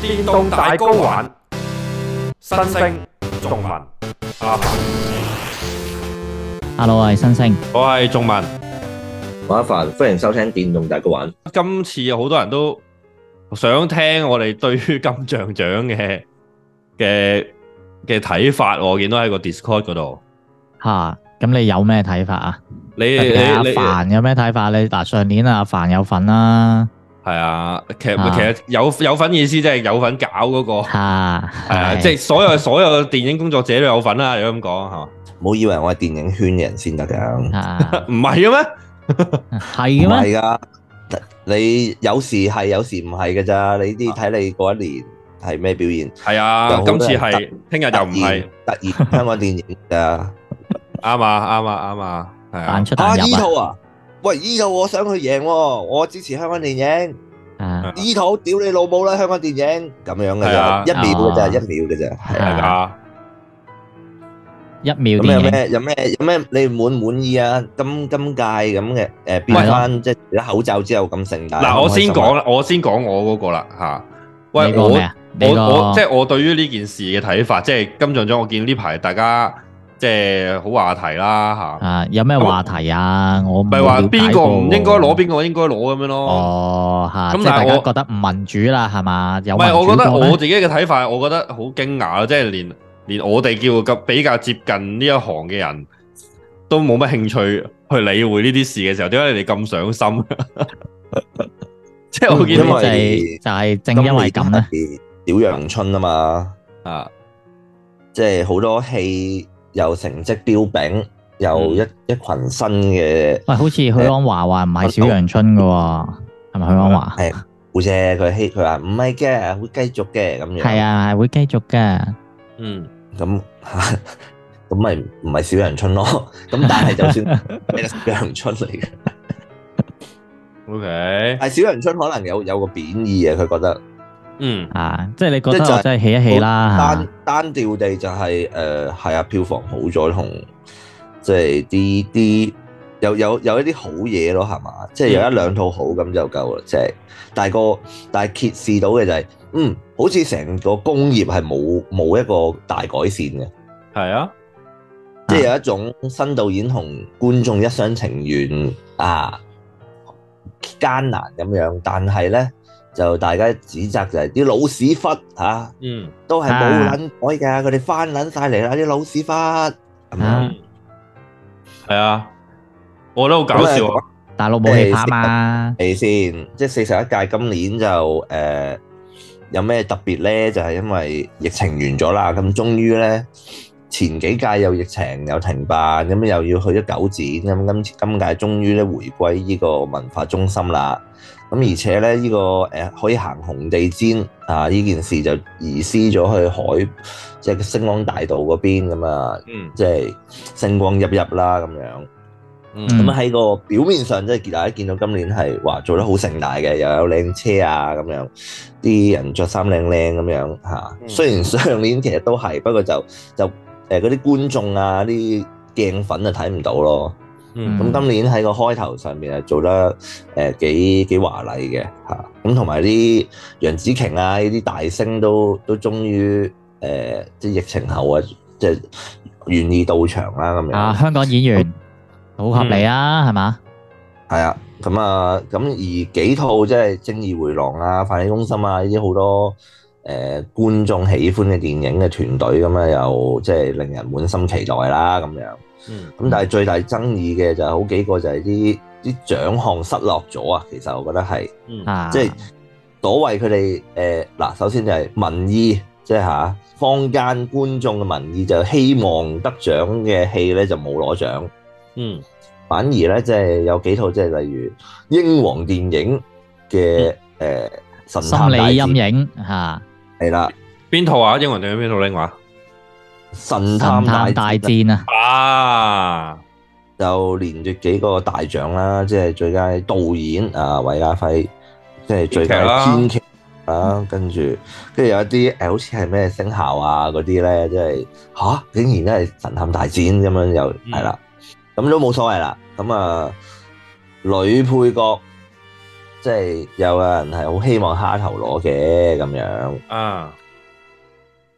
電動大 GO 玩，新星仲文阿凡，Hello，我係新星，我係仲文，我阿凡，歡迎收聽電動大 GO 玩。今次有好多人都想聽我哋對於金像獎嘅嘅嘅睇法，我見到喺個 Discord 嗰度。吓，咁你有咩睇法啊？你你阿凡有咩睇法？你嗱上年阿凡有份啦。係啊，其實其實有有份意思，即係有份搞嗰個啊，係啊，即係所有所有電影工作者都有份啦，如果咁講，係嘛？唔好以為我係電影圈嘅人先得噶，唔係嘅咩？係嘅咩？係噶，你有時係，有時唔係噶咋？你呢啲睇你嗰一年係咩表現？係啊，今次係，聽日又唔係，突然香港電影啊，啱啊，啱啊，啱啊，係啊，阿二套啊。喂，依套我想佢贏喎，我支持香港電影。啊，依套屌你老母啦，香港電影咁樣嘅咋？一秒嘅啫，一秒嘅啫，係咪啊？一秒。有咩？有咩？有咩？你滿唔滿意啊？今今屆咁嘅，誒，變翻即係而家口罩之後咁盛。嗱，我先講，我先講我嗰個啦，吓。喂，我我即係我對於呢件事嘅睇法，即係金像獎，我見呢排大家。即、就、係、是、好話題啦，嚇，啊有咩話題啊？我唔係話邊個唔應該攞，邊個應該攞咁樣咯。哦嚇，咁但係我覺得唔民主啦係嘛？唔係，我覺得我自己嘅睇法，我覺得好驚訝，即係連連我哋叫比較接近呢一行嘅人，都冇乜興趣去理會呢啲事嘅時候，點解你哋咁上心？即係我見就係就係正因為咁咧，小陽春啊嘛啊，即係好多戲。又成績彪炳，又一一群新嘅，喂，好似許鞍華話唔係小陽春嘅喎，係咪許鞍華？係，會啫，佢希佢話唔係嘅，會繼續嘅咁樣。係啊，係會繼續嘅。嗯，咁咁咪唔係小陽春咯？咁但係就算係小陽春嚟嘅，OK，但小陽春可能有有個貶義啊，佢覺得。嗯啊，即係你覺得真喜喜就真係起一起啦，單單調地就係誒係啊，票房好咗同即係啲啲有有有一啲好嘢咯係嘛，即係、嗯就是、有一兩套好咁就夠啦，即係但個但係揭示到嘅就係，嗯，好似成個工業係冇冇一個大改善嘅，係啊，即係有一種新導演同觀眾一廂情願啊艱難咁樣，但係咧。就大家指責就係啲老屎忽吓，都係冇撚改㗎，佢哋翻撚曬嚟啦啲老屎忽咁樣，係啊，我覺得好搞笑啊！大佬冇氣派嘛，係先，即係四十一屆今年就誒有咩特別咧？就係因為疫情完咗啦，咁終於咧前幾屆有疫情又停辦，咁又要去咗九展，咁今今屆終於咧回歸呢個文化中心啦。咁而且咧，呢、呢個、呃、可以行紅地氈啊！呢件事就移師咗去海，即、就、係、是、星光大道嗰邊咁啊，即、嗯、係、就是、星光熠熠啦咁樣。咁、嗯、喺個表面上，即係大家見到今年係話做得好盛大嘅，又有靚車啊咁樣，啲人着衫靚靚咁樣嚇、啊嗯。雖然上年其實都係，不過就就嗰啲、呃、觀眾啊，啲鏡粉啊睇唔到咯。咁、嗯、今年喺個開頭上面係做得誒幾幾華麗嘅嚇，咁同埋啲楊紫瓊啊呢啲大星都都終於誒、呃、即係疫情後啊，即係願意到場啦咁樣。啊，香港演員好合理啊，係、嗯、嘛？係啊，咁啊，咁而幾套即係《正義回廊》啊，《飯戲攻心》啊，呢啲好多誒、呃、觀眾喜歡嘅電影嘅團隊咁樣又，又即係令人滿心期待啦咁樣。嗯，咁但係最大爭議嘅就係好幾個就係啲啲獎項失落咗啊。其實我覺得係，即、嗯、係、啊就是、多為佢哋誒嗱，首先就係民意，即係吓坊間觀眾嘅民意就希望得獎嘅戲咧就冇攞獎，嗯，反而咧即係有幾套即係、就是、例如英皇電影嘅誒、嗯呃、神探，心理陰影吓係啦，邊、啊、套啊？英皇電影邊套拎、啊、話？神探，大神探大戰啊！啊，就連奪幾個大獎啦，即係最佳導演啊，韋家輝，即係最佳編劇啊，跟住跟住有一啲誒，好似係咩聲效啊嗰啲咧，即係吓竟然咧係神探大戰咁樣又係啦，咁、嗯、都冇所謂啦，咁啊、呃、女配角即係有個人係好希望蝦頭攞嘅咁樣啊。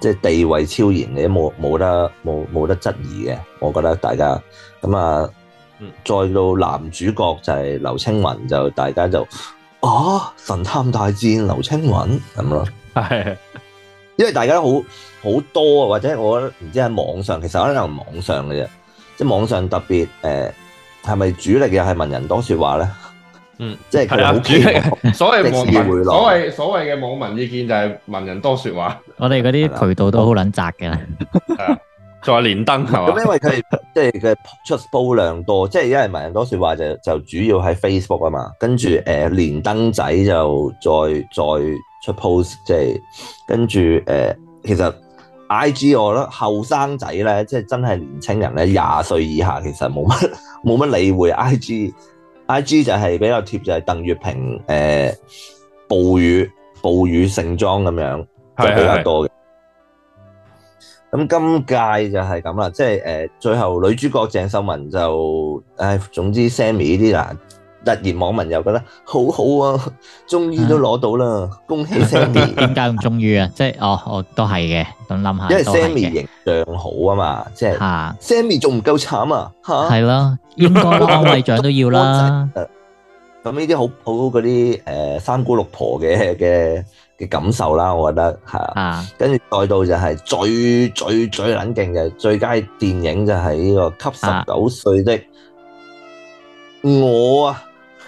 即係地位超然嘅，冇冇得冇冇得質疑嘅。我覺得大家咁啊，再到男主角就係劉青雲，就大家就啊神探大戰劉青雲咁咯。係，因為大家都好好多，或者我唔知喺網上，其實可能係網上嘅啫，即係網上特別誒，係、呃、咪主力嘅，係問人多說話咧？嗯，即係係啊！ 所謂網所謂所謂嘅網民意見就係文人多說話 ，我哋嗰啲渠道都好撚窄嘅。係啊，仲 有連登係嘛？咁、 啊 啊、因為佢即係嘅出 post 量多，即、就、係、是、因為文人多說話就就主要喺 Facebook 啊嘛，跟住誒連登仔就再再出 post，即係跟住誒，其實 IG 我覺得，後生仔咧，即、就、係、是、真係年青人咧，廿歲以下其實冇乜冇乜理會 IG。IG 就係比較貼，就係鄧月平，誒暴雨暴雨盛裝咁樣，就比較多嘅。咁今屆就係咁啦，即係最後女主角鄭秀文就，唉總之 Sammy 呢啲啦。突然，網民又覺得好好啊，終於都攞到啦，恭喜 Sammy！點解咁終於啊？即係哦，我都係嘅，等諗下。因為 Sammy 形象好啊嘛，即係嚇。Sammy 仲唔夠慘啊？嚇！係咯，應該安慰獎都要啦。咁呢啲好好嗰啲誒三姑六婆嘅嘅嘅感受啦，我覺得嚇。跟住再到就係最最最撚勁嘅最佳電影就係呢個《給十九歲的我》啊！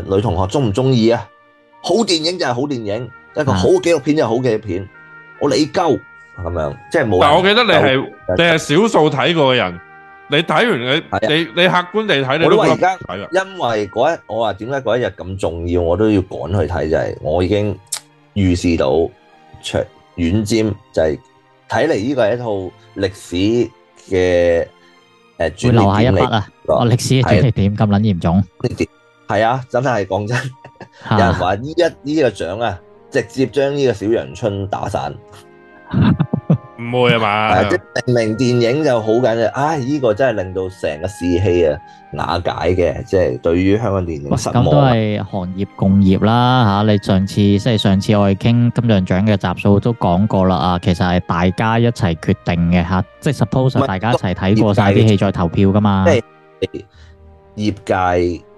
女同學中唔中意啊？好電影就係好電影，一個好紀錄片就係好紀錄片。我理鳩咁樣，即係冇。但係我記得你係你係少數睇過嘅人，你睇完你你你客觀地睇你都覺得係啊。因為嗰一我話點解嗰一日咁重要，我都要趕去睇就係，我已經預視到長遠尖就係睇嚟呢個係一套歷史嘅誒，會留下一筆啊！哦，歷史嘅轉折點咁捻嚴重。係啊，真係講真，有人話依一依個獎啊，直接將呢個小陽春打散，唔會啊嘛？明明電影就好緊要，唉，依個真係令到成個士氣啊瓦解嘅，即係對於香港電影，咁都係行業共業啦吓，你上次即係上次我哋傾金像獎嘅集數都講過啦啊，其實係大家一齊決定嘅吓，即係 suppose 大家一齊睇過晒啲戲再投票噶嘛，即係業界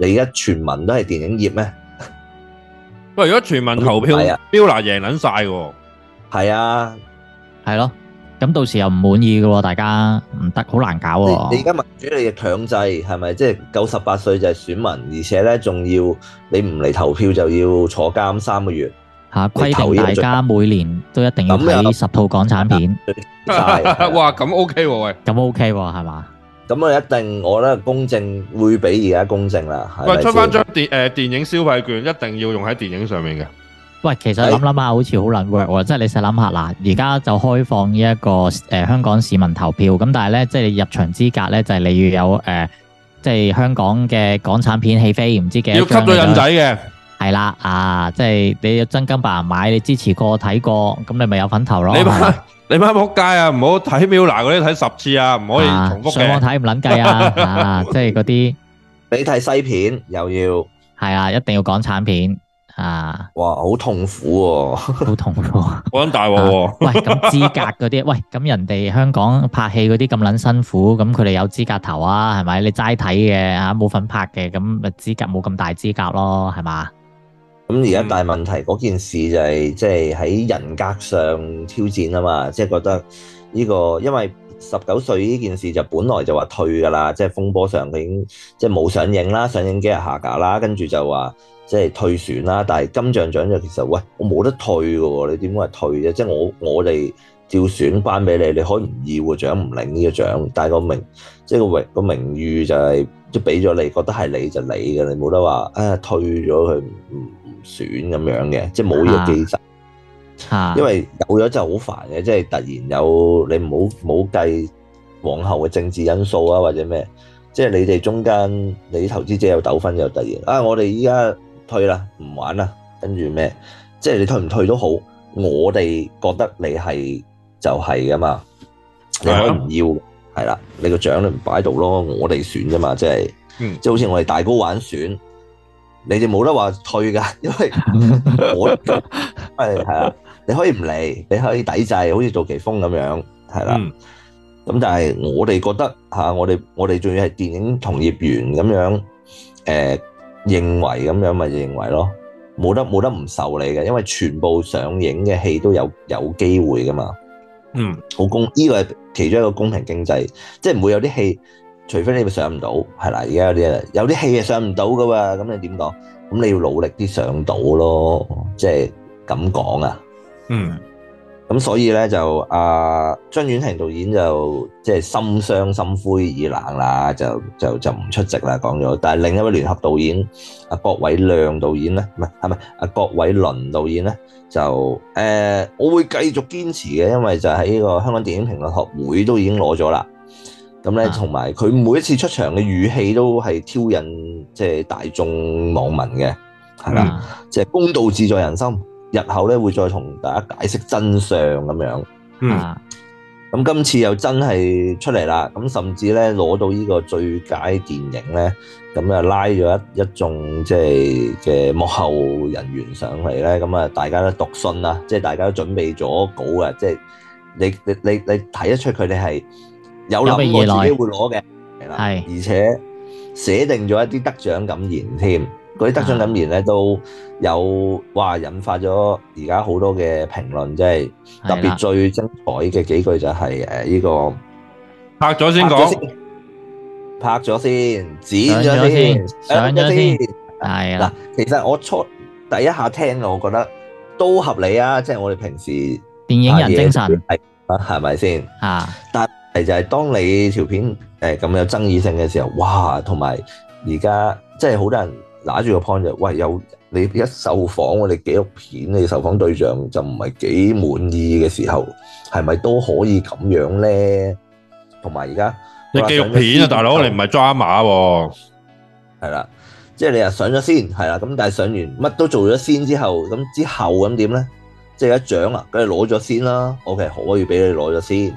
你而家全民都係電影業咩？喂，如果全民投票，標拿贏撚曬喎！係、嗯、啊，係咯。咁、啊啊、到時又唔滿意嘅喎，大家唔得好難搞喎。你而家民主，你，你強制係咪？即係九十八歲就係選民，而且咧仲要你唔嚟投票就要坐監三個月。嚇、啊！規定大家每年都一定要睇十套港產片。哇，咁 OK 喎、啊，喂，咁 OK 喎、啊，係嘛？咁我一定，我呢公正會比而家公正啦。喂，出翻，張電誒電影消費券，一定要用喺電影上面嘅。喂，其實諗諗下，好似好難 work 喎。即係你細諗下嗱，而家就開放呢一個誒、呃、香港市民投票，咁但係咧，即係你入場資格咧，就係、是、你要有誒、呃，即係香港嘅港產片戲飛，唔知幾多張，要吸咗印仔嘅。係啦，啊，即係你真金白銀買，你支持過睇過，咁你咪有份投咯。你媽你媽撲街啊！唔好睇《秒男》嗰啲睇十次啊，唔可以重複上網睇唔撚計啊！啊， 啊，即係嗰啲你睇西片又要係啊，一定要港產片啊！哇，好痛苦喎、啊，好 痛苦、啊。揾大鑊喎，喂，咁資格嗰啲， 喂，咁人哋香港拍戲嗰啲咁撚辛苦，咁佢哋有資格投啊？係咪？你齋睇嘅嚇，冇份拍嘅，咁咪資格冇咁大資格咯，係嘛？咁而家大問題嗰件事就係，即係喺人格上挑戰啊嘛，即係覺得呢個因為十九歲呢件事就本來就話退噶啦，即係風波上佢已經即係冇上映啦，上映幾日下架啦，跟住就話即係退選啦。但係金像獎就其實喂，我冇得退噶喎，你點解退啫？即係我我哋照選翻俾你，你可以唔要個獎唔領呢個獎，但係個名即係個名個名譽就係即係俾咗你，覺得係你就你嘅，你冇得話啊退咗佢唔。嗯選咁樣嘅，即係冇呢個技術，啊啊，因為有咗之後好煩嘅，即係突然有你唔好冇計往後嘅政治因素啊或者咩，即係你哋中間你啲投資者有糾紛，又突然啊我哋依家退啦唔玩啦，跟住咩，即係你退唔退都好，我哋覺得你係就係噶嘛，你可以唔要係啦，你個獎你唔擺度咯，我哋選啫嘛，即係、嗯、即係好似我哋大 GO 玩選。你哋冇得話退噶因為我，因為係啊，你可以唔嚟，你可以抵制，好似杜琪峰咁樣，係啦。咁、嗯、但係我哋覺得吓、啊，我哋我哋仲要係電影同業員咁樣，誒、呃，認為咁樣咪就認為咯，冇得冇得唔受理嘅，因為全部上映嘅戲都有有機會噶嘛。嗯，好公，呢個係其中一個公平經濟，即係唔會有啲戲。除非你上唔到，係啦，而家有啲啊，有啲戲又上唔到噶喎，咁你點講？咁你要努力啲上到咯，即係咁講啊。嗯，咁所以咧就阿張婉婷導演就即係心傷心灰意冷啦，就就就唔出席啦，講咗。但係另一位聯合導演阿郭偉亮導演咧，唔係啊，係咪阿郭偉倫導演咧，就誒，我會繼續堅持嘅，因為就喺呢個香港電影評論學會都已經攞咗啦。咁咧，同埋佢每一次出場嘅語氣都係挑釁，即係大眾網民嘅，即、嗯、係、即係、公道自在人心。日後咧會再同大家解釋真相咁樣。嗯。咁今次又真係出嚟啦。咁甚至咧攞到呢個最佳電影咧，咁啊拉咗一一眾即係嘅幕後人員上嚟咧。咁啊，大家都讀信啦，即係大家都準備咗稿啊。即係你你你你睇得出佢哋係。有諗我自己會攞嘅，係啦，而且寫定咗一啲得獎感言添，嗰啲得獎感言咧都有話引發咗而家好多嘅評論，即係特別最精彩嘅幾句就係誒呢個拍咗先講，拍咗先，剪咗先，上咗先，係啦。嗱，其實我初第一下聽我覺得都合理啊，即係我哋平時電影人精神係咪先啊？但就係當你條片誒咁有爭議性嘅時候，哇，同埋而家即係好多人拿住個 point 就，喂，有你一受訪我哋紀錄片，你受訪對象就唔係幾滿意嘅時候，係咪都可以咁樣咧？同埋而家，你紀錄片啊，大佬，你唔係 drama，係啦，即係你又上咗先，係啦，咁但係上完乜都做咗先之後，咁之後咁點咧？即係一獎啊，梗係攞咗先啦。OK，我要俾你攞咗先。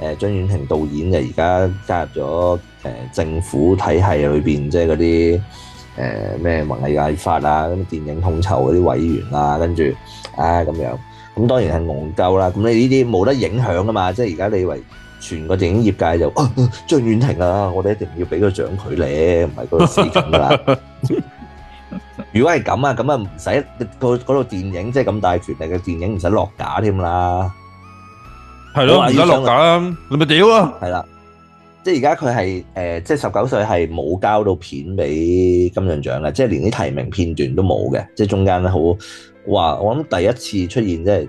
誒張婉婷導演就而家加入咗誒政府體系裏邊，即係嗰啲誒咩文藝界法啊，咁電影統籌嗰啲委員啊，跟住啊咁樣，咁當然係戇鳩啦。咁你呢啲冇得影響噶嘛，即係而家你以為全個電影業界就張婉婷啊，我哋一定要俾個獎佢咧，唔係嗰個事情啦。如果係咁啊，咁啊唔使嗰嗰套電影即係咁大權力嘅電影唔使落架添啦。係咯，而家錄緊你咪屌啊！係啦，即係而家佢係誒，即係十九歲係冇交到片俾金像獎嘅，即係連啲提名片段都冇嘅。即係中間咧好話，我諗第一次出現即係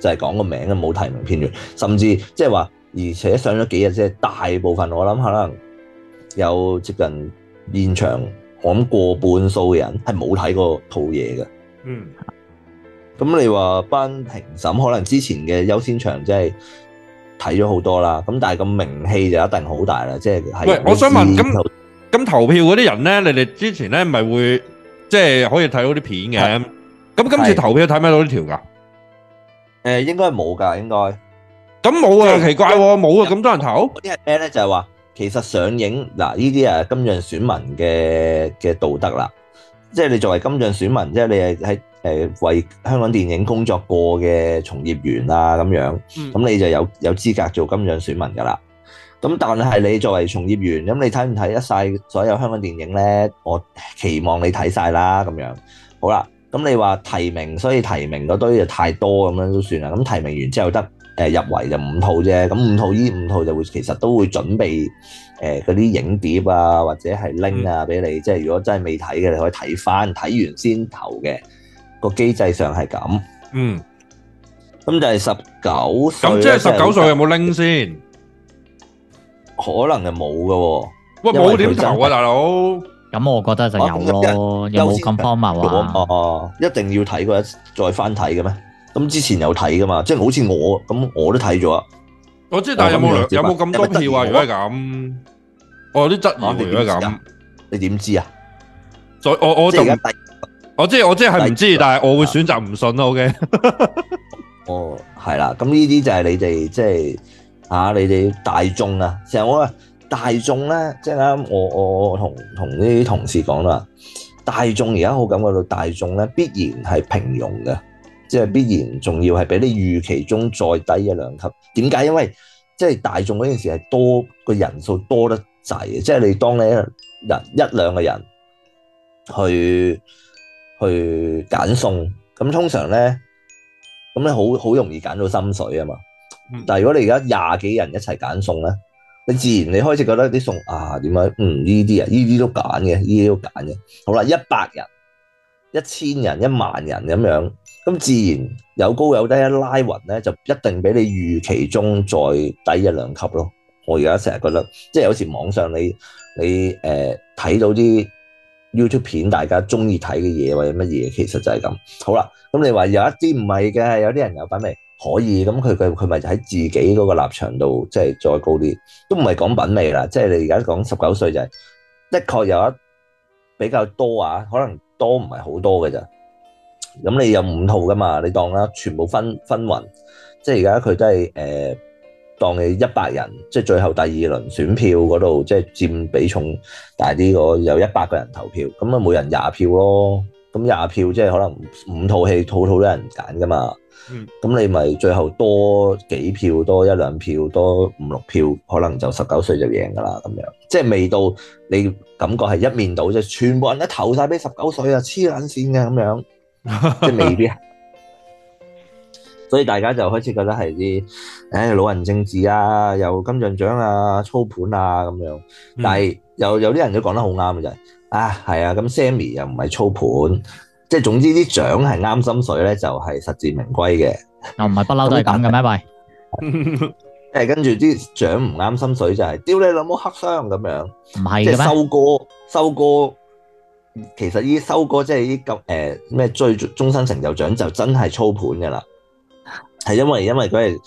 就係講個名都冇提名片段，甚至即係話而且上咗幾日即係，大部分我諗可能有接近現場，我諗過半數嘅人係冇睇過套嘢嘅。嗯。咁你話班評審可能之前嘅優先場即係睇咗好多啦，咁但係個名氣就一定好大啦，即係喂，我想問咁咁投票嗰啲人咧，你哋之前咧咪會即係、就是、可以睇到啲片嘅？咁今次投票睇咩到呢條㗎、呃？應該冇㗎，應該。咁冇啊？奇怪喎，冇啊！咁、啊、多人投嗰啲係咩咧？就係、是、話其實上映嗱呢啲啊，金像選民嘅嘅道德啦，即、就、係、是、你作為金像選民，即係你係喺。誒，為香港電影工作過嘅從業員啊，咁樣咁你就有有資格做金像選民噶啦。咁但係你作為從業員，咁你睇唔睇一晒所有香港電影咧？我期望你睇晒啦，咁樣好啦。咁你話提名，所以提名嗰堆就太多咁樣都算啦。咁提名完之後得入圍就五套啫。咁五套依五套就會其實都會準備嗰啲、呃、影碟啊，或者係 link 啊你，俾、嗯、你即係如果真係未睇嘅，你可以睇翻睇完先投嘅。個機制上係咁，嗯，咁、嗯、就係十九歲。咁即係十九歲有冇拎先？可能係冇噶，喂，冇點投啊，大佬？咁我覺得就有咯，有冇咁荒謬啊？一定要睇過再翻睇嘅咩？咁、啊啊、之前有睇噶嘛？即係好似我咁，我都睇咗。我即係，但係有冇有冇咁、啊、多票啊？如果係咁，我啲質疑如果係咁，你點知啊？所以我我我即係我即係係唔知，但係我會選擇唔信咯。O K， 哦，係啦，咁呢啲就係你哋即係啊，你哋大眾啊，成日我啊大眾咧，即係啱我我同同呢啲同事講啦，大眾而家好感覺到大眾咧必然係平庸嘅，即係必然仲要係比你預期中再低一兩級。點解？因為即係大眾嗰陣時係多個人數多得滯嘅，即係你當你人一兩個人去。去揀餸，咁通常咧，咁咧好好容易揀到心水啊嘛。但係如果你而家廿幾人一齊揀餸咧，你自然你開始覺得啲餸啊點解？嗯，呢啲啊呢啲都揀嘅，呢啲都揀嘅。好啦，一百人、一千人、一萬人咁樣，咁自然有高有低，一拉勻咧就一定畀你預期中再低一兩級咯。我而家成日覺得，即係有時網上你你誒睇、呃、到啲 YouTube 片大家中意睇嘅嘢或者乜嘢，其實就係咁。好啦，咁你話有一啲唔係嘅，有啲人有品味可以，咁佢佢佢咪喺自己嗰個立場度，即係再高啲，都唔係講品味啦。即係你而家講十九歲就係，的確有一比較多啊，可能多唔係好多嘅咋。咁你有五套㗎嘛？你當啦，全部分分勻，即係而家佢都係誒當你一百人，即係最後第二輪選票嗰度，即係佔比重大啲個，有一百個人投票，咁啊，每人廿票咯，咁廿票即係可能五套戲，套套都有人揀噶嘛。嗯，咁你咪最後多幾票，多一兩票，多五六票，可能就十九歲就贏噶啦，咁樣，即係未到你感覺係一面倒啫，全部人都投曬俾十九歲啊，黐撚線嘅咁樣，即係未必。所以大家就開始覺得係啲誒老人政治啊，又金像獎啊，操盤啊咁樣。但係有有啲人都講得好啱嘅就係、是、啊，係啊，咁 Sammy 又唔係操盤，即、就、係、是、總之啲獎係啱心水咧，就係、是、實至名歸嘅。啊，唔係不嬲都係咁嘅咩誒，跟住啲獎唔啱心水就係、是、屌你老母黑箱咁樣，唔係即係收割收割。其實呢收割即係啲金誒咩最終身成就獎就真係操盤嘅啦。係因為因為佢係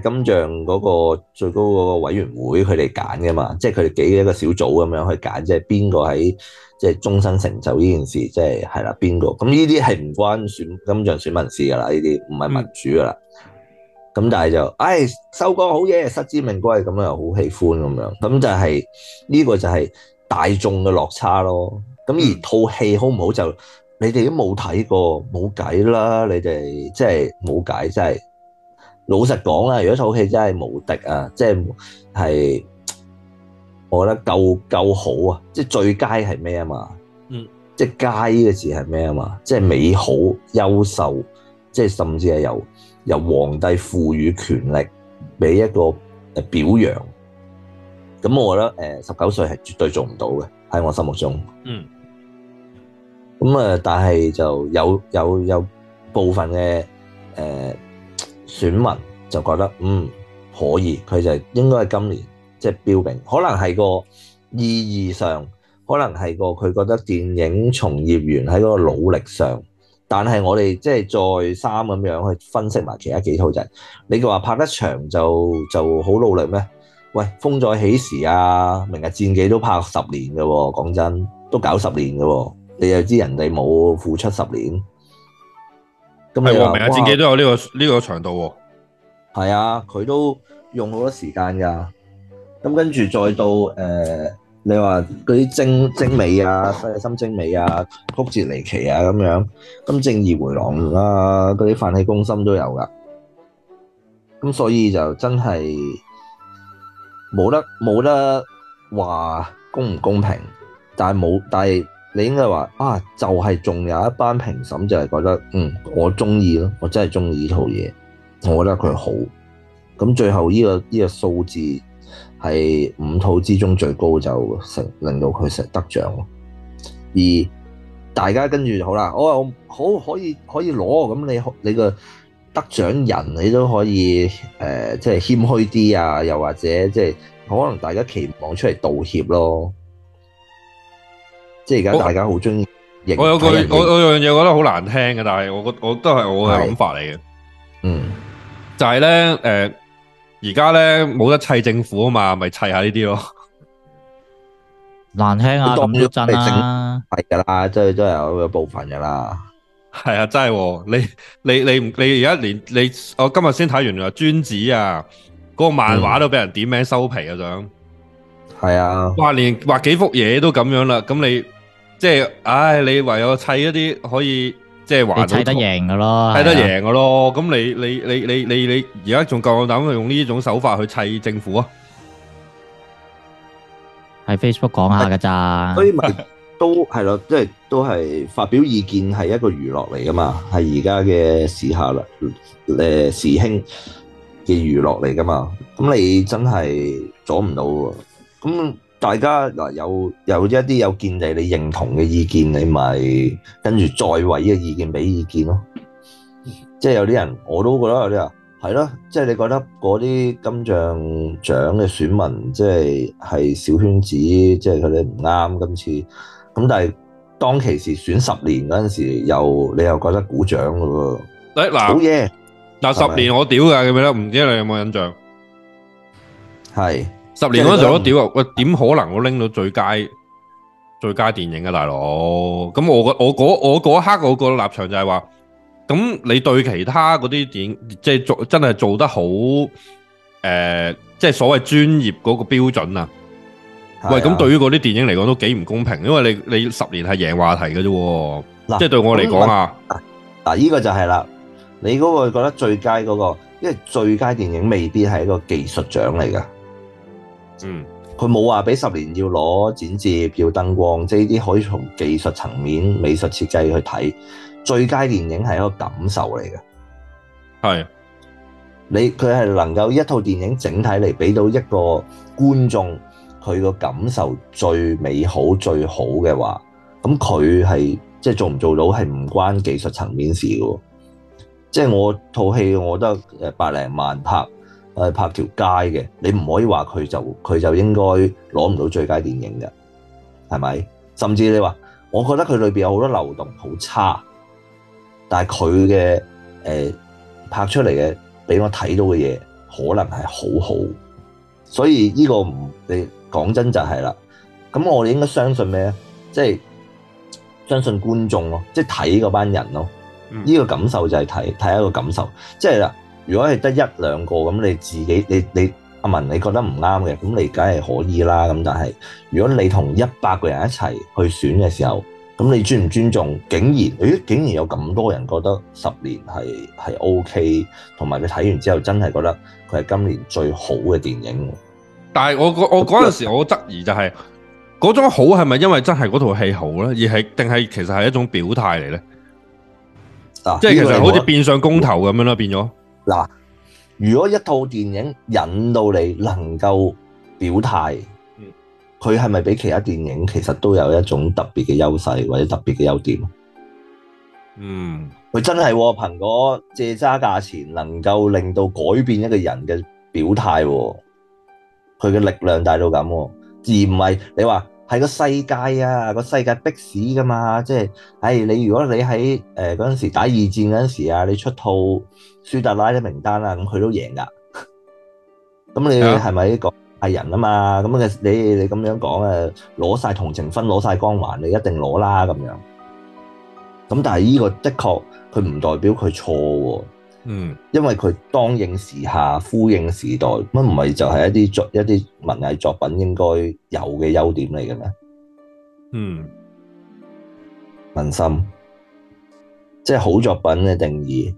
係金像嗰個最高嗰個委員會佢哋揀噶嘛，即係佢哋幾一個小組咁樣去揀，即係邊個喺即係終身成就呢件事，即係係啦邊個咁呢啲係唔關選金像選民事噶啦，呢啲唔係民主噶啦。咁、嗯、但係就，唉、哎，收個好嘢。實至名歸，咁啊又好喜歡咁樣，咁就係、是、呢、這個就係大眾嘅落差咯。咁而套戲好唔好就，你哋都冇睇過，冇計啦，你哋即係冇計，真係。老實講啦，如果套戲真係無敵啊，即係係，我覺得夠夠好啊！即係最佳係咩啊嘛？嗯，即係佳呢個字係咩啊嘛？即係美好、優秀，即係甚至係由由皇帝賦予權力俾一個誒表揚。咁我覺得誒，十九歲係絕對做唔到嘅，喺我心目中。嗯。咁、嗯、啊，但係就有有有部分嘅誒。呃選民就覺得，嗯，可以，佢就係應該係今年即係、就是、標明，可能係個意義上，可能係個佢覺得電影從業員喺嗰個努力上，但係我哋即係再三咁樣去分析埋其他幾套就係、是，你話拍得長就就好努力咩？喂，風再起時啊，明日戰記都拍十年嘅喎，講真都搞十年嘅喎，你又知人哋冇付出十年。咁係喎，明啊，自己都有呢個呢個長度喎。係啊，佢都用好多時間噶。咁跟住再到誒，你話嗰啲精精美啊，細心精美啊，曲折離奇啊咁樣。咁正義回廊啊，嗰啲泛起公心都有噶。咁所以就真係冇得冇得話公唔公平，但係冇但係。你應該話啊，就係仲有一班評審就係覺得，嗯，我鍾意咯，我真係鍾意呢套嘢，我覺得佢好。咁最後呢個呢個數字係五套之中最高，就成令到佢成得獎咯。而大家跟住就好啦，哦，我好可以可以攞咁，你你個得獎人你都可以呃，即係謙虛啲啊，又或者即係可能大家期望出嚟道歉咯。即係而家大家好中意，我有句我有個我我樣嘢覺得好難聽嘅，但係我覺我，我都係我嘅諗法嚟嘅。嗯就係呢、呃呢，就係咧，誒，而家咧冇得砌政府啊嘛，咪砌下呢啲咯。難聽 我啊！當真啦，係噶啦，真真係有個部分噶啦。係啊，真係，你你你你而家連你我今日先睇完，話專子啊，嗰、那個漫畫都俾人點名收皮啊，仲、嗯。係啊，畫連畫幾幅嘢都咁樣啦，咁你即係，唉，你唯有砌一啲可以即係畫得贏嘅咯，砌得贏嘅咯，咁你你你你你你而家仲夠膽用呢種手法去砌政府啊？係 Facebook 講下嘅咋，所以咪都係咯，即係都係發表意見係一個娛樂嚟噶嘛，係而家嘅時下啦，誒時興嘅娛樂嚟噶嘛，咁你真係阻唔到。咁大家嗱，有有一啲有見地你認同嘅意見，你咪跟住再為呢個意見俾意見咯。即係有啲人我都覺得有啲啊，係咯。即係你覺得嗰啲金像獎嘅選民，即係係小圈子，即係佢哋唔啱今次。咁但係當其時選十年嗰陣時，又你又覺得鼓掌嘅喎。嗱，好嘢，嗱，十年我屌㗎，咁樣啦，唔知你有冇印象？係。十年嗰陣我屌啊，喂，點可能我拎到最佳最佳電影啊？大佬，咁我我我嗰一刻我個立場就係話，咁你對其他嗰啲電影即係、就是、做真係做得好誒，即、呃、係、就是、所謂專業嗰個標準啊？啊喂，咁對於嗰啲電影嚟講都幾唔公平，因為你你十年係贏話題嘅啫，即、啊、係、就是、對我嚟講啊，嗱，呢個就係啦，你嗰個覺得最佳嗰、嗰個，因為最佳電影未必係一個技術獎嚟噶。嗯，佢冇話俾十年要攞剪接，票燈光，即係呢啲可以從技術層面，美術設計去睇。最佳電影係一個感受嚟嘅，係你佢係能夠一套電影整體嚟俾到一個觀眾佢個感受最美好最好嘅話，咁佢係即係做唔做到係唔關技術層面的事嘅。即係我套戲，我覺得百零萬拍。誒拍條街嘅，你唔可以話佢就佢就應該攞唔到最佳電影嘅，係咪？甚至你話，我覺得佢裏邊有好多漏洞，好差，但係佢嘅誒拍出嚟嘅，俾我睇到嘅嘢，可能係好好。所以呢個唔你講真就係啦。咁我哋應該相信咩咧？即係相信觀眾咯，即係睇嗰班人咯。呢個感受就係睇睇一個感受，即係啦。如果係得一兩個咁，你自己你你阿文，你覺得唔啱嘅，咁你梗係可以啦。咁但係如果你同一百個人一齊去選嘅時候，咁你尊唔尊重？竟然咦、哎，竟然有咁多人覺得十年係係 OK，同埋你睇完之後真係覺得佢係今年最好嘅電影。但係我我我嗰陣時我質疑就係、是、嗰種好係咪因為真係嗰套戲好咧，而係定係其實係一種表態嚟咧、啊？即係其實好似變相公投咁樣咯，變咗。嗱，如果一套電影引到你能夠表態，佢係咪比其他電影其實都有一種特別嘅優勢或者特別嘅優點？嗯它的、哦，佢真係憑嗰借揸價錢能夠令到改變一個人嘅表態、喎，佢嘅力量大到咁、喎，而唔係你話。喺個世界啊，個世界逼死噶嘛，即係，唉、哎，你如果你喺誒嗰陣時打二戰嗰陣時啊，你出套舒特拉啲名單啊、 yeah. 是是啊，咁佢都贏噶，咁你係咪呢個講係人啊嘛？咁嘅你你咁樣講啊，攞晒同情分，攞晒光環，你一定攞啦咁樣。咁但係呢個的確，佢唔代表佢錯喎、啊。嗯，因為佢當應時下，呼應時代，乜唔係就係一啲作一啲文藝作品應該有嘅優點嚟嘅咩？嗯，民心，即係好作品嘅定義，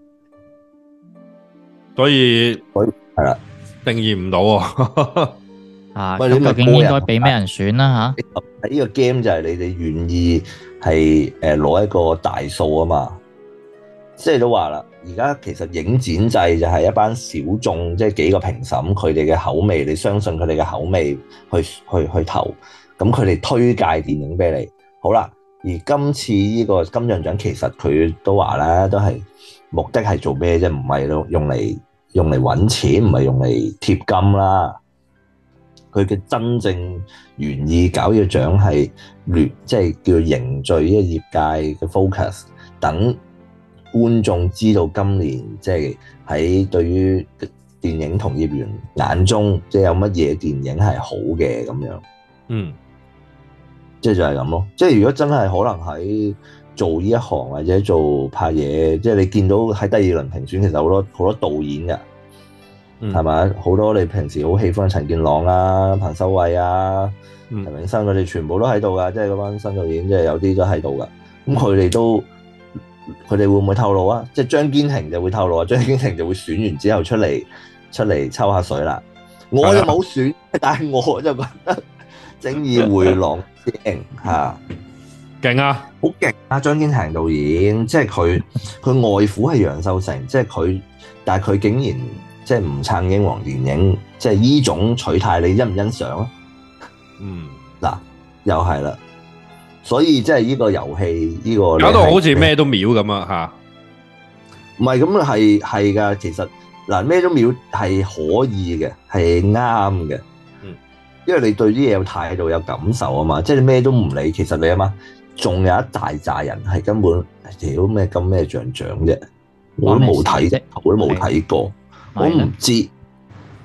所以係啦，定義唔到啊。 啊，喂，你究竟應該俾咩人選啦、啊？吓，喺呢個 game 就係你哋願意係誒攞一個大數啊嘛，即係都話啦。而家其實影展制就係一班小眾，即係幾個評審，佢哋嘅口味，你相信佢哋嘅口味去去去投，咁佢哋推介電影俾你。好啦，而今次呢個金像獎其實佢都話啦，都係目的係做咩啫？唔係用嚟用嚟用嚟揾錢，唔係用嚟貼金啦。佢嘅真正原意搞呢個獎係即係叫凝聚呢個業界嘅 focus 等。觀眾知道今年即係喺對於電影同業員眼中，即係有乜嘢電影係好嘅咁樣，嗯，即係就係咁咯。即係如果真係可能喺做呢一行或者做拍嘢，即係你見到喺第二輪評選，其實好多好多導演噶，係、嗯、咪？好多你平時好喜歡陳健朗啊、彭秀慧啊、嗯、陳永生，佢哋全部都喺度噶。即係嗰班新導演，即係有啲都喺度噶。咁佢哋都、嗯。佢哋會唔會透露啊？即係張堅庭就會透露啊，張堅庭就會選完之後出嚟出嚟抽下水啦。我又冇選， 但係我就覺得正義回廊勁吓，勁 啊，好勁啊！張堅庭導演，即係佢佢外父係楊受成，即係佢，但係佢竟然即係唔撐英皇電影，即係呢種取態，你欣唔欣賞啊？嗯，嗱，又係啦。所以即係呢個遊戲呢個搞到好似咩都秒咁啊吓，唔係咁係係噶。其實嗱，咩都秒係可以嘅，係啱嘅，嗯，因為你對啲嘢有態度有感受啊嘛，即係你咩都唔理，其實你啊嘛，仲有一大扎人係根本，屌咩金咩像獎啫，我都冇睇，我都冇睇過，我唔知，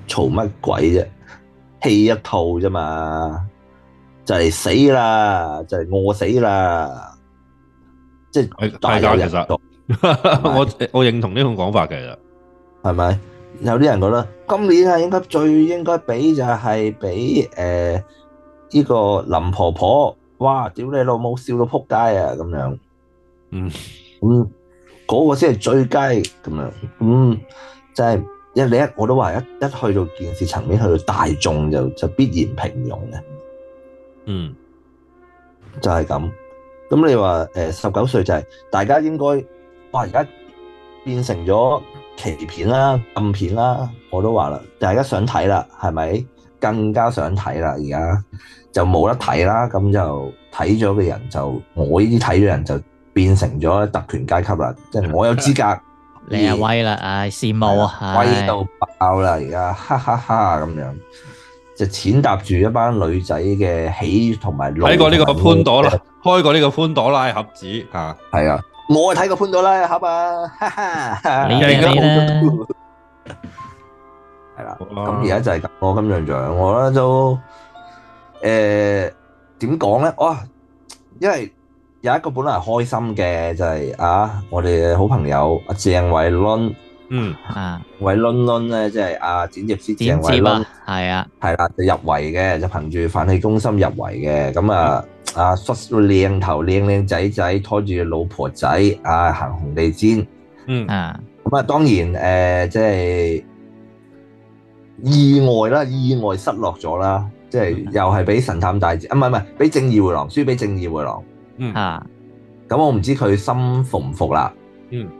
嘈乜鬼啫，戲一套啫嘛。就係死啦，就係餓死啦，即係大家其實我我認同呢種講法嘅，其實係咪有啲人覺得？今年啊，應該最應該俾就係俾誒呢個林婆婆，哇！屌你老母，笑到扑街啊！咁樣，嗯，咁嗰個先係最佳咁樣，嗯，就係因為你一我都話一一去到電視層面，去到大眾就就必然平庸嘅。嗯，就係、是、咁。咁你話誒，十九歲就係大家應該，哇！而家變成咗奇片啦、禁片啦，我都話啦，大家想睇啦，係咪？更加想睇啦，而家就冇得睇啦。咁就睇咗嘅人就，我呢啲睇咗人就變成咗特權階級啦，即 係我有資格，你呀威啦，羨、哎、慕啊，威到爆啦，而、哎、家哈哈哈咁樣。就踐踏住一班女仔嘅喜同埋，睇過呢個潘朵拉，開過呢個潘朵拉盒子嚇，係啊，我啊睇過潘朵拉盒啊，你睇啦，係啦，咁而家就係我今場獎，我咧都誒點講咧？哇，因為有一個本來係開心嘅就係啊，我哋嘅好朋友阿鄭偉倫。嗯啊，韋倫倫咧，即係阿剪接師鄭偉倫，係啊，係啦、啊啊啊，就入圍嘅，就憑住飯氣攻心入圍嘅，咁、嗯、啊、嗯，啊，帥靚頭靚靚仔仔，拖住老婆仔，啊，行紅地氈。嗯啊，咁啊，當然誒，即、呃、係、就是、意外啦，意外失落咗啦，即、就、係、是、又係俾神探大戰，啊，唔係唔係，俾正義回廊輸俾正義回廊，嗯啊，咁我唔知佢心服唔服啦，嗯。啊嗯啊嗯啊嗯啊嗯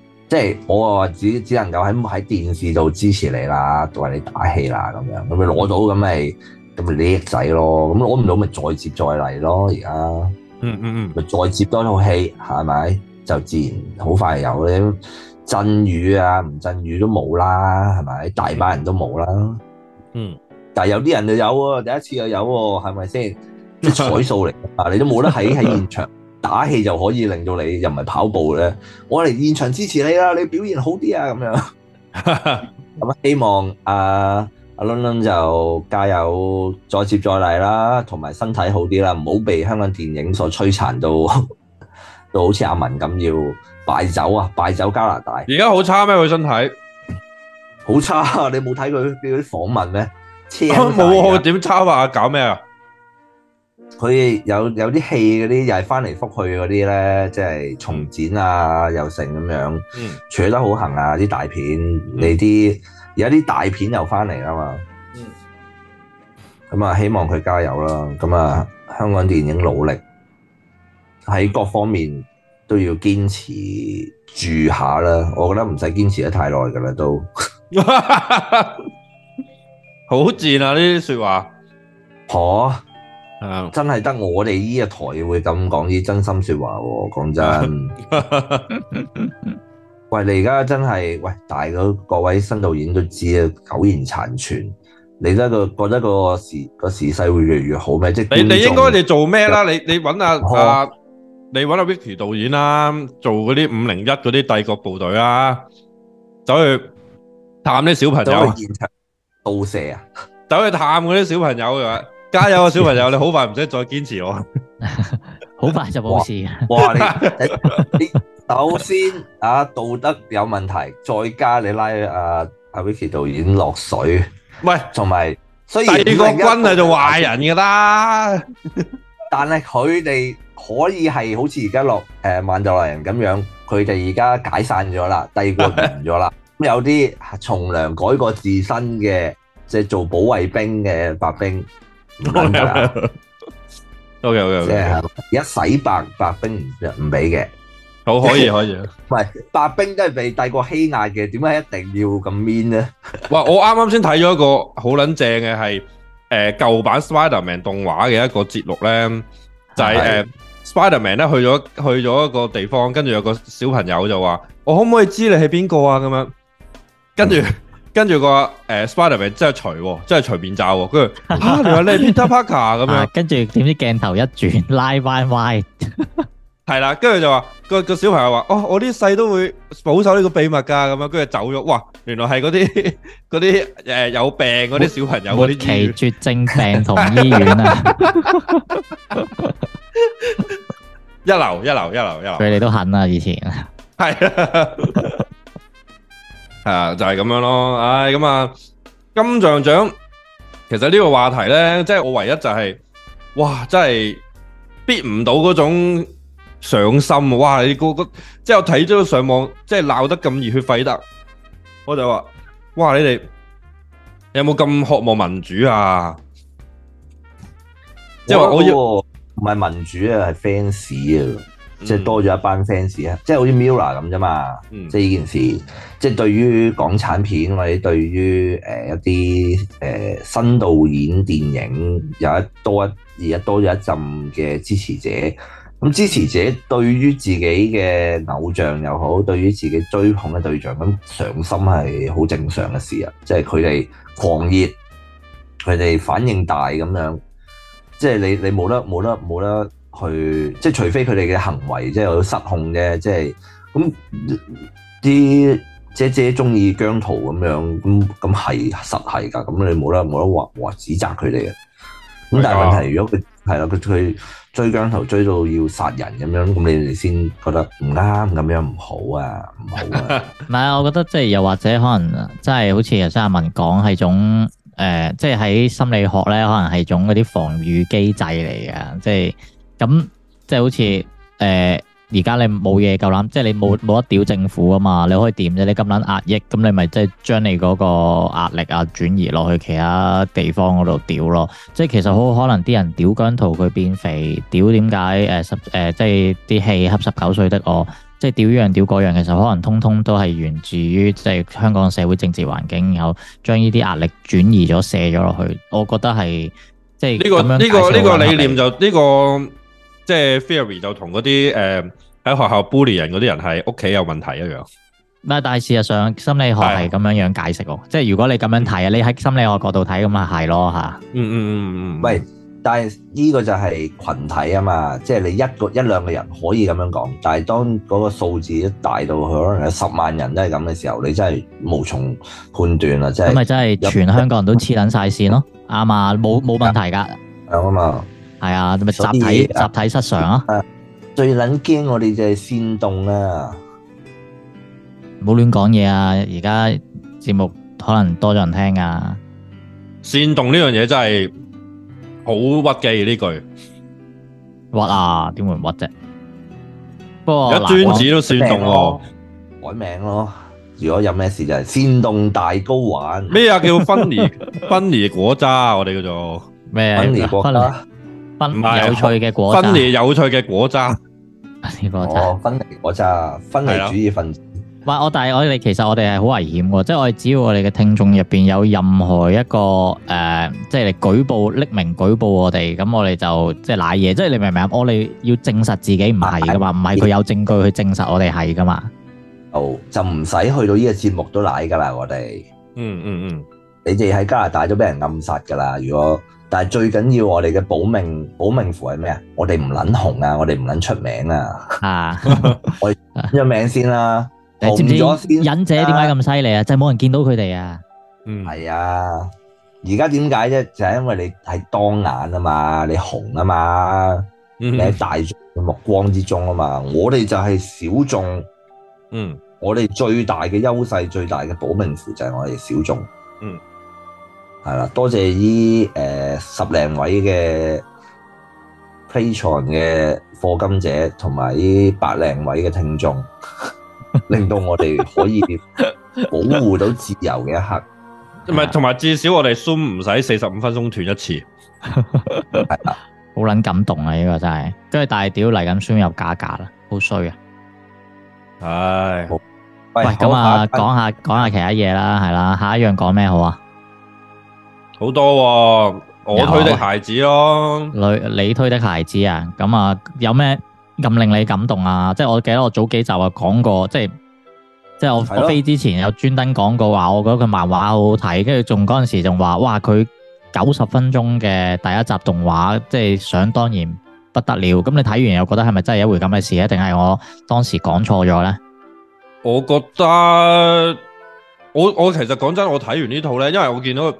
即係我啊，只只能夠喺喺電視度支持你啦，係你打氣啦咁樣，咁咪攞到咁咪咁咪叻仔咯，咁攞唔到咪再接再厲咯，而家，嗯嗯嗯，咪再接多套戲，係咪？就自然好快就有啲陣雨啊，唔陣雨都冇啦，係咪？大把人都冇啦，嗯，但係有啲人就有喎，第一次又有喎，係咪先？即係，即係，彩數嚟， 你都冇得喺喺現場。打氣就可以令到你又唔係跑步咧，我嚟現場支持你啦！你表現好啲啊，咁樣咁、 嗯、希望阿阿倫倫就加油，再接再厲啦，同埋身體好啲啦，唔好被香港電影所摧殘到，到好似阿文咁要敗走啊，敗走加拿大。而家好差咩？佢 身體好差、啊，你冇睇佢啲訪問咩？冇啊，點 差啊？搞咩啊？佢有有啲戲嗰啲又係翻嚟覆去嗰啲咧，即係重剪啊，又成咁樣，扯、嗯、得好行啊！啲大片你啲、嗯、有啲大片又翻嚟啦嘛，咁、嗯、啊希望佢加油啦！咁啊，香港電影努力喺、嗯、各方面都要堅持住下啦。我覺得唔使堅持得太耐噶啦，都 好賤啊！呢啲說話嚇。哦真係得我哋呢一枱會咁講啲真心說話喎，講真。喂，你而家真係喂大個各位新導演都知啊，苟延殘喘。你咧個覺得個時個時勢會越嚟越好咩？即係你哋應該你做咩啦？你你搵阿阿你搵阿 Vicky 導演啦，做嗰啲五零一嗰啲帝國部隊啦，走去探啲小朋友，現場盜攝啊，走去探嗰啲小朋友嘅。加油啊，小朋友！你好快唔使再堅持我，好快就冇事嘅。哇，你你首先啊道德有問題，再加你拉阿阿 Vicky 導演落水，唔係同埋，所以帝國軍係做壞人噶啦。但係佢哋可以係好似而家落誒《曼達洛人》咁樣，佢哋而家解散咗啦，帝國完咗啦。咁有啲從良改過自身嘅，即係做保衛兵嘅白兵。O K，O K，即係一洗白白兵唔唔俾嘅，好可以可以，唔係白兵都係畀帝國欺壓嘅，點解一定要咁 mean 咧？哇！我啱啱先睇咗一個好撚正嘅係誒舊版 Spiderman 動畫嘅一個節錄咧，就係誒 Spiderman 咧去咗去咗一個地方，跟住有個小朋友就話：我可唔可以知你係邊個啊？咁樣跟住。跟住、那個誒、欸、Spiderman 真係隨，真係隨便炸。跟住吓，啊、你話你係 Peter Parker 咁樣。跟住點知鏡頭一轉，拉歪歪。係啦，跟住就話個個小朋友話：哦，我啲細都會保守呢個秘密㗎。咁樣跟住走咗。哇，原來係嗰啲啲誒有病嗰啲小朋友嗰啲奇絕症病童醫院啊！一流一流一流一流，佢哋都肯啊！以前係 係啊，就係、是、咁樣咯。唉，咁啊，金像獎其實呢個話題呢，即係我唯一就係、是，哇，真係逼唔到嗰種上心。哇，你、那個個即係睇咗上網，即係鬧得咁熱血沸騰，我就話，哇，你哋有冇咁渴望民主啊？即係我要唔係民主啊，係 fans 即係多咗一班 fans 啊！即係好似 Mirror 咁啫嘛。即係呢件事，即係對於港產片或者對於一啲、呃呃、新導演電影，有一多一而家多咗一陣嘅支持者。咁支持者對於自己嘅偶像又好，對於自己追捧嘅對象咁上心係好正常嘅事啊！即係佢哋狂熱，佢哋反應大咁樣，即係你你冇得冇得冇得。去即係除非佢哋嘅行為即係有失控啫，即係咁啲姐姐中意姜濤咁樣咁咁係實係噶，咁你冇得冇得話話指責佢哋嘅。咁但係問題是如果佢係啦，佢佢追姜濤追到要殺人咁樣，咁你哋先覺得唔啱咁樣，唔好啊唔好啊。唔係啊， 我覺得即係又或者可能即係好似啱先阿文講係種誒、呃，即係喺心理學咧，可能係種嗰啲防禦機制嚟嘅，即係。咁即係好似誒，而家你冇嘢夠膽，即係、呃、你冇冇得屌政府啊嘛？你可以點啫？你咁撚壓抑，咁你咪即係將你嗰個壓力啊轉移落去其他地方嗰度屌咯。即係其實好可能啲人屌姜濤佢變肥，屌點解十即係啲氣給十九歲的我，即係屌依樣屌嗰樣，其實可能通通都係源自於即係香港社會政治環境，然後將呢啲壓力轉移咗卸咗落去。我覺得係即係呢、這個呢、這個呢、這個理、這個、念就呢、這個。即、就、係、是、theory 就同嗰啲誒喺學校 bully 人嗰啲人係屋企有問題一樣。咪但係事實上心理學係咁樣樣解釋喎，即係如果你咁樣睇啊，你喺心理學角度睇咁啊係咯吓。嗯嗯嗯嗯喂，但係呢個就係群體啊嘛，即、就、係、是、你一個一兩個人可以咁樣講，但係當嗰個數字大到可能有十萬人都係咁嘅時候，你真係無從判斷啦，即、就、係、是。咁咪真係全香港人都黐捻晒線咯，啱 啊，冇冇問題噶。係啊嘛。係啊，咪集體集體失常啊！最撚驚我哋就係煽動啊，唔好亂講嘢啊！而家節目可能多咗人聽啊！煽動呢樣嘢真係好屈記呢句屈啊！點會唔屈啫？不過一磚字都煽動咯，改名咯！如果有咩事就係煽動大 GO 玩咩啊？叫分離分離果汁，我哋叫做咩啊？分離果汁啦～唔係有趣嘅果渣，分離有趣嘅果渣，呢個渣，分離果渣，分離主義分子。哇！我但係我哋其實我哋係好危險喎，即係我哋只要我哋嘅聽眾入邊有任何一個誒，即係你舉報匿名舉報我哋，咁我哋就即係瀨嘢，即係你明唔明？我哋要證實自己唔係㗎嘛，唔係佢有證據去證實我哋係㗎嘛。就就唔使去到呢個節目都瀨㗎喇，我哋。嗯嗯嗯，你哋喺加拿大都俾人暗殺㗎喇，如果。但係最緊要我哋嘅保命保命符係咩啊？我哋唔捻紅啊，我哋唔捻出名啊。啊， 我一名你知先啦。紅咗先。忍者點解咁犀利啊？就冇、是、人見到佢哋啊。嗯，係啊。而家點解啫？就係、是、因為你係當眼啊嘛，你紅啊嘛，嗯、你喺大眾嘅目光之中啊嘛。我哋就係小眾。嗯，我哋最大嘅優勢、最大嘅保命符就係我哋小眾。嗯。係啦，多謝呢誒十零位嘅 patron 嘅課金者，同埋呢百零位嘅聽眾，令到我哋可以保護到自由嘅一刻。同 埋至少我哋 Zoom 唔使四十五分鐘斷一次。係 啦，好撚感動啊！呢、這個真係，跟住大屌嚟緊 Zoom 又加價啦，好衰啊！唉喂，咁啊，講下講下其他嘢啦，係啦，下一樣講咩好啊？好多、啊、我推的孩子咯，你推的孩子啊，咁啊有咩咁令你感動啊？即係我記得我早幾集啊講過，即係即係我我飛之前有專登講過話，我覺得佢漫畫好好睇，跟住仲嗰陣時仲話，哇佢九十分鐘嘅第一集動畫，即係想當然不得了。咁你睇完又覺得係咪真係一回咁嘅事咧？定係我當時講錯咗呢。我覺得我我其實講真，我睇完呢套呢，因為我見到。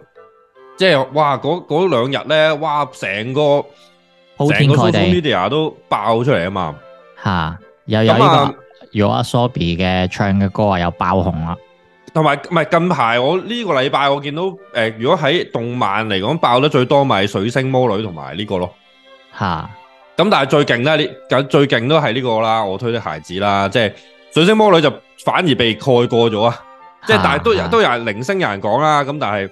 即係哇！嗰兩日咧，哇！成個成個 social media 都爆出嚟啊嘛，吓，又有呢、這個、嗯啊、YOASOBI 嘅唱嘅歌啊，又爆紅啦。同埋唔係近排，這個、我呢個禮拜我見到誒、呃，如果喺動漫嚟講爆得最多咪《水星魔女》同埋呢個咯。吓，咁但係最勁咧，咁最勁都係呢個啦。我推啲孩子啦，即係《水星魔女》就反而被蓋過咗啊！即係，但係都有都有零星有人講啦。咁但係。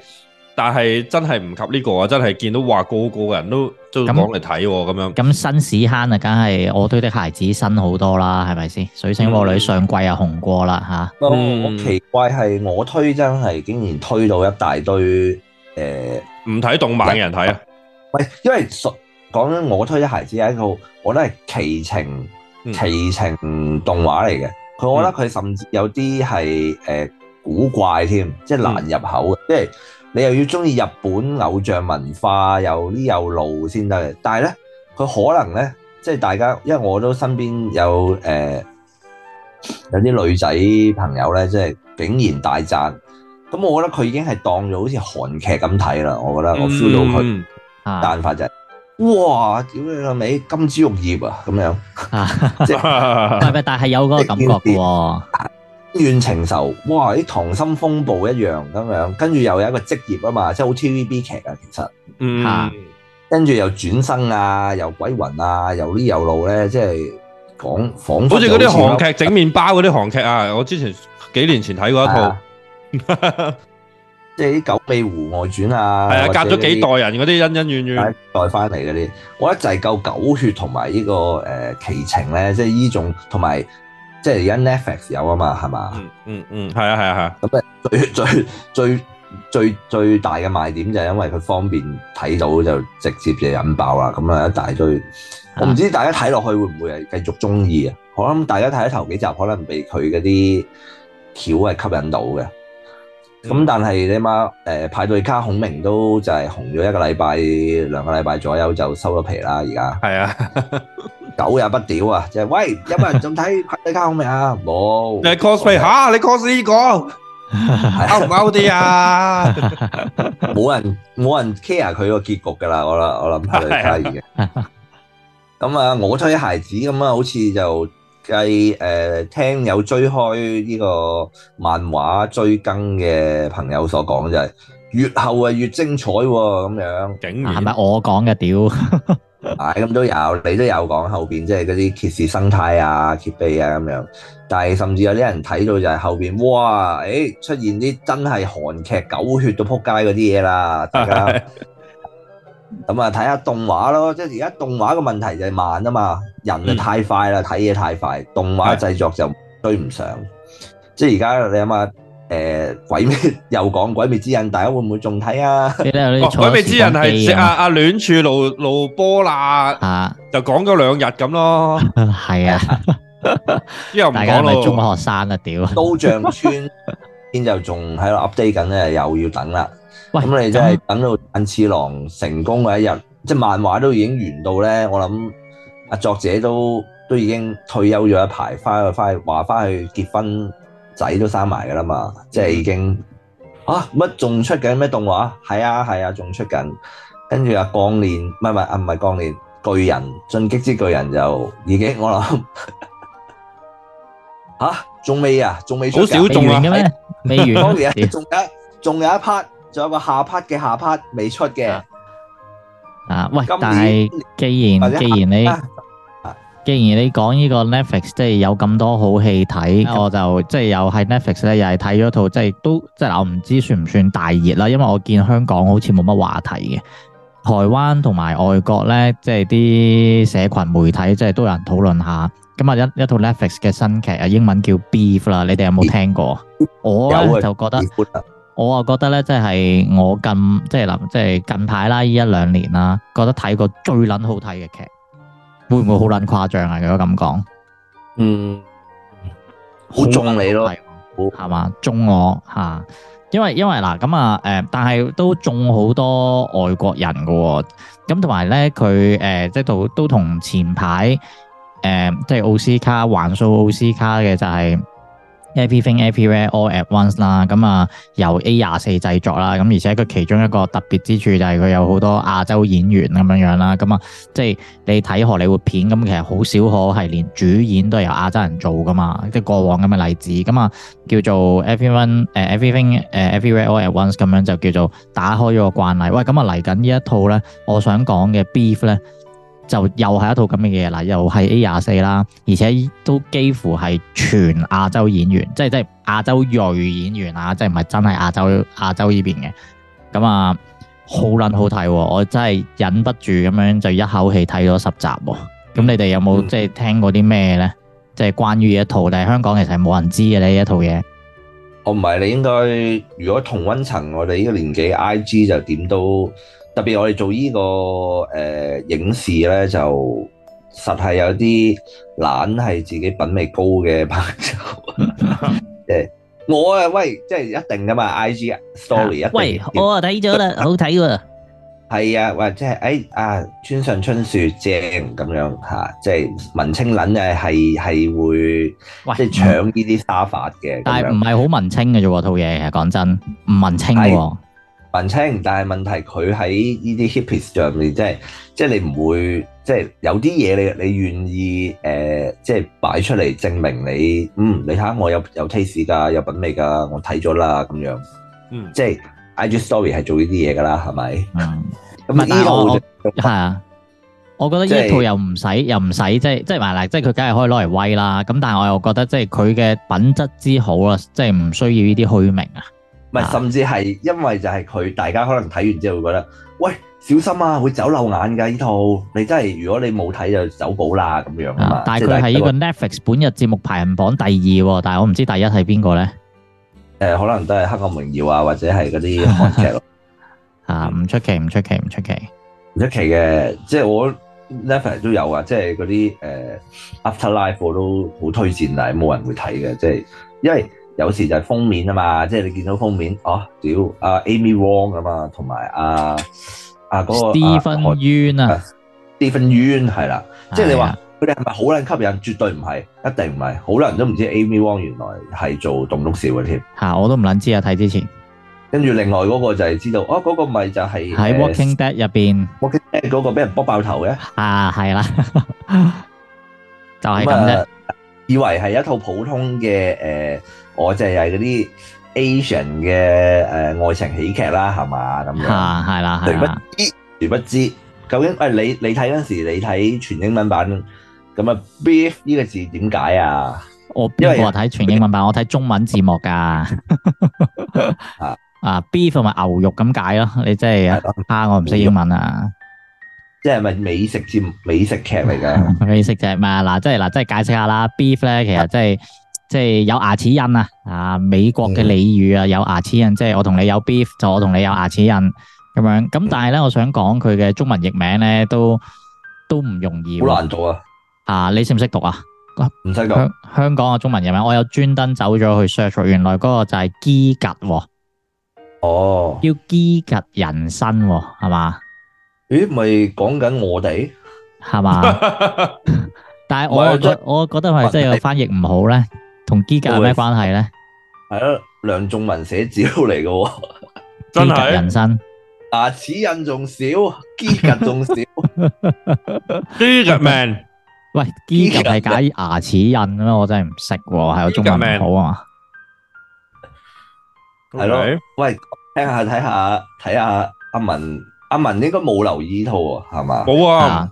但係真係唔及呢、這個啊！真係見到話個個人都都咁講嚟睇咁樣，咁新屎坑啊，梗係我推的孩子新好多啦，係咪先？水星魔女上季又紅過啦吓、嗯嗯嗯。我奇怪係我推真係竟然推到一大堆誒唔睇動漫嘅人睇啊！喂，因為講緊我推的孩子係套，我都係奇情、嗯、奇情動畫嚟嘅。佢我覺得佢甚至有啲係誒古怪添，即係難入口嘅，即、嗯、係。就是你又要中意日本偶像文化，又啲又露先得嘅，但係咧佢可能咧即係大家，因為我都身邊有誒有啲女仔朋友咧，即係竟然大讚，咁我覺得佢已經係當咗好似韓劇咁睇啦。我覺得我 feel 到佢彈發就係，哇！屌你個尾金枝玉葉啊咁樣，即係但係但係有嗰個感覺嘅喎。怨情仇，哇！啲溏心風暴一樣咁樣，跟住又有一個職業啊嘛，即係好 TVB 劇啊，其實，嗯，跟住又轉生啊，又鬼魂啊，又，又呢又路咧，即係講仿，好似嗰啲韓劇整麵包嗰啲韓劇啊，我之前幾年前睇過一套，啊、 即係啲九尾狐外傳啊，係啊，隔咗幾代人嗰啲恩恩怨怨，代翻嚟嗰啲，我一就係夠狗血同埋呢個、呃、奇情咧，即係依種同埋。即係而家 Netflix 有啊嘛，係嘛？嗯嗯嗯，係啊係啊係啊。咁咧、啊、最最最最最大嘅賣點就係因為佢方便睇到、嗯、就直接就引爆啦。咁啊一大堆，我唔知大家睇落去會唔會係繼續中意啊？我諗大家睇咗頭幾集，可能被佢嘅啲橋係吸引到嘅。咁、嗯、但係你媽誒、呃、派對卡孔明都就係紅咗一個禮拜兩個禮拜左右就收咗皮啦。而家係啊。 狗也不屌啊！就係喂，有冇人仲睇拍你卡好未啊？冇。你 cos 吓，你 cos 呢個 out 唔 out 啲啊？冇人冇人 care 佢個結局噶啦！我諗我諗佢而家而家咁啊，我推孩子咁啊，好似就計誒，聽有追開呢個漫畫追更嘅朋友所講就係越後係越精彩咁樣，竟然，係咪我講嘅屌？係咁都有，你都有講後邊，即係嗰啲揭示生態啊、揭秘啊咁樣，但係甚至有啲人睇到就係後邊，哇，誒、欸、出現啲真係韓劇狗血到撲街嗰啲嘢啦，大家，咁啊睇下動畫咯，即係而家動畫嘅問題就係慢啊嘛，人就太快啦，睇、嗯、嘢太快，動畫製作就追唔上，即係而家你諗下。誒、呃，鬼滅又講鬼滅之刃，大家會唔會仲睇啊，啊？鬼滅之刃係阿阿戀柱露露波啦、啊，就講咗兩日咁咯。係啊，之後唔講你中學生啊，屌！刀匠村先就仲喺度 update 緊咧，又要等啦。咁你真係等到炭治郎成功嘅一日，即係漫畫都已經完到咧。我諗阿作者都都已經退休咗一排，翻去翻去話翻去，去，去結婚。仔都生埋噶啦嘛，即係已經啊乜仲出緊咩動畫？係啊係啊，仲出緊。跟住啊，鋼煉唔係啊，唔係鋼煉，巨人，進擊之巨人，就已經我諗吓仲未啊，仲未出，好少，仲啊未完的，今年仲一仲有一 part，仲有個下 part 嘅下 part 未出嘅。啊，啊喂，今年但係，既然既然你。既然你講呢個 Netflix 即係有咁多好戲睇，我就即係又喺 Netflix 咧，又係睇咗套即係、就是、都即係、就是、我唔知算唔算大熱啦，因為我見香港好似冇乜話題嘅，台灣同埋外國咧，即係啲社群媒體即係、就是、都有人討論下。咁啊一一套 Netflix 嘅新劇啊，英文叫 Beef 啦，你哋有冇聽過？我就覺得，我啊覺得咧，即係我、就是、我近即係即係近排啦，呢一兩年啦，覺得睇過最捻好睇嘅劇。會唔會好撚誇張啊？如果咁講，嗯，好中，、嗯、中你咯，係嘛中我吓，因為因為嗱咁啊，誒，但係都中好多外國人噶，咁同埋咧佢誒，即係都都同前排誒、呃，即係奧斯卡橫掃奧斯卡嘅就係、是。Everything everywhere all at once 啦，咁啊由 A 廿四製作啦，咁而且佢其中一個特別之處就係佢有好多亞洲演員咁樣樣啦，咁啊即係你睇荷里活片咁，其實好少可係連主演都係由亞洲人做噶嘛，即係過往咁嘅例子，咁啊叫做 everyone 誒，everything 誒，everywhere all at once 咁樣就叫做打開咗個慣例。喂，咁啊嚟緊呢一套咧，我想講嘅 beef 咧。就又係一套咁嘅嘢嗱，又係 A 廿四啦，而且都幾乎係全亞洲演員，即係即係亞洲裔、裔演員啊，即係唔係真係亞洲亞洲呢邊嘅，咁啊好撚好睇，我真係忍不住咁樣就一口氣睇咗十集，哦，咁你哋有冇即係聽過啲咩呢？即、嗯、係關於一套，但係香港其實係冇人知嘅呢一套嘢。我唔係，你應該如果同溫層，我哋呢個年紀，I G 就點都。特別我哋做依個誒影視咧，就實係有啲懶係自己品味高嘅朋友。誒，我啊喂，即係一定噶嘛，I G story 一定。喂，我啊睇咗啦，好睇喎。係啊，或者係誒啊，村上春樹正咁樣吓，即係文青撚嘅係係會即係搶呢啲沙發嘅。但係唔係好文青嘅啫喎，套嘢講真，唔文青喎。文青，但係問題佢喺呢啲 hippies 上面，即係即係你唔會，即係有啲嘢你你願意誒，即係擺出嚟證明你，嗯，你睇下我有有 taste 㗎，有品味㗎，我睇咗啦咁樣，即係 IG story 係做呢啲嘢㗎啦，係咪？咁、嗯、啊，呢 係、就是、我係啊，我覺得呢套又唔使、就是、又唔使，即係即係埋啦，即係佢梗係可以攞嚟威啦。咁但係我又覺得即係佢嘅品質之好啊，即係唔需要呢啲虛名啊。唔係，甚至係因為就係佢，大家可能睇完之後會覺得，喂，小心啊，會走漏眼㗎！依套你真係，如果你冇睇就走寶啦咁樣啊。但係佢係依個 Netflix 本日節目排行榜第二喎，但係我唔知第一係邊個咧。誒，可能都係《黑暗榮耀》啊，或者係嗰啲韓劇咯。嚇！唔出奇，唔出奇，唔出奇，唔出奇嘅。即係我 Netflix 都有啊，即係嗰啲誒 After Life 我都好推薦，但係冇人會睇嘅。即係因為。有時就係封面啊嘛，即係你見到封面，哦，屌，阿 Amy Wong 啊嘛，同埋阿阿嗰個 Stephen Yuan 啊，Stephen Yuan 係啦，即係你話佢哋係咪好撚吸引？絕對唔係，一定唔係，好多人都唔知 Amy Wong 原來係做棟篤笑嘅添。吓，我都唔捻知啊，睇之前。跟住另外嗰個就係知道，哦，嗰個咪就係喺 Walking Dead 入邊，Walking Dead 嗰個俾人剝爆頭嘅。啊，係啦，就係咁啦，以為係一套普通嘅誒。我就係嗰啲 Asian 嘅誒愛情喜劇啦，係嘛咁樣？嚇，係啦係啦。殊不知，殊不知究竟誒你你睇嗰陣時，你睇全英文版咁啊？Beef 呢個字點解啊？我邊個話睇全英文版？我睇中文字幕㗎。啊啊！Beef 咪牛肉咁解咯？你真係啊！哈！我唔識英文啊！即係咪美食節美食劇嚟㗎？美食節嘛，嗱，即係嗱，即係解釋下啦。Beef 咧，其實即係。即係有牙齒印啊！啊，美國嘅俚語啊，有牙齒印，嗯、即係我同你有 beef，就我同你有牙齒印咁樣。咁但係咧、嗯，我想講佢嘅中文譯名咧，都都唔容易、啊。好難讀啊！啊，你識唔識讀啊？唔使講、啊。香香港嘅中文譯名，我有專登走咗去 search，原來嗰個就係齮齕。哦。要齮齕人生係、啊、嘛？咦，咪講緊我哋係嘛？ 但係我我我覺得係真係、這個、翻譯唔好咧。同齮齕有咩關係咧？係咯，梁仲文寫照嚟嘅，齮齕人生，牙齒印仲少，齮齕仲少，齮齕命。喂，齮齕係解牙齒印咩？我真係唔識，係我中文唔好啊嘛。係咯，喂，聽下睇下睇下阿文阿文應該冇留意套啊，係嘛？冇啊。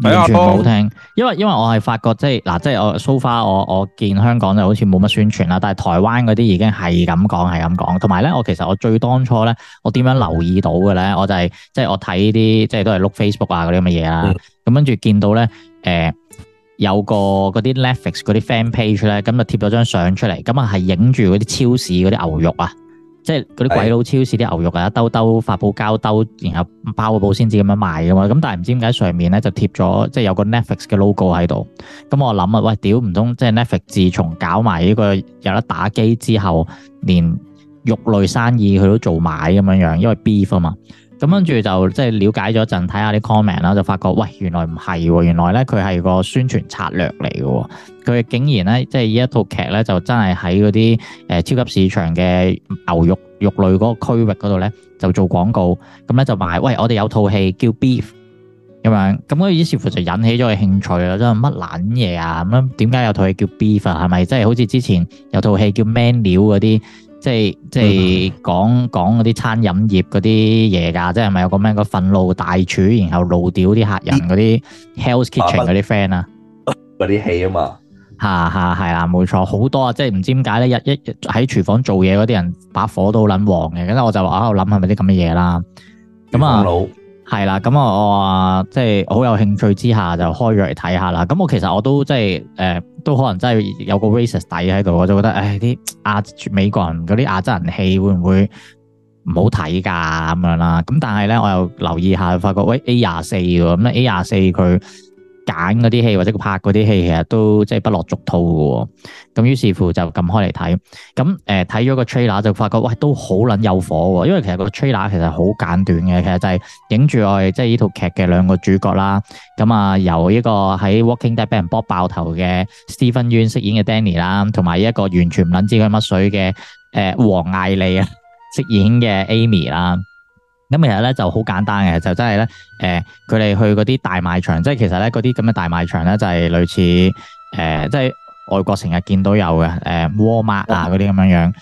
完全冇聽，因為因為我係發覺即係嗱，即係我 so far、so、我我見香港就好似冇乜宣傳啦，但係台灣嗰啲已經係咁講係咁講，同埋咧我其實我最當初咧我點樣留意到嘅咧，我就係、是、即係我睇呢啲即係都係碌 Facebook 啊嗰啲咁嘅嘢啊，咁跟住見到咧誒、呃、有個嗰啲 Netflix 嗰啲 fan page 咧，咁就貼咗張相出嚟，咁啊係影住嗰啲超市嗰啲牛肉啊。即係嗰啲鬼佬超市啲牛肉啊，兜兜發布膠兜，然後包個布先至咁樣賣噶嘛。咁但係唔知點解上面咧就貼咗，即係有個 Netflix 嘅 logo 喺度。咁我諗啊，喂，屌唔通即係 Netflix 自從搞埋呢個有得打機之後，連肉類生意佢都做埋咁樣樣，因為 beef 啊嘛。咁跟住就即係了解咗陣，睇下啲 comment 啦，就發覺喂，原來唔係喎，原來咧佢係個宣傳策略嚟嘅喎，佢竟然咧即係一套劇咧就真係喺嗰啲誒超級市場嘅牛肉肉類嗰個區域嗰度咧就做廣告，咁咧就賣喂，我哋有套戲叫 Beef 咁樣，咁嗰啲似乎就引起咗佢興趣啦，真係乜撚嘢啊咁樣，點解有套戲叫 Beef 啊？係咪即係好似之前有套戲叫 Man 料嗰啲？即係即係講講嗰啲餐飲業嗰啲嘢㗎，即係咪有個咩個憤怒大廚，然後怒屌啲客人嗰啲 Hell's Kitchen 嗰啲 friend 啊，嗰啲戲啊嘛，係係係啦，冇錯，好多啊，即係唔知點解咧，一一喺廚房做嘢嗰啲人把火都好撚旺嘅，咁咧我就話喺度諗係咪啲咁嘅嘢啦，咁啊。係啦，咁啊，我即係好有興趣之下就開咗嚟睇下啦。咁我其實我都即係誒、呃，都可能真係有個 racist 底喺度，我就覺得唉，啲亞美國人嗰啲亞洲人氣會唔會唔好睇㗎咁樣啦。咁但係咧，我又留意下，我發覺喂 A 廿四喎，咁咧 A 廿四佢，揀嗰啲戲或者佢拍嗰啲戲，其實都即係不落俗套嘅。咁於是乎就撳開嚟睇，咁誒睇咗個 trailer 就發覺，喂都好捻有火。因為其實個 trailer 其實好簡短嘅，其實就係影住我即係呢套劇嘅兩個主角啦。咁啊由一個喺 Walking Dead 俾人剝爆頭嘅 Steven Yeun 飾演嘅 Danny 啦，啊，同埋一個完全唔捻知佢乜水嘅誒黃艾莉啊飾演嘅 Amy 啦，啊。咁其實呢就好簡單嘅，就真係呢，誒、呃，佢哋去嗰啲大賣場，即係其實呢嗰啲咁嘅大賣場呢，就係、是、類似誒、呃，即係外國成日見到有嘅，誒、呃，沃爾瑪啊嗰啲咁樣樣，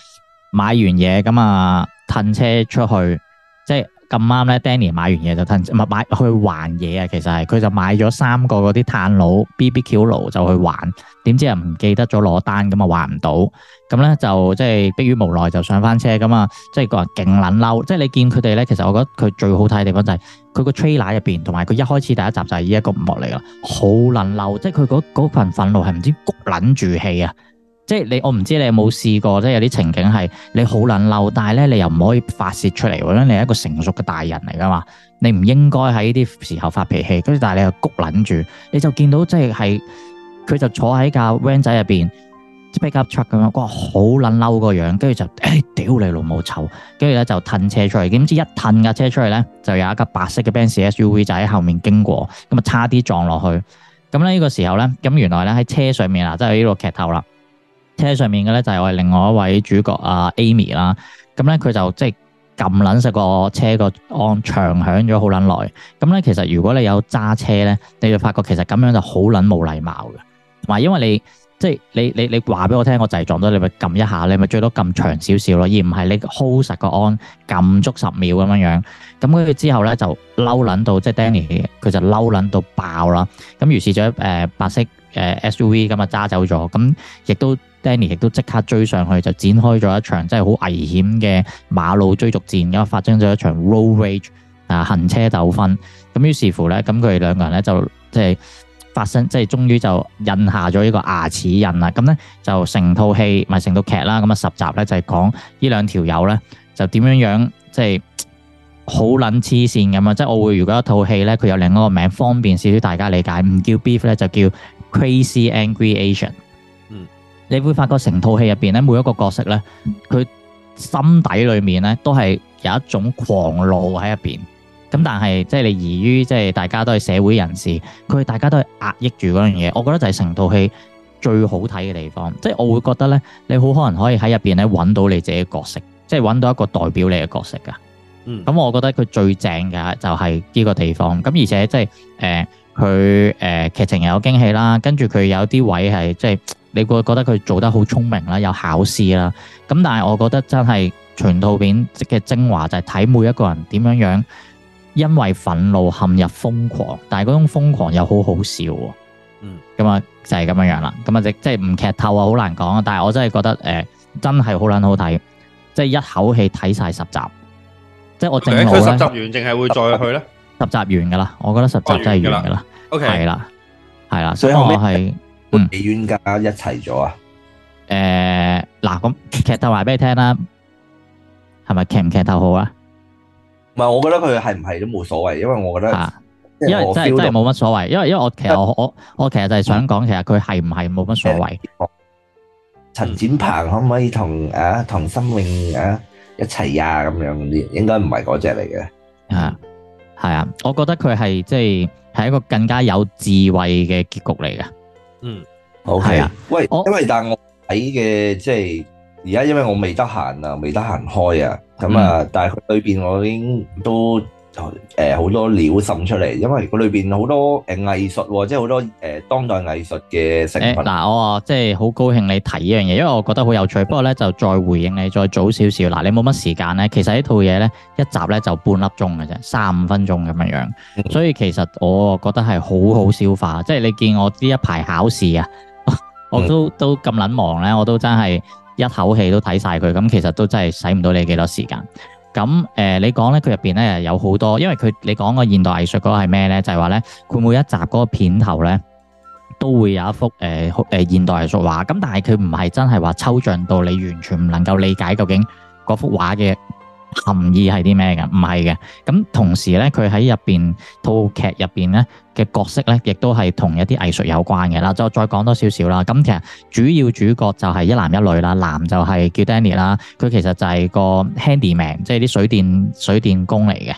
買完嘢咁啊，褪車出去，即係。咁啱咧，Danny 買完嘢就褪買去還嘢啊。其實係佢就買咗三個嗰啲炭爐 B B Q 爐就去還，點知又唔記得咗攞單咁啊還唔到咁咧，就即係逼於無奈就上翻車咁啊，即係個人勁撚嬲。即係你見佢哋咧，其實我覺得佢最好睇嘅地方就係佢個 trailer 入面同埋佢一開始第一集就係依一個幕嚟啦，好撚嬲。即係佢嗰嗰份憤怒係唔知谷撚住氣啊！即係你，我唔知你有冇試過，即係有啲情景係你好捻嬲，但係咧你又唔可以發洩出嚟，因為你係一個成熟嘅大人嚟噶嘛。你唔應該喺呢啲時候發脾氣，跟住但係你又谷捻住，你就見到即係佢就坐喺架 van 仔入邊，即係 backup truck 咁樣哇，好捻嬲個樣，跟住就誒，屌你老母臭，跟住咧就褪車出嚟，點知一褪架車出嚟咧就有一架白色嘅 benz S U V 就喺後面經過，咁啊差啲撞落去。咁呢個時候咧，咁原來咧喺車上面啊，即係呢個劇透啦。車上面嘅咧就係我哋另外一位主角啊 Amy 啦，咁咧佢就即係撳撚實個車個按長響咗好撚耐，咁咧其實如果你有揸車咧，你就發覺其實咁樣就好撚冇禮貌嘅，同埋因為你即係、就是、你你你話俾我聽，我就係撞到你咪撳一下你咪最多撳長少少咯，而唔係你 hold 實個按撳足十秒咁樣樣，咁跟住之後咧就嬲撚到即係、就是、Danny 佢就嬲撚到爆啦，咁於是就誒白色誒 SUV 咁啊揸走咗，咁亦都。Danny 亦都即刻追上去，就展開咗一場真係好危險嘅馬路追逐戰，咁啊發生咗一場 road rage 啊行車糾紛。咁於是乎咧，咁佢哋兩個人咧就即係、就是、發生，即係終於就印、是、下咗呢個牙齒印啦。咁咧就成套戲咪成套劇啦。咁啊十集咧就係講呢兩條友咧就點樣樣，即係好捻黐線咁啊！即係我會如果一套戲咧佢有另一個名字方便少少大家理解，唔叫 Beef 咧就叫 Crazy Angry Asian。你會發覺成套戲入邊咧，每一個角色咧，佢、嗯、心底裏面咧都係有一種狂怒喺入邊。咁但係即係你疑於即係大家都係社會人士，佢大家都係壓抑住嗰樣嘢。我覺得就係成套戲最好睇嘅地方，即係我會覺得咧，你好可能可以喺入邊咧揾到你自己嘅角色，即係揾到一個代表你嘅角色噶。咁、嗯、我覺得佢最正嘅就係呢個地方。咁而且即係誒，佢誒劇情又有驚喜啦，跟住佢有啲位係即係。你會覺得佢做得好聰明啦，有考試啦。咁但係我覺得真係全套片嘅精華就係睇每一個人點樣樣，因為憤怒陷入瘋狂，但係嗰種瘋狂又好好笑。咁、嗯、啊就係咁樣樣啦。咁啊即係唔劇透啊，好難講啊。但係我真係覺得誒、呃，真係好撚好睇，即、就、係、是、一口氣睇晒十集。即係我正路十集完，淨係會再去咧？十集完噶啦，我覺得十集真係完噶啦。O K 係啦，係、okay，啦，所以，所以我係。嗯，幾冤家一齊咗啊？誒、呃，嗱，咁劇透話俾你聽啦，係咪劇唔劇透好啊？唔係，我覺得佢係唔係都冇所謂，因為我覺得吓、啊，因為真我覺因為真係冇乜所謂。因為因為我其實我我我其實就係想講，其實佢係唔係冇乜所謂。陳、嗯嗯、展鵬可唔可以同誒唐心穎啊，啊一齊呀、啊？咁樣啲應該唔係嗰隻嚟嘅，係、啊、係啊。我覺得佢係即係係一個更加有智慧嘅結局嚟嘅。嗯，OK 啊，喂，哦、因為但係我睇嘅即係而家，就是、現在，因為我未得閒啊，未得閒開啊，咁啊，但係佢裏邊我已經都。誒，好多料滲出嚟，因為佢裏邊好多誒藝術，即係好多誒當代藝術嘅成分。嗱、欸，我即係好高興你睇呢樣嘢，因為我覺得好有趣。不過咧，就再回應你，再早少少。嗱，你冇乜時間咧，其實呢套嘢咧一集咧就半粒鐘嘅啫，三五分鐘咁樣樣、嗯。所以其實我啊覺得係好好消化，嗯、即係你見我呢一排考試啊，我都、嗯、都咁捻忙咧，我都真係一口氣都睇晒佢。咁其實都真係使唔到你幾多時間。咁誒、呃，你講咧佢入面咧有好多，因為佢你講個現代藝術嗰個係咩咧？就係話咧，佢每一集嗰個片頭咧都會有一幅誒誒、呃呃、現代藝術畫。咁但係佢唔係真係話抽象到你完全唔能夠理解究竟嗰幅畫嘅含義係啲咩嘅？唔係嘅。咁同時咧，佢喺入面套劇入面咧，嘅角色咧，亦都係同一啲藝術有關嘅啦。就再講多少少啦。咁其實主要主角就係一男一女啦。男就係叫 Danny 啦，佢其實就係個 handyman，即係啲水電水電工嚟嘅。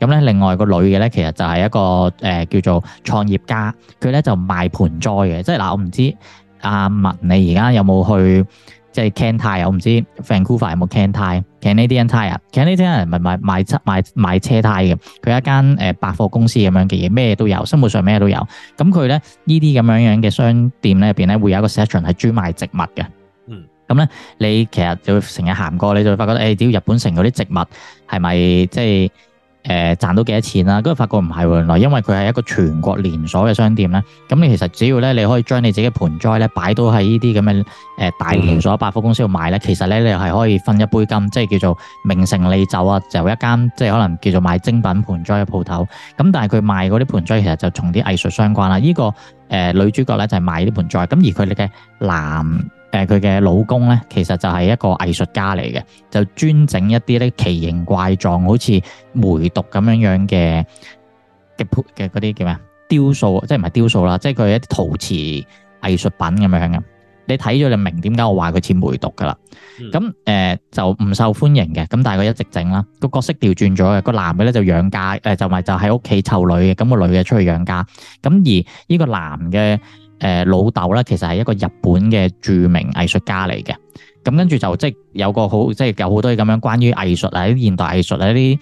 咁咧，另外個女嘅咧，其實就係一個、呃、叫做創業家，佢咧就賣盆栽嘅。即係嗱，我唔知阿、啊、文你而家有冇去即係 Cantai，我唔知 Vancouver 有冇 Cantai。Canadian Tire，Canadian Tire 唔係賣賣賣賣車胎嘅，佢一間誒百貨公司咁樣嘅嘢，咩都有，生活上咩都有。咁佢咧呢啲咁樣樣嘅商店咧入邊咧，會有一個 section 係專賣植物嘅。嗯，咁咧你其實就會成日行過，你就會發覺誒，只要日本城嗰啲植物係咪即係？誒、呃，賺到幾多錢啦？跟住發覺唔係喎，原來因為佢係一個全國連鎖嘅商店咧。咁你其實只要咧，你可以將你自己盆栽咧擺到喺呢啲咁嘅誒大連鎖百貨公司度賣咧，嗯，其實咧你係可以分一杯羹，即係叫做名成利就啊，就有一間即係可能叫做買精品盆栽嘅鋪頭。咁但係佢賣嗰啲盆栽其實就同啲藝術相關啦。呢、這個誒、呃呃、女主角咧就係、是、賣呢盆栽咁，而佢哋嘅男。誒佢嘅老公咧，其實就係一個藝術家嚟嘅，就專整一啲咧奇形怪狀，好似梅毒咁樣樣嘅嘅嘅嗰啲叫咩雕塑，即係唔係雕塑啦，即係佢一啲陶瓷藝術品咁樣嘅。你睇咗就明點解我話佢似梅毒噶啦。咁、嗯、誒、呃、就唔受歡迎嘅，咁但係佢一直整啦。個角色調轉咗嘅，男個男嘅咧就養家，誒就咪就喺屋企湊女嘅，咁個女嘅出去養家。咁而呢個男嘅。誒老豆咧，其實係一個日本嘅著名藝術家嚟嘅，咁跟住就即係、就是、有個好，即、就、係、是、有好多咁樣關於藝術啊，現現代藝術啊，啲啲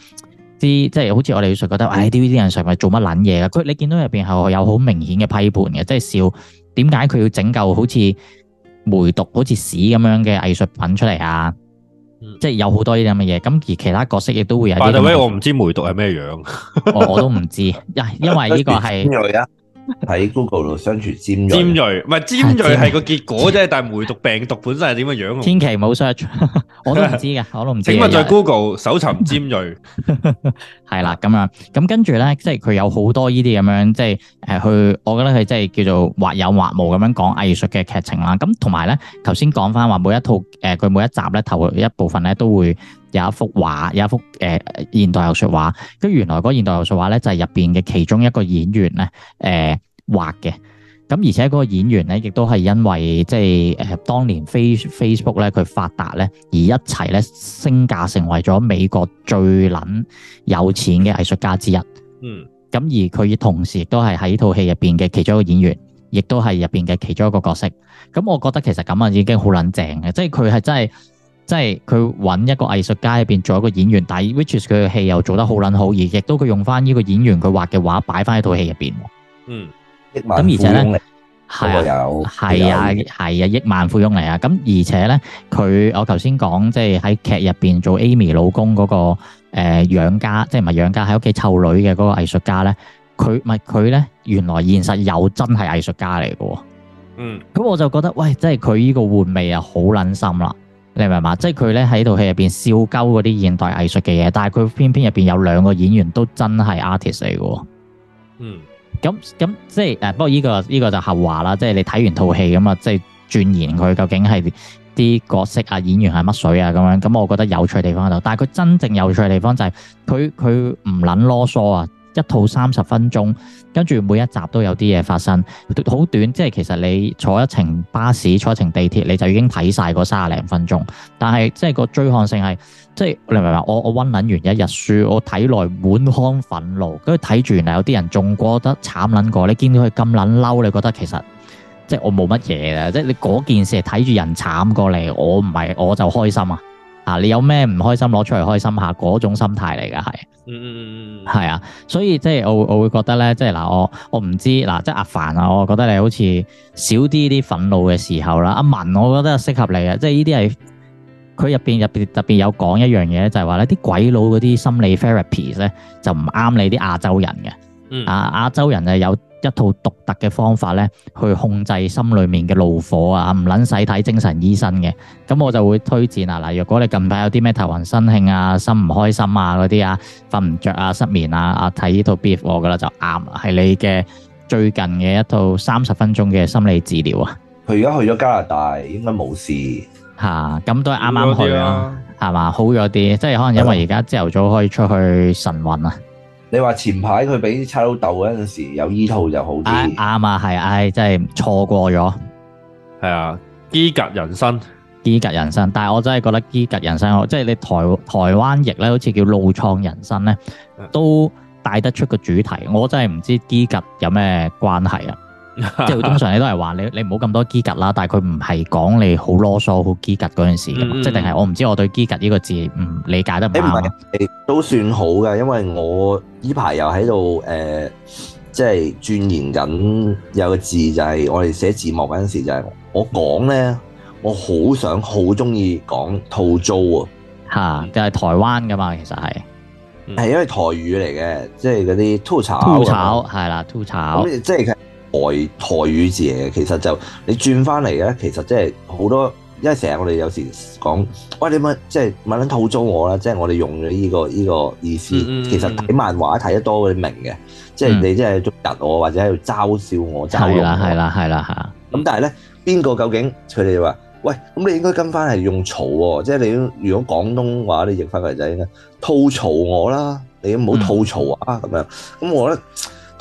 即係好似我哋啲覺覺得，唉 TVB 啲人上咪做乜撚嘢啊？佢你見到入邊係有好明顯嘅批判嘅，即、就、係、是、笑點解佢要整嚿好似梅毒好似屎咁樣嘅藝術品出嚟啊？即、嗯、係、就是、有好多呢啲咁嘅嘢，咁而其他角色亦都會有。但我唔知梅毒係咩樣 我，我都唔知，因為呢個係。喺 Google 度 search 尖尖銳，唔係尖銳係個結果啫。但係梅毒病毒本身係點嘅樣？千祈唔好 search，我都唔知噶，我都唔知。請問在 Google 搜尋尖銳係啦，咁樣咁跟住咧，即係佢有好多依啲咁樣，即係誒去，我覺得佢即係叫做或有或無咁樣講藝術嘅劇情啦。咁同埋咧，頭先講翻話每一套誒，佢每一集咧頭一部分咧都會。有一幅畫，有一幅誒、呃、現代藝術畫，跟原來嗰個現代藝術畫咧就係入邊嘅其中一個演員咧誒、呃、畫嘅，咁而且嗰個演員咧亦都係因為即係誒當年 face Facebook 咧佢發達咧而一齊咧升價成為咗美國最捻有錢嘅藝術家之一，嗯，咁而佢同時亦都係喺套戲入邊嘅其中一個演員，亦都係入邊嘅其中一個角色，咁我覺得其實咁啊已經好捻正嘅，即係佢係真係。即係佢揾一個藝術家入邊做一個演員，但 Witches 佢嘅戲又做得好捻好，而亦都佢用翻呢個演員佢畫嘅畫擺翻喺套戲入邊。嗯，億萬富翁嚟，係啊，係啊，係啊，億萬富翁嚟啊！咁而且咧，佢我頭先講即係喺劇入邊做 Amy 老公嗰個誒養家，即係唔係養家喺屋企湊女嘅嗰個藝術家咧，佢唔係佢咧，原來現實有真係藝術家嚟嘅。嗯，咁我就覺得喂，即係佢呢個換味啊，好捻深啦。你明嘛？即係佢咧喺套戲入邊笑鳩嗰啲現代藝術嘅嘢，但係佢偏偏入邊有兩個演員都真係 artist 嚟嘅。嗯，咁咁即係誒、啊，不過呢、這個呢、這個就後話啦。即係你睇完套戲咁啊，即係鑽研佢究竟係啲角色啊演員係乜水啊咁樣。咁我覺得有趣地方喺度，但係佢真正有趣嘅地方就係佢佢唔捻囉嗦啊，一套三十分鐘。跟住每一集都有啲嘢發生，好短，即係其實你坐一程巴士，坐一程地鐵你就已經睇晒嗰三廿零分鐘。但係即係個追看性係，即係你明唔明？我我温撚完一日書，我睇內滿腔憤怒，跟住睇住原來有啲人仲過得慘撚過，你見到佢咁撚嬲，你覺得其實即係我冇乜嘢啊！即係你嗰件事係睇住人慘過嚟，我唔係我就開心啊！嗱，你有咩唔開心攞出嚟開心下嗰種心態嚟嘅，係，嗯嗯嗯嗯，係啊，所以即係我我會覺得咧，即係嗱，我我唔知嗱，即係阿凡啊，我覺得你好似少啲啲憤怒嘅時候啦，阿文我覺得適合你嘅，即係呢啲係佢入邊入邊特別有講一樣嘢，就係話咧啲鬼佬嗰啲心理 therapies 咧就唔啱你啲亞洲人嘅。啊！亞洲人有一套獨特嘅方法咧，去控制心裏面嘅怒火啊！唔撚使睇精神醫生嘅，咁我就會推薦啊嗱。若果你近排有啲咩頭暈身興啊、心唔開心啊嗰啲啊、瞓唔着啊、失眠啊啊，睇呢套 Beef 我覺得就啱，係你嘅最近嘅一套三十分鐘嘅心理治療啊。佢而家去咗加拿大，應該冇事嚇。咁都係啱啱去啊，係嘛、啊？好咗啲，即係可能因為而家朝頭早可以出去晨運啊。你話前排佢俾啲差佬鬥嗰陣時，有依套就好啲。啱、哎、啊，係、啊，唉、啊，真係錯過咗。係啊，齮齕人生，齮齕人生。但我真係覺得齮齕人生，即係你台台灣譯咧，好似叫怒創人生咧、啊，都帶得出個主題。我真係唔知齮齕有咩關係啊！ 即係通常你都係話你你唔好咁多基格啦，但係佢唔係講你好囉嗦好基格嗰陣時，即係定係我唔知道我對基格呢個字唔理、嗯、解得唔。誒唔係都算好噶，因為我呢排又喺度誒即係鑽研緊有個字就係、是、我哋寫字幕嗰陣時就係我講咧，我好、嗯、想好中意講吐糟啊吓、啊，就係、是、台灣噶嘛，其實係係、嗯、因為台語嚟嘅，即係嗰啲吐槽，係、嗯、啦吐炒」吐炒？即係。台台語字嘅，其實就你轉翻嚟咧，其實即係好多，因為成日我哋有時講，喂，你咪即係咪撚吐槽我啦，即係我哋用咗呢、呢個依、呢個意思。嗯、其實睇漫畫睇得多，你明嘅、嗯，即係你即係捉凸我，或者喺度嘲笑我，嘲諷我、嗯、啦，係啦，係啦，嚇。咁、嗯、但係咧，邊個究竟佢哋話，喂，咁你應該跟翻係用嘈喎、哦，即係你如果廣東話你譯翻嚟就應該吐槽我啦，你唔好吐槽啊咁、嗯、樣。咁我咧。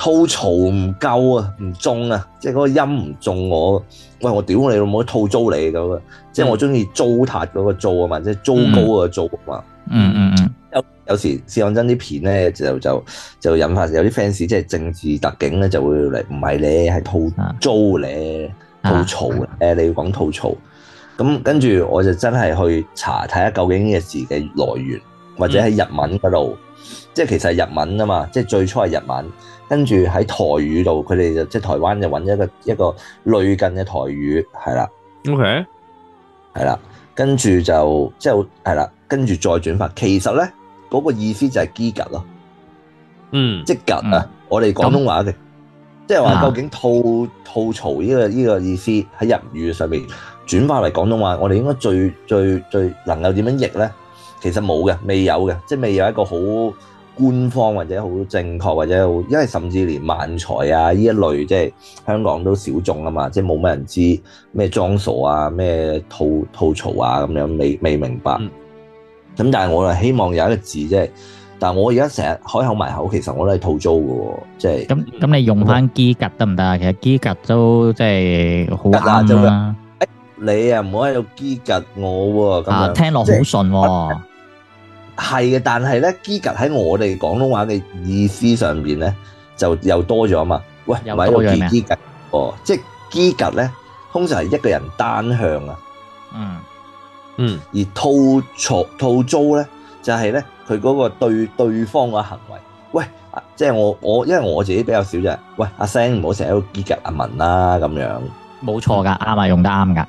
吐槽唔夠啊，唔中啊，即係嗰個音唔中我。喂，我屌你老母，吐糟你咁啊！即係我中意糟蹋嗰個糟啊嘛，即係糟糕嘅糟啊嘛。嗯嗯，嗯有有時試講真啲片咧，就就就引發有啲 fans 即係政治特警咧就會嚟，唔係你係吐糟」啊，你「吐槽誒、啊，你要講吐槽咁、啊、跟住我就真係去查睇下究竟呢個字嘅來源，或者喺日文嗰度、嗯，即係其實係日文啊嘛，即係最初係日文。跟住喺台語度，佢哋就即係台灣就揾一個一個類近嘅台語，係啦，OK，係啦，跟住就即係，係啦，跟住再轉化。其實咧，嗰、那個意思就係激、嗯、格咯，嗯，即係格啊！我哋廣東話嘅，即係話究竟吐吐槽呢、這個呢、這個意思喺日語上邊轉化嚟廣東話，我哋應該最最最能夠點樣譯咧？其實冇嘅，未有嘅，即係未有一個好。官方或者好正確或者好，因為甚至連萬財啊呢一類，即係香港都少眾啊嘛，即係冇乜人知咩裝傻啊，咩吐吐槽啊咁樣未未明白。咁、嗯、但係我就希望有一個字即係，但係我而家成日開口埋口，其實我都係吐租嘅喎，即係。咁咁你用翻齮齕得唔得啊？其實齮齕都即係好啱啊！誒、欸，你啊唔好喺度齮齕我、啊」我喎。啊，聽落好順喎、啊。係嘅，但係咧，齮齕喺我哋廣東話嘅意思上面咧，就又多咗啊嘛。喂，又多咗人咩？哦，即係齮齕咧，通常係一個人單向啊。嗯嗯。而吐槽吐槽咧，就係咧佢嗰個對對方嘅行為。喂，即係我我，因為我自己比較少啫。喂，阿聲唔好成日喺度齮齕阿文啦咁樣。冇錯㗎。啱啊，用得啱㗎。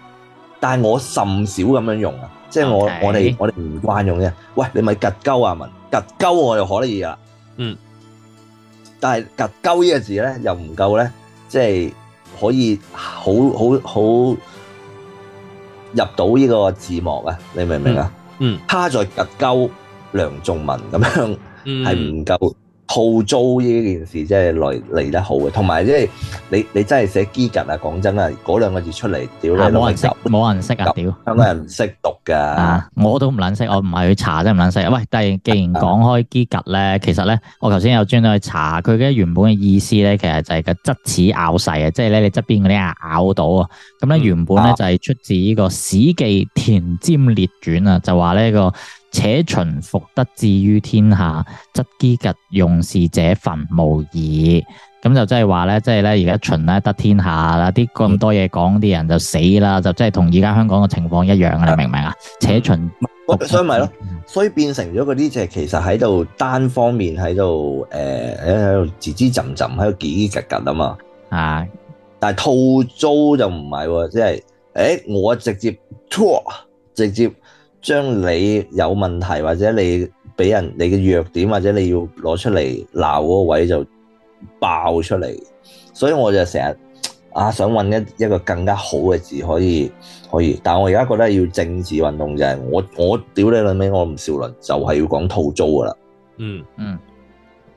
但係我甚少咁樣用啊。即係我我哋我哋唔慣用嘅，喂，你咪格鳩阿文，格鳩我又可以啦。嗯。但係格鳩呢個字咧，又唔夠咧，即係可以好好好入到呢個字幕啊？你明唔明啊？嗯。趴在格鳩梁仲文咁樣，嗯，係唔夠。吐槽呢件事真係嚟嚟得好嘅，同埋即係你你真係寫齮齕啊！講真啊，嗰兩個字出嚟，屌冇人識，冇人識,識,識,識,識,識,識,識,識、嗯、啊！屌，香港人唔識讀㗎。我都唔撚識，我唔係去查啫，唔撚識,識。喂，但係既然講開齮齕咧，其實咧，我頭先有專登去查，佢嘅原本嘅意思咧，其實就係個側齒咬細啊，即係咧你側邊嗰啲牙咬到啊。咁、嗯、咧、嗯、原本咧就係、是、出自呢個《史記·田儋列傳》啊，就話呢、這個。且秦復得志於天下，則齮齕用事者墳墓矣。咁就即係話咧，即係咧而家秦咧得天下啦，啲咁多嘢講啲人就死啦，就即係同而家香港嘅情況一樣，你明唔明啊？且秦、嗯、所以咪、就、咯、是，所以變成咗嗰啲就其實喺度單方面喺度誒喺喺度吱吱浸浸喺度齮齮齕齕啊嘛嚇，但係套租就唔係喎，即係誒我直接錯直接。將你有問題或者你俾人你嘅弱點，或者你要攞出嚟鬧嗰位就爆出嚟，所以我就成日啊想揾一一個更加好嘅字可以可以，但係我而家覺得要政治運動就係我我，屌你老味，我唔笑人就係要講套租噶啦，嗯嗯，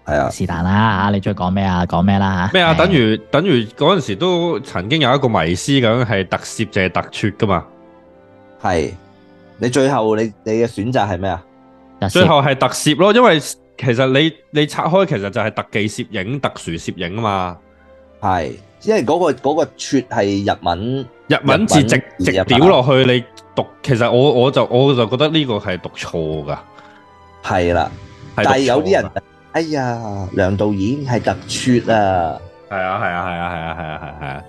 係啊，啊，啊，啊，是但啦吓，你鍾意講咩啊講咩啦吓，咩啊等於等於嗰陣時都曾經有一個迷思咁係特攝就係特撮噶嘛，係。你最後你你嘅選擇係咩啊？最後係特攝咯，因為其實你你拆開其實就係特技攝影、特殊攝影啊嘛。係，因為嗰個嗰個撮係日文，日文字直直掉落去你讀，其實我我就我就覺得呢個係讀錯㗎。係啦，但係有啲人，哎呀，梁導演係特撮啊。係啊，係啊，係啊，係啊，係啊，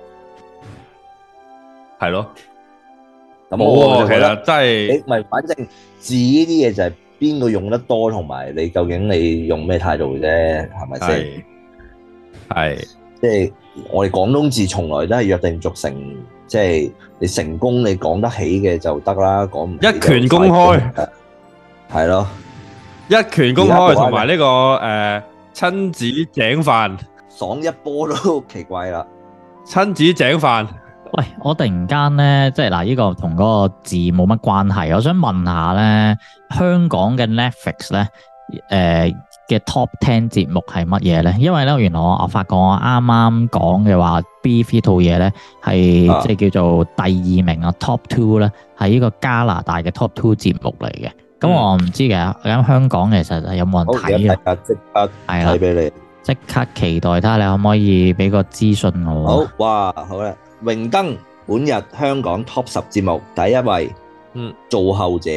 係係係咯。冇啊，其實真係唔係，反正字呢啲嘢就係邊個用得多，同埋你究竟你用咩態度啫，係咪先？係即係我哋廣東字從來都係約定俗成，即係你成功你講得起嘅就得啦，講唔一拳公開係咯，一拳公開同埋呢個誒親子井飯爽一波都奇怪啦，親子井飯。喂，我突然間咧，即係嗱，呢、這個同嗰個字冇乜關係。我想問一下咧，香港嘅 Netflix 咧，誒、呃、嘅 Top Ten 節目係乜嘢咧？因為咧，原來我發覺我啱啱講嘅話，Beef、啊、套嘢咧係即係叫做第二名啊，Top Two 咧係呢個加拿大嘅 Top Two 節目嚟嘅。咁我唔知嘅，咁、嗯、香港其實有冇人睇嘅？係啊，睇俾你，即刻期待睇下，你可唔可以俾個資訊我？好哇，好啦。榮登本日香港 Top 十節目第一位，嗯，做後者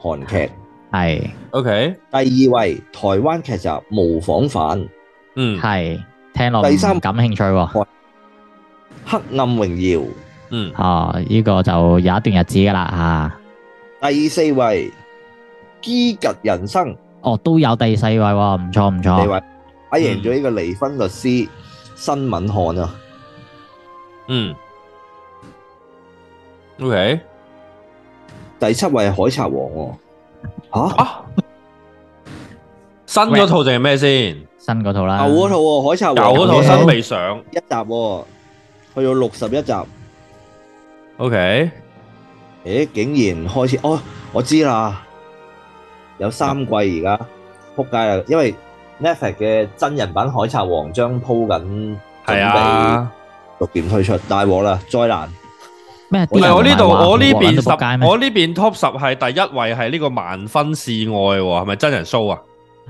韓劇係，OK，第二位台灣劇集模仿犯，嗯，係，聽落第三感興趣喎，黑暗榮耀，嗯，哦，呢個就有一段日子噶啦吓，第四位齮齕人生，哦，都有第四位，唔錯唔錯，你話我贏咗呢個離婚律師新聞看啊。嗯，OK，第七位係海賊王，吓，新嗰套定係咩先？新嗰套啦，舊嗰套海賊王，舊嗰套新未上一集，去到六十一集。OK，誒，竟然開始，哦，我我知啦，有三季而家，撲街啦！因為 Netflix 嘅真人版海賊王將鋪緊，係啊。逐推出大禍啦，災難咩？唔係我呢度，我呢邊十，我呢邊 top 十係第一位係呢個萬分示愛，係咪真人 show 啊？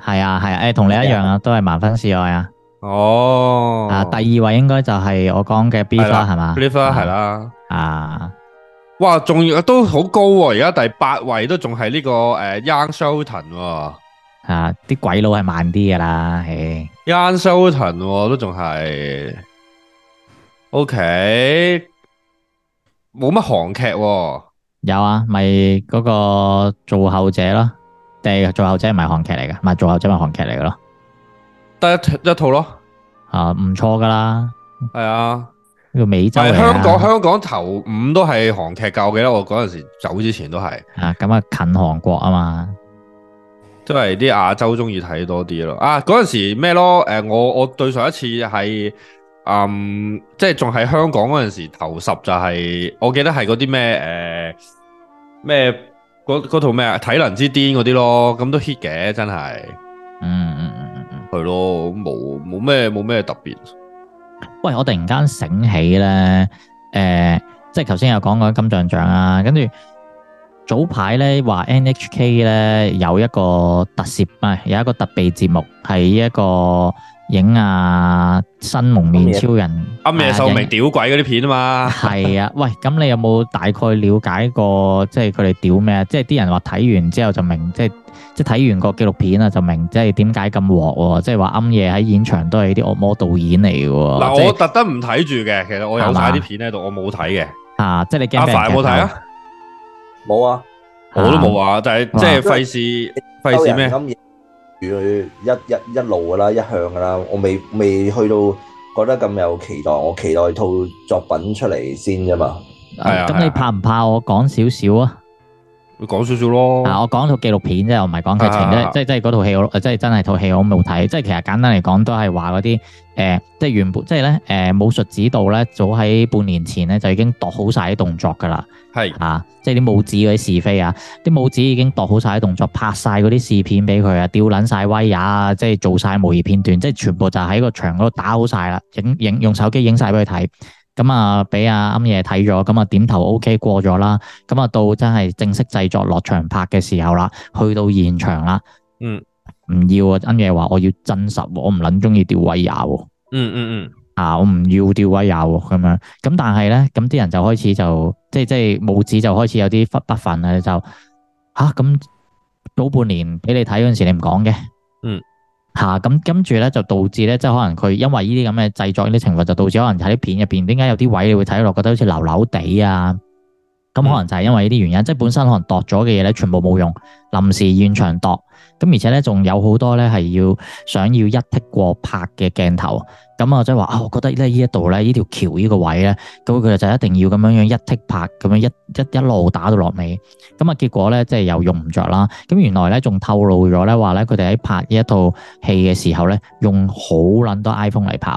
係啊，係、欸、誒，同你一樣啊，都係萬分示愛啊。哦，啊，第二位應該就係我講嘅 Beef 係嘛 Beef 係啦。啊，哇，仲要都好高啊！而家第八位都仲係呢個誒、啊、，Young Sheldon、啊。吓、啊，啲鬼佬係慢啲噶啦，Young Sheldon、啊、都仲係。O K，冇乜韓劇喎，有啊，咪嗰個做後者咯，第做後者係咪韓劇嚟噶？咪做後者咪韓劇嚟噶咯？得一一套咯，啊，唔錯噶啦，係啊，呢個美洲嚟啊。香港香港頭五都係韓劇教嘅啦，我嗰陣時走之前都係啊，咁啊近韓國啊嘛，都係啲亞洲中意睇多啲咯。啊，嗰陣時咩咯？誒，我我對上一次係。嗯，即係仲喺香港嗰陣時，頭十就係，我記得係嗰啲咩，誒咩嗰套咩啊，體能之巔嗰啲咯，咁都 hit 嘅，真係。嗯嗯嗯嗯嗯，係咯，冇冇咩冇咩特別。喂，我突然間醒起咧，誒，即係頭先有講過金像獎啊，跟住早排咧話 NHK 咧有一個特攝唔係有一個特別節目係一個。影啊，新蒙面超人，庵野、啊、秀明屌鬼嗰啲片啊嘛，係啊，喂，咁你有冇大概了解過，即係佢哋屌咩？即係啲人話睇完之後就明，即係即係睇完個紀錄片啊就明，即係點解咁鑊喎？即係話庵野喺現場都係啲惡魔導演嚟嘅。嗱、就是，我特登唔睇住嘅，其實我有晒啲片喺度，我冇睇嘅。啊，即係你驚咩？阿凡冇睇啊？冇啊，啊，我都冇啊，但係即係費事費事咩？佢一一一路㗎啦，一向㗎啦，我未未去到覺得咁有期待，我期待套作品出嚟先啫嘛。咁、啊啊、你怕唔怕我講少少啊？你講少少咯，啊，我講套紀錄片啫，我唔係講劇情啫，即係即係嗰套戲好，即係真係套戲好冇睇，即係其實簡單嚟講都係話嗰啲，誒、呃，即係原本，即係咧，誒、呃，武術指導咧，早喺半年前咧就已經度好晒啲動作噶啦，係，啊，即係啲武指嗰啲是非啊，啲武指已經度好晒啲動作，拍晒嗰啲視片俾佢啊，吊捻晒威呀，即係做晒模擬片段，即係全部就喺個場嗰度打好晒啦，影影用手機影晒俾佢睇。咁啊，俾阿庵野睇咗，咁啊，點頭 O、OK、K 過咗啦，咁啊到真係正式製作落場拍嘅時候啦，去到現場啦，嗯，唔要啊，庵野話我要真實，我唔捻中意吊威亞，嗯嗯嗯，啊我唔要吊威亞咁樣，咁但係咧，咁啲人就開始就即係即係帽子就開始有啲不不忿啊，就吓咁早半年俾你睇嗰陣時你唔講嘅，嗯。吓咁，跟住咧就導致咧，即係可能佢因為呢啲咁嘅製作呢啲情況，就導致可能喺啲片入邊點解有啲位你會睇落覺得好似流流地啊？咁可能就係因為呢啲原因，即係本身可能度咗嘅嘢咧，全部冇用，臨時現場度。咁而且咧，仲有好多咧，係要想要一剔過拍嘅鏡頭，咁啊，即係話啊，我覺得咧呢一度咧呢條橋呢個位咧，咁佢就一定要咁樣樣一剔拍，咁樣一一一路打到落尾，咁啊，結果咧即係又用唔着啦，咁原來咧仲透露咗咧話咧，佢哋喺拍呢一套戲嘅時候咧，用好撚多 iPhone 嚟拍，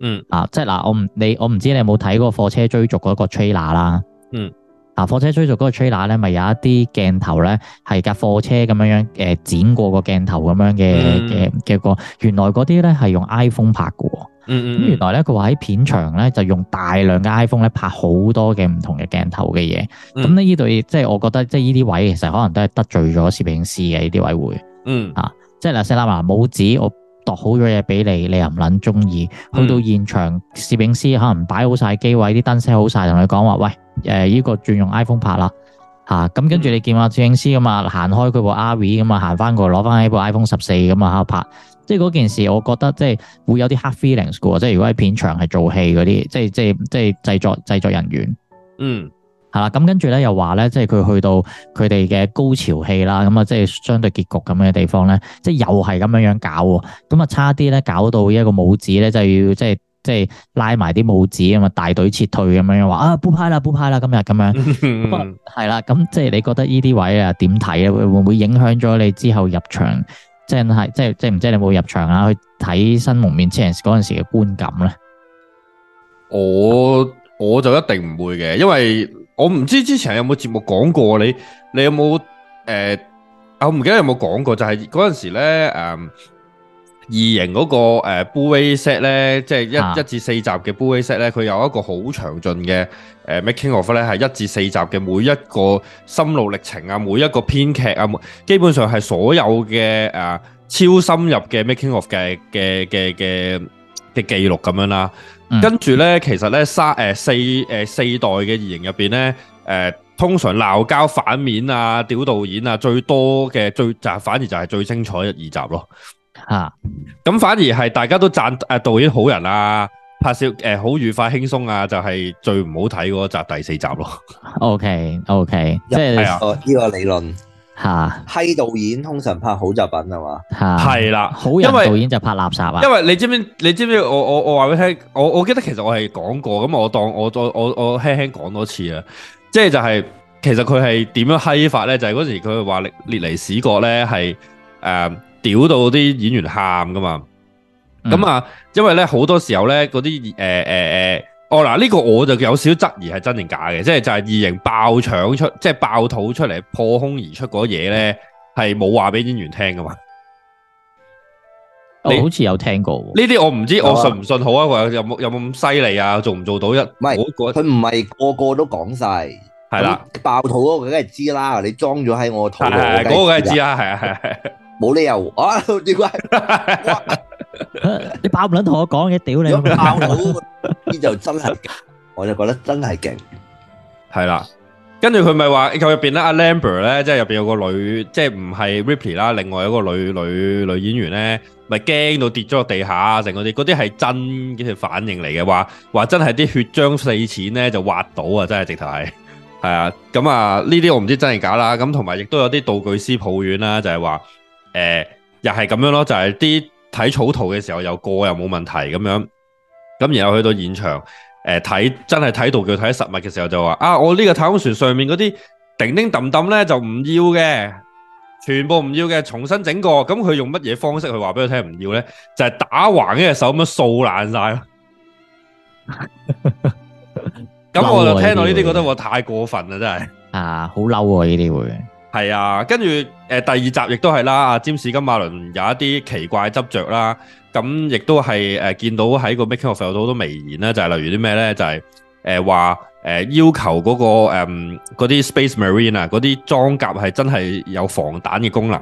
嗯啊，即係嗱，我唔你我唔知你有冇睇過貨車追逐嗰個 trailer 啦，嗯。嗱，貨車追逐嗰個 trailer 咧，咪有一啲鏡頭咧，係架貨車咁樣樣，誒、呃，剪過個鏡頭咁樣嘅嘅嘅個，原來嗰啲咧係用 iPhone 拍嘅咁、嗯嗯、原來咧，佢話喺片場咧、嗯、就用大量嘅 iPhone 咧拍好多嘅唔同嘅鏡頭嘅嘢。咁、嗯、呢，呢度，即、就、係、是、我覺得，即係呢啲位其實可能都係得罪咗攝影師嘅呢啲位會、嗯。啊，即係嗱，Sir 拉冇指我度好咗嘢俾你，你又唔撚中意。去到現場，攝影師可能擺好晒機位，啲燈車好晒，同佢講話，喂。誒、呃，呢、這個轉用 iPhone 拍啦，吓、啊、咁跟住你見下攝影師啊嘛，行開佢部 RV 咁啊，行翻過攞翻起部 iPhone 十四咁啊拍，即係嗰件事，我覺得即係會有啲 hard feelings 喎。即係如果喺片場係做戲嗰啲，即係即係即係製作製作人員，嗯，係、啊、啦，咁跟住咧又話咧，即係佢去到佢哋嘅高潮戲啦，咁啊即係相對結局咁嘅地方咧，即係又係咁樣樣搞，咁啊差啲咧搞到一個母子咧就要即係。即係拉埋啲帽子啊嘛，大隊撤退咁樣話啊，補拍啦，補拍啦，今日咁樣，係 啦，咁即係你覺得呢啲位啊點睇啊？會唔會影響咗你之後入場？即係即係即係唔知你有冇入場啊？去睇《新蒙面超人》嗰陣時嘅觀感咧？我我就一定唔會嘅，因為我唔知之前有冇節目講過你，你有冇誒、呃？我唔記得有冇講過，就係嗰陣時咧誒。呃異形嗰個誒 Box Set 咧，即係一一至四集嘅 Box Set 咧，佢有一個好詳盡嘅 Making Of 咧，係一至四集嘅每一個心路歷程啊，每一個編劇啊，基本上係所有嘅誒超深入嘅 Making Of 嘅嘅嘅嘅嘅記錄咁樣啦。嗯、跟住咧，其實咧三四四代嘅異形入面咧，通常鬧交反面啊、屌導演啊，最多嘅最就反而就係最精彩嘅二集咯。吓、啊，咁反而係大家都讚誒導演好人啊，拍攝誒好愉快輕鬆啊，就係、是、最唔好睇嗰集第四集咯。OK OK，即係呢個理論吓，閪、啊、導演通常拍好作品係嘛？吓係啦，好人導演因為就拍垃圾啊。因為你知唔知？你知唔知？我我我話俾你聽，我我，我記得其實我係講過，咁我當我我我我輕輕講多次啦。即係就係、是，其實佢係點樣閪法咧？就係、是、嗰時佢話列列尼史國咧係誒。屌到啲演員喊噶嘛？咁、嗯、啊、嗯，因為咧好多時候咧，嗰啲誒誒誒，哦、欸、嗱，呢、欸欸這個我就有少少質疑係真定假嘅，即係就係、是、異形爆腸出，即、就、係、是、爆肚出嚟破空而出嗰嘢咧，係冇話俾演員聽噶嘛？你、哦、好似有聽過呢啲，我唔知我信唔信好啊？話、哦、有冇有冇咁犀利啊？做唔做到一？唔係佢唔係個個都講晒，係啦，爆肚嗰個梗係知啦，你裝咗喺我肚嗰、那個梗係知啦，係啊，係。冇理由，啊！你，你 爆唔撚同我講嘢，屌你！爆佬！呢就真係我就覺得真係勁，係啦。跟住佢咪話，佢入邊咧，阿 Lambert 咧，即係入邊有個女，即係唔係 Ripley 啦，另外一個女女女演員咧，咪驚到跌咗落地下，成嗰啲嗰啲係真嘅反應嚟嘅，話話真係啲血漿四濺咧就挖到啊，真係直頭係係啊。咁啊，呢啲我唔知真係假啦。咁同埋亦都有啲道具師抱怨啦、啊，就係、是、話。誒、呃，又係咁樣咯，就係啲睇草圖嘅時候有個又冇問題咁樣，咁然後去到現場，誒、呃、睇真係睇到佢睇實物嘅時候就話啊，我呢個太空船上面嗰啲叮叮掟掟咧就唔要嘅，全部唔要嘅，重新整過，咁佢用乜嘢方式去話俾佢聽唔要咧？就係打橫一隻手咁樣掃爛晒咯。咁、 嗯、 我就聽到呢啲覺得我太過分啦，真係啊，好嬲啊呢啲會。係啊，跟住誒，第二集亦都係啦。阿占士金馬倫有一啲奇怪執着啦，咁亦都係誒、呃、見到喺個 making of show 度好多微言啦，就係、是、例如啲咩咧，就係誒話誒要求嗰、那個誒嗰啲 space marine 啊，嗰啲裝甲係真係有防彈嘅功能，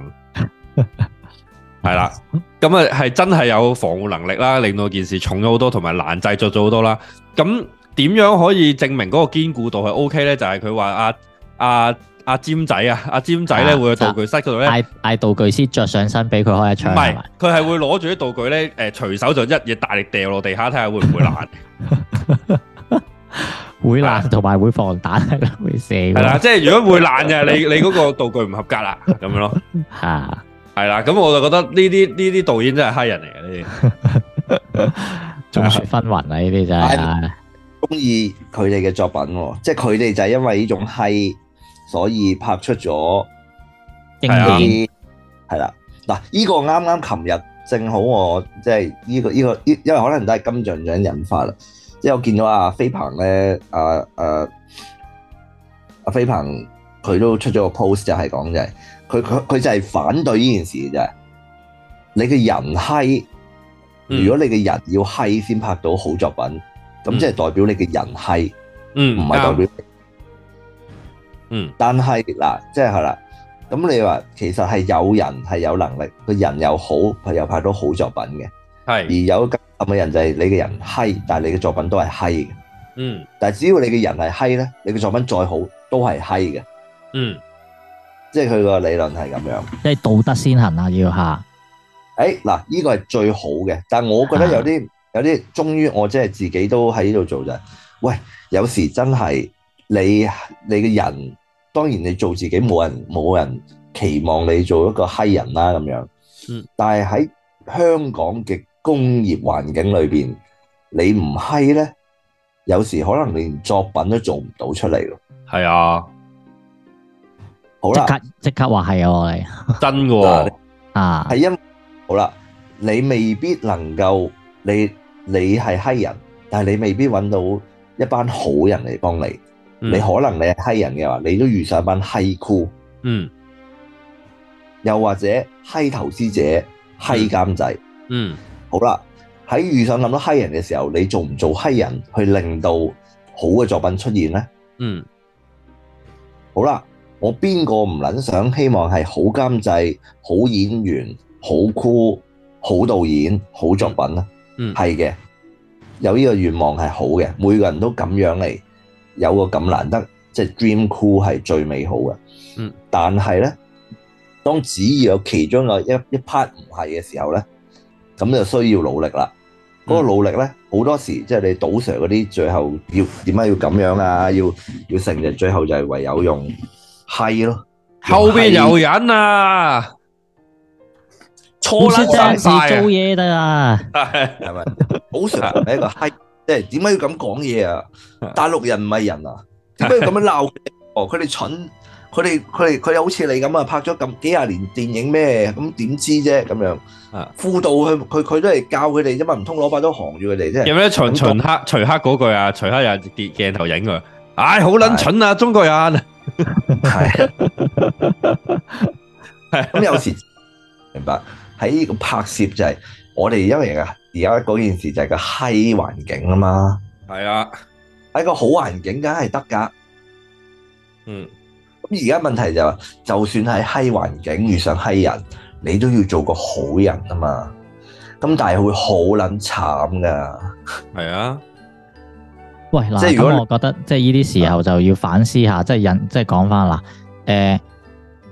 係 啦、啊，咁啊係真係有防護能力啦，令到件事重咗好多，同埋難製作咗好多啦。咁點樣可以證明嗰個堅固度係 O K 咧？就係佢話啊啊。啊阿尖仔啊，阿尖仔咧，會去道具室嗰度咧，嗌嗌道具師著上身俾佢開一槍。唔係，佢係會攞住啲道具咧，誒，隨手就一嘢大力掟落地下，睇下會唔會爛。會爛同埋會放彈，會射會死。係啦，即係如果會爛嘅，你你嗰個道具唔合格啦，咁樣咯。嚇，係啦，咁我就覺得呢啲呢啲導演真係黑人嚟嘅呢啲，眾說紛紜啊呢啲就係。鍾意佢哋嘅作品喎，即係佢哋就係因為呢種閪。所以拍出咗，係啊，係啦，嗱，依個啱啱琴日，正好我即係呢個呢、呢個，因為可能都係金像獎引發啦，即係我見到阿、啊、飛鵬咧，阿阿阿飛鵬佢都出咗個 post，就係講就係，佢佢佢就係反對呢件事嘅，你嘅人閪，如果你嘅人要閪先拍到好作品，咁、嗯、即係代表你嘅人閪、嗯，唔係代表。嗯，但係嗱，即係啦，咁你話其實係有人係有能力，佢人又好，又拍到好作品嘅，係。而有咁嘅人就係你嘅人，閪，但係你嘅作品都係閪嘅。嗯，但係只要你嘅人係閪咧，你嘅作品再好都係閪嘅。嗯，即係佢個理論係咁樣，即係道德先行啊要下。誒，嗱，呢個係最好嘅，但係我覺得有啲有啲，終於我即係自己都喺呢度做就係，喂，有時真係。你你嘅人，當然你做自己，冇人冇人期望你做一個閪人啦。咁樣，嗯，但係喺香港嘅工業環境裏邊，你唔黐咧，有時可能連作品都做唔到出嚟咯。係啊，好啦，即刻即刻話係啊，我哋真嘅啊，係因好啦，你未必能夠你你係閪人，但係你未必揾到一班好人嚟幫你。你可能你係西人嘅話，你都遇上班西酷，嗯，又或者西投資者、嗯、西監製，嗯，好啦，喺遇上咁多西人嘅時候，你做唔做西人去令到好嘅作品出現呢？嗯，好啦，我邊個唔諗想，希望係好監製、好演員、好酷、好導演、好作品呢？嗯，係嘅，有呢個願望係好嘅，每個人都咁樣嚟。有個咁難得，即係 Dream Cool 係最美好嘅。嗯，但係咧，當只要有其中嘅一一 part 唔係嘅時候咧，咁就需要努力啦。嗰個努力咧，好多時即係你賭石嗰啲，最後要點解要咁樣啊？要要成日最後就係唯有用係咯，後邊有人啊，錯甩曬啊！做嘢啦，係咪賭石呢個閪？即係點解要咁講嘢啊？大陸人唔係人啊？點解要咁樣鬧佢？ 哦，佢哋蠢，佢哋佢哋佢好似你咁啊！拍咗咁幾廿年電影咩？咁點知啫？咁樣啊？輔導佢，佢佢都係教佢哋啫嘛，唔通攞把刀扛住佢哋啫？有咩秦秦黑秦黑嗰句啊？秦黑又跌鏡頭影佢，唉、哎，好撚蠢，蠢啊！中國人係係咁有時明白喺呢個拍攝就係、是、我哋因為而家嗰件事就係個閪環境啊嘛，係啊，係個好環境梗係得噶。嗯，咁而家問題就係，就算係閪環境遇上閪人，你都要做個好人啊嘛。咁但係會好撚慘噶，係啊， 喂嗱，即係如果我覺得即係呢啲時候就要反思一下，即係人，即係講翻嗱，誒、呃。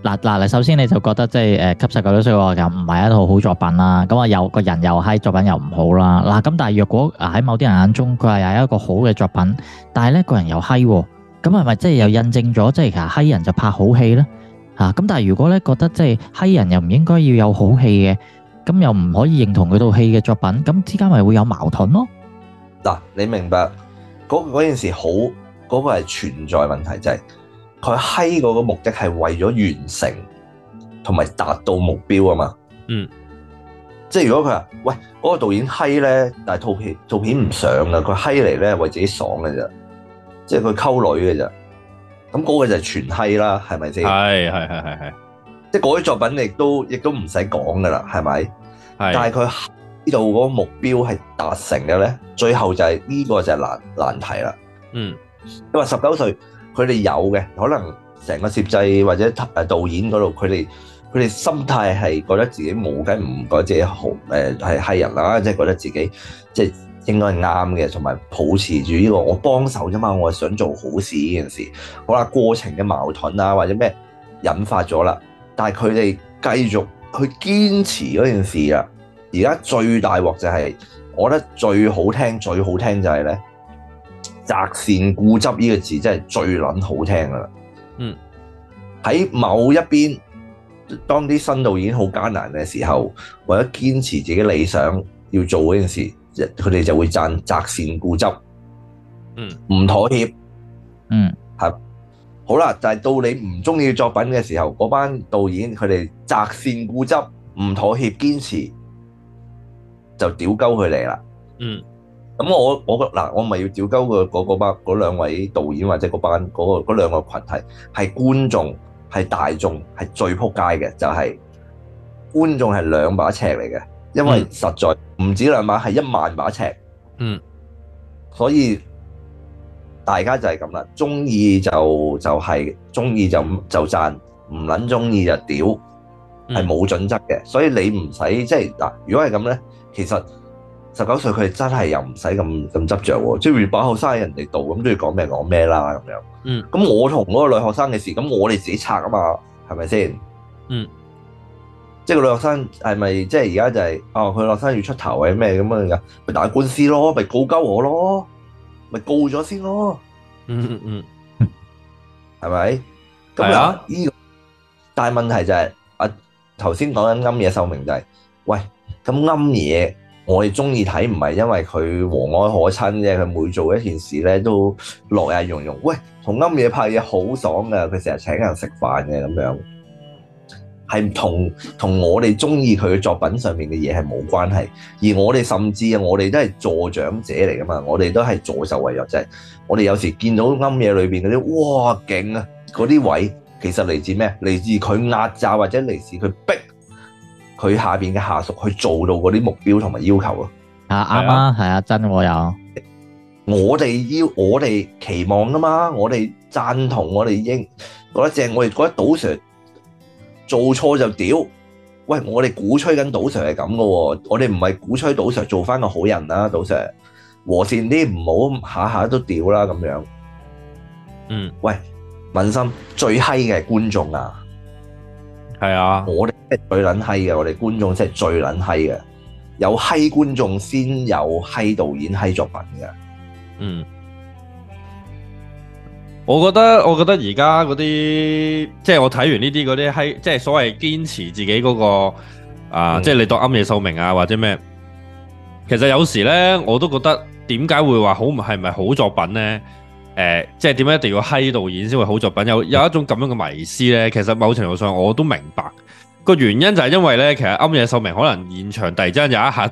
嗱嗱嗱，首先你就覺得即係誒，吸十幾歲喎，就唔係一套好作品啦。咁啊，又個人又閪，作品又唔好啦。嗱，咁但係若果喺某啲人眼中，佢係又一個好嘅作品，但係咧個人又閪，咁係咪即係又印證咗即係其實閪人就拍好戲咧？嚇、啊！咁但係如果咧覺得即係閪人又唔應該要有好戲嘅，咁又唔可以認同佢套戲嘅作品，咁之間咪會有矛盾咯？嗱，你明白嗰嗰、嗰個、件事好，嗰、嗰個係存在問題就係、係。佢閪嗰個目的係為咗完成同埋達到目標啊嘛，嗯，即係如果佢話喂，嗰、那個導演閪咧，但係套片套片唔上噶，佢閪嚟咧為自己爽嘅啫，即係佢溝女嘅啫，咁、那、嗰個就係全閪啦，係咪先？係係係係係，即係嗰啲作品亦都亦都唔使講噶啦，係咪？係。但係佢呢度嗰個目標係達成嘅咧，最後就係、是、呢、這個就係難難題啦。嗯，你話十九歲。佢哋有嘅，可能成個攝製或者誒導演嗰度，佢哋佢哋心態係覺得自己冇緊唔覺得自己好誒係人啦，即係覺得自己即係應該係啱嘅，同埋保持住呢個我幫手啫嘛，我係想做好事呢件事。好啦，過程嘅矛盾啊，或者咩引發咗啦，但係佢哋繼續去堅持嗰件事啦。而家最大鑊就係，我覺得最好聽最好聽就係咧。擇善固執呢個字真係最捻好聽噶啦，嗯，喺某一邊，當啲新導演好艱難嘅時候，為咗堅持自己理想要做嗰件事，佢哋就會讚擇善固執，嗯，唔妥協，嗯，係，好啦，就係到你唔中意作品嘅時候，嗰班導演佢哋擇善固執，唔妥協堅持，就屌鳩佢哋啦，嗯。咁、嗯、我我嗱我咪要屌鳩個嗰嗰班嗰兩位導演或者嗰班嗰嗰兩個羣體係觀眾係大眾係最撲街嘅就係、是、觀眾係兩把尺嚟嘅。因為實在唔止兩把係一萬把尺，嗯，所以大家就係咁啦，中意就就係中意就就讚，唔撚中意就屌，係冇準則嘅，嗯，所以你唔使即係嗱，如果係咁咧，其實。十九歲佢哋真係又唔使咁咁執著喎，即係保學生喺人哋度，咁都要講咩講咩啦咁樣。嗯，咁我同嗰個女學生嘅事，咁我哋自己拆啊嘛，係咪先？嗯，即係個女學生係咪即係而家就係哦？佢學生要出頭係咩咁啊？咪打官司咯，咪告鳩我咯，咪告咗先咯。嗯嗯嗯，係咪？係啊，依個。但係問題就係啊，頭先講緊庵野秀明就係，喂，咁庵野。我哋中意睇唔係因為佢和藹可親啫，佢每做一件事咧都樂也融融。喂，同庵野拍嘢好爽噶，佢成日請人食飯嘅咁樣，係唔同同我哋中意佢嘅作品上面嘅嘢係冇關係。而我哋甚至啊，我哋都係助長者嚟噶嘛，我哋都係助紂為虐，即係我哋有時見到庵野裏邊嗰啲哇勁啊，嗰啲位其實嚟自咩？嚟自佢壓榨或者嚟自佢逼。佢下邊嘅下屬去做到嗰啲目標同埋要求咯。啊，啱啊，係啊，啊，真的我有我哋要我哋期望噶嘛，我哋贊同，我哋應覺得正，我哋覺得賭 Sir 做錯就屌。喂，我哋鼓吹緊賭 Sir 係咁噶，我哋唔係鼓吹賭 Sir 做翻個好人啦，啊，賭 Sir 和善啲，唔好下下都屌啦咁樣。嗯，喂，文心最嗨嘅觀眾啊！係啊，我哋即係最撚閪嘅，我哋觀眾真係最撚閪嘅，有閪觀眾先有閪導演、閪作品嘅。嗯，我覺得，我覺得而家嗰啲，即係我睇完呢啲嗰啲閪，即係所謂堅持自己嗰、那個、嗯、啊，即係你當庵野秀明啊，或者咩？其實有時呢，我都覺得點解會話好唔係咪好作品呢？誒、呃，即係點解一定要閪導演先會好作品？有有一種咁樣嘅迷思呢，其實某程度上我都明白。個原因就係因為呢，其實庵野秀明可能現場突然間有一下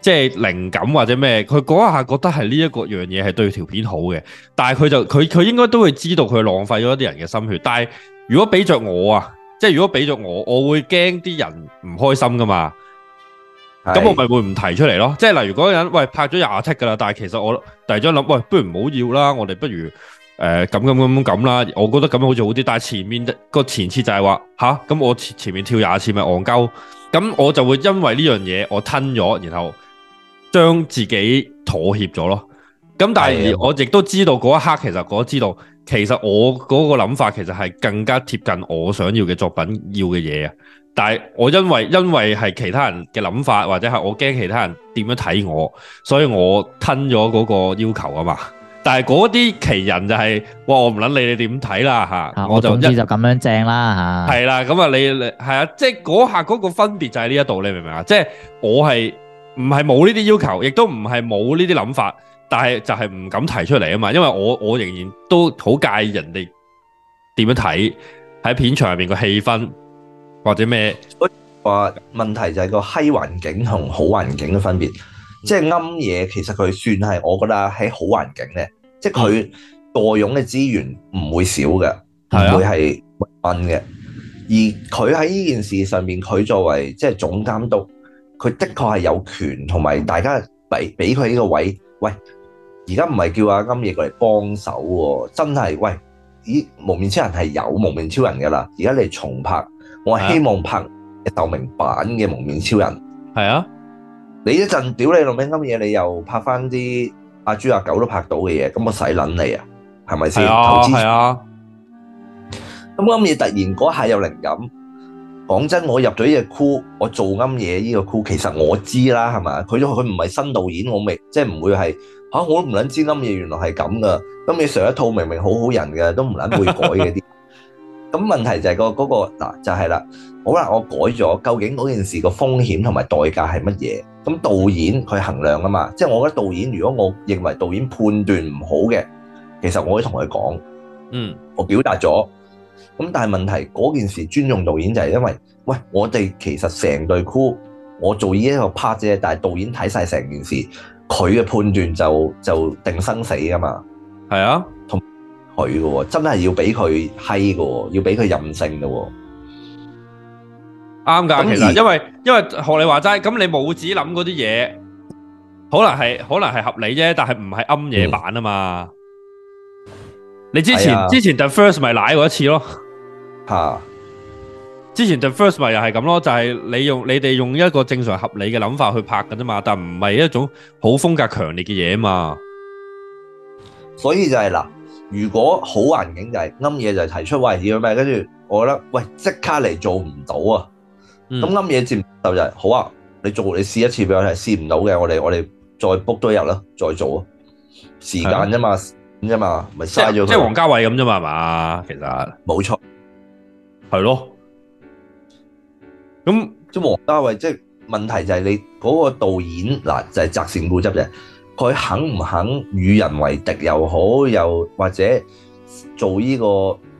即係靈感或者咩，佢嗰一下覺得係呢一個樣嘢係對條片好嘅，但係佢就佢佢應該都會知道佢浪費咗一啲人嘅心血。但係如果俾着我啊，即係如果俾着我，我會驚啲人唔開心噶嘛。咁我咪會唔提出嚟咯？即係例如嗰個人喂，拍咗廿七噶啦，但係其實我第張諗喂，不如唔好要啦。我哋不如誒咁咁咁咁啦。我覺得咁樣好似好啲。但係前面個前設就係話吓，咁、啊、我前前面跳廿次咪戇鳩。咁我就會因為呢樣嘢我吞咗，然後將自己妥協咗咯。咁但係我亦都知道嗰一刻，其實我知道，其實我嗰個諗法其實係更加貼近我想要嘅作品要嘅嘢啊。但係我因為因為係其他人嘅諗法或者係我驚其他人點樣睇我，所以我吞咗嗰個要求啊嘛。但係嗰啲奇人就係、係，哇！我唔捻你，你點睇啦吓、啊，我就、啊、我總之就咁樣正啦吓。係啦，咁啊你你係啊，即係嗰下嗰個分別就喺呢一度，你明唔明啊？即係我係唔係冇呢啲要求，亦都唔係冇呢啲諗法，但係就係唔敢提出嚟啊嘛，因為我我仍然都好介意人哋點樣睇喺片場入邊個氣氛。或者咩？我話問題就係個閪環境同好環境嘅分別，即係庵野，其實佢算係我覺得喺好環境嘅，即係佢代用嘅資源唔會少嘅，唔會係問嘅。而佢喺呢件事上面，佢作為即係總監督，佢的確係有權同埋大家俾俾佢呢個位。喂，而家唔係叫阿庵野過嚟幫手喎，真係喂！咦，蒙面超人係有蒙面超人噶啦，而家你重拍。我希望拍豆明版嘅蒙面超人？係啊，你一陣屌你老味庵嘢，你又拍翻啲阿豬阿狗都拍到嘅嘢，咁我使捻你啊？係咪先？投資？係啊，咁庵嘢突然嗰下有靈感。講真，我入咗呢個箍，我做庵嘢呢個箍，其實我知啦，係嘛？佢都佢唔係新導演，我未即係唔會係吓，我都唔捻知庵嘢原來係咁噶。庵嘢上一套明明好好人噶，都唔捻會改嘅啲。咁問題就係、那個嗰、那個嗱就係、是、啦，好啦，我改咗，究竟嗰件事個風險同埋代價係乜嘢？咁導演去衡量啊嘛，即係我覺得導演如果我認為導演判斷唔好嘅，其實我可以同佢講，嗯，我表達咗。咁但係問題嗰件事尊重導演就係因為，喂，我哋其實成隊箍，我做呢一個 part 啫，但係導演睇晒成件事，佢嘅判斷就就定生死噶嘛，係啊。佢嘅喎，真係要俾佢閪嘅喎，要俾佢任性嘅喎，啱噶。其實因為因為學你話齋，咁你無止諗嗰啲嘢，可能係可能係合理啫，但係唔係庵野版啊嘛。你之前之前 the first 咪瀨過一次咯，吓，之前 the first 咪又係咁咯，就係你用你哋用一個正常合理嘅諗法去拍嘅啫嘛，但唔係一種好風格強烈嘅嘢嘛。所以就係啦。如果好環境，就係啱嘢，就提出危險，咁跟住我覺得喂，即刻嚟做唔到啊！咁啱嘢接就係、是、好啊！你做你試一次俾我睇，試唔到嘅我哋我哋再 book 多一日啦再做啊！時間啫嘛，咁、嗯、啫嘛，咪嘥咗即係王家衞咁啫嘛，係嘛？其實冇錯，係咯。咁即係家衞，即係問題就係你嗰個導演嗱就係、是、責善固執啫。佢肯唔肯與人為敵又好，又或者做呢個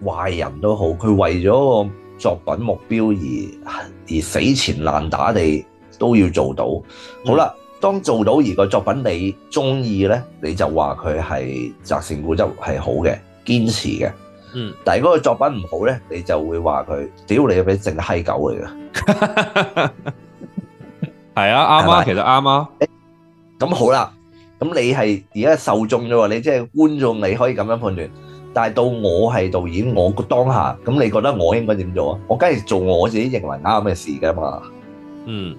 壞人都好，佢為咗個作品目標而而死纏爛打，你都要做到。好啦，當做到而個作品你中意咧，你就話佢係擇善固執係好嘅堅持嘅。嗯，但係嗰個作品唔好咧，你就會話佢屌你俾剩閪狗嚟啊！係啊，啱啊，其實啱啊。咁好啦。咁你係而家受眾啫喎，你即係觀眾，你可以咁樣判斷。但係到我係導演，我當下咁，你覺得我應該點做啊？我梗係做我自己認為啱嘅事㗎嘛。嗯，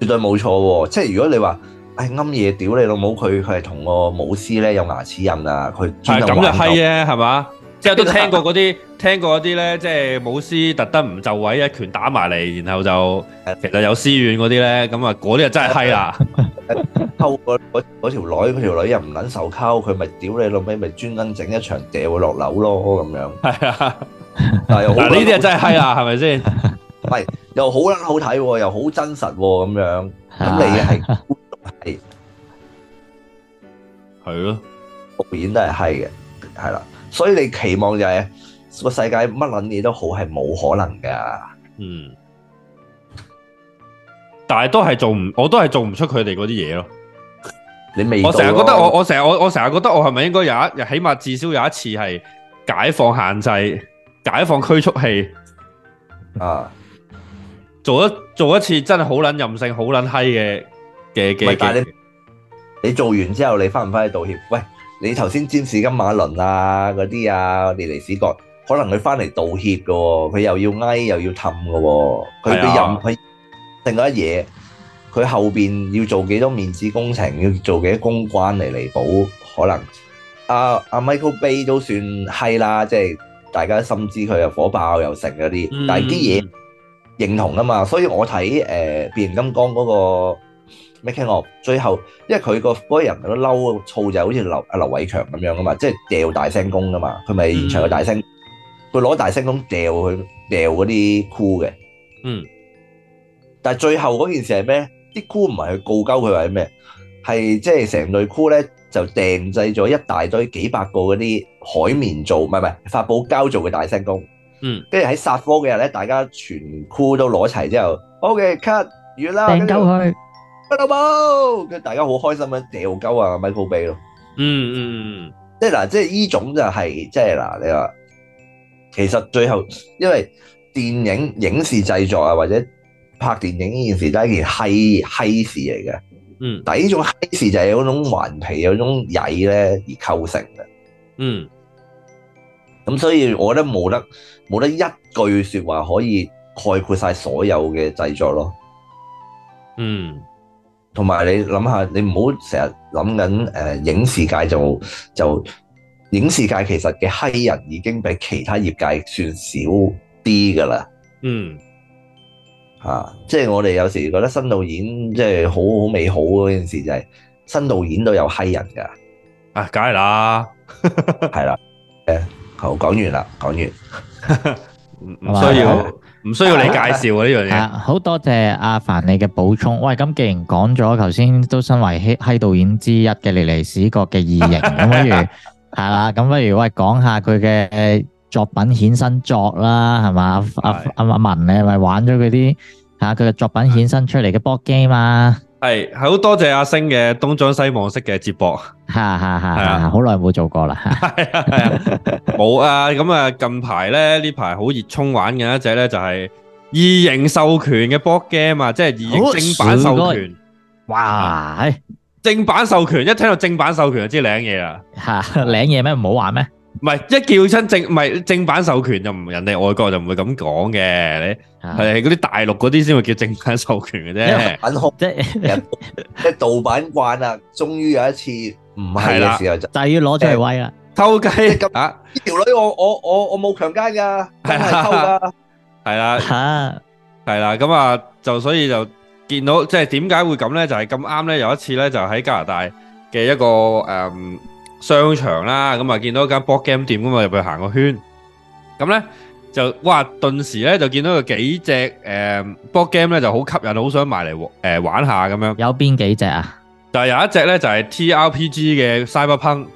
絕對冇錯喎、啊。即係如果你話，唉、哎，啱嘢屌你老母，佢佢係同個武師咧有牙齒印啊，佢專登玩到。咁就閪、是、耶，係嘛？即係都聽過嗰啲聽過嗰啲咧，即係武師特登唔就位一拳打埋嚟，然後就其實有私怨嗰啲咧，咁啊嗰啲又真係嗨啊！溝嗰嗰條女，嗰條女又唔撚受溝，佢咪屌你老味，咪專登整一場掉佢落樓咯咁樣。係啊，嗱，呢啲又真係嗨啊，係咪先？唔係，又好撚好睇，啊，又好真實咁，啊，樣。咁你係係係咯，導演都係嗨嘅，係 啦是。 所以你期望就係、是、個世界乜捻嘢都好係冇可能噶，嗯，但係都係做唔，我都係做唔出佢哋嗰啲嘢咯。你未？我成日覺得我，我成日我，我成日覺得我係咪應該有一，起碼至少有一次係解放限制、嗯、解放驅速器啊，做一做一次真係好捻任性、好捻嗨嘅嘅嘅。你你做完之後，你翻唔翻去道歉？喂？你頭先占士金馬倫啊嗰啲啊，尼尼史國可能佢翻嚟道歉嘅，佢又要挨又要氹嘅，佢嘅人佢成咗嘢，佢後邊要做幾多面子工程，要做幾多公關嚟彌補？可能阿阿 Michael Bay 都算係啦，即係大家心知佢又火爆又成嗰啲，但係啲嘢認同啊嘛，所以我睇誒變形金剛嗰個。咩傾我？最後，因為佢個嗰人咁樣嬲啊，燥就好似劉阿劉偉強咁樣噶嘛，即係掉大聲公噶嘛。佢咪現場個大聲，佢攞大聲公掉去掉嗰啲箍嘅，嗯。但係最後嗰件事係咩？啲箍唔係去告鳩佢或者咩，係即係成隊箍咧就訂製咗一大堆幾百個嗰啲海綿做，唔係唔係發泡膠做嘅大聲公，嗯。跟住喺殺科嘅日咧，大家全箍都攞齊之後、嗯、OK cut 完啦，掟鳩佢。大佬，佢大家好開心咁掉鳩啊！Michael Bay 咯，嗯、mm、嗯 -hmm.，即係嗱，即係呢種就係，即係嗱，你話其實最後，因為電影影視製作啊，或者拍電影呢件事都係一件閪閪事嚟嘅，嗯、mm -hmm.，但係呢種閪事就係嗰種頑皮，有種曳咧而構成嘅，嗯，咁所以我覺得冇得冇得一句說話可以概括晒所有嘅製作咯，嗯、mm -hmm.。同埋你諗下，你唔好成日諗緊誒，影視界就就影視界其實嘅閪人已經比其他業界算少啲噶啦。嗯，啊，即係我哋有時覺得新導演即係好好美好嗰件事，就係新導演都有閪人噶。啊，梗係啦，係啦。誒，好，講完啦，講完，唔 需要。 唔需要你介紹啊，呢樣嘢，好、啊、多謝阿、啊、凡你嘅補充。喂，咁既然講咗頭先都身為西西導演之一嘅列尼史葛嘅異形，咁 不如係啦，咁 不如喂講下佢嘅作品衍生作啦，係咪？阿、啊啊、文咧，咪玩咗佢啲嚇佢嘅作品衍生出嚟嘅 board game 啊？ 係，係好多謝阿星嘅東張西望式嘅接駁，係啊，好耐冇做過啦，係啊，係啊，冇啊，咁啊，近排咧呢排好熱衷玩嘅一隻咧就係異形授權嘅 board game 啊，即係異形正版授權，哇，係正版授權，一聽到正版授權就知靚嘢啦，吓靚嘢咩？唔好玩咩？唔係一叫親正唔係正版授權就唔人哋外國就唔會咁講嘅，你係嗰啲大陸嗰啲先會叫正版授權嘅啫。版控即係即係盜版慣啊！終於有一次唔係嘅時候就就要攞住威啦，偷雞啊！呢條女我我我我冇強姦噶，係偷噶，係啦吓，係啦咁啊，就所以就見到即係點解會咁咧？就係咁啱咧，有一次咧就喺加拿大嘅一個誒。商場啦，咁啊見到間 board game 店噶嘛，入去行個圈，咁咧就哇，頓時咧就見到有幾隻誒 board game 咧就好吸引，好想買嚟誒玩下咁樣。有邊幾隻啊？就有一隻咧就係 TRPG 嘅 Cyberpunk，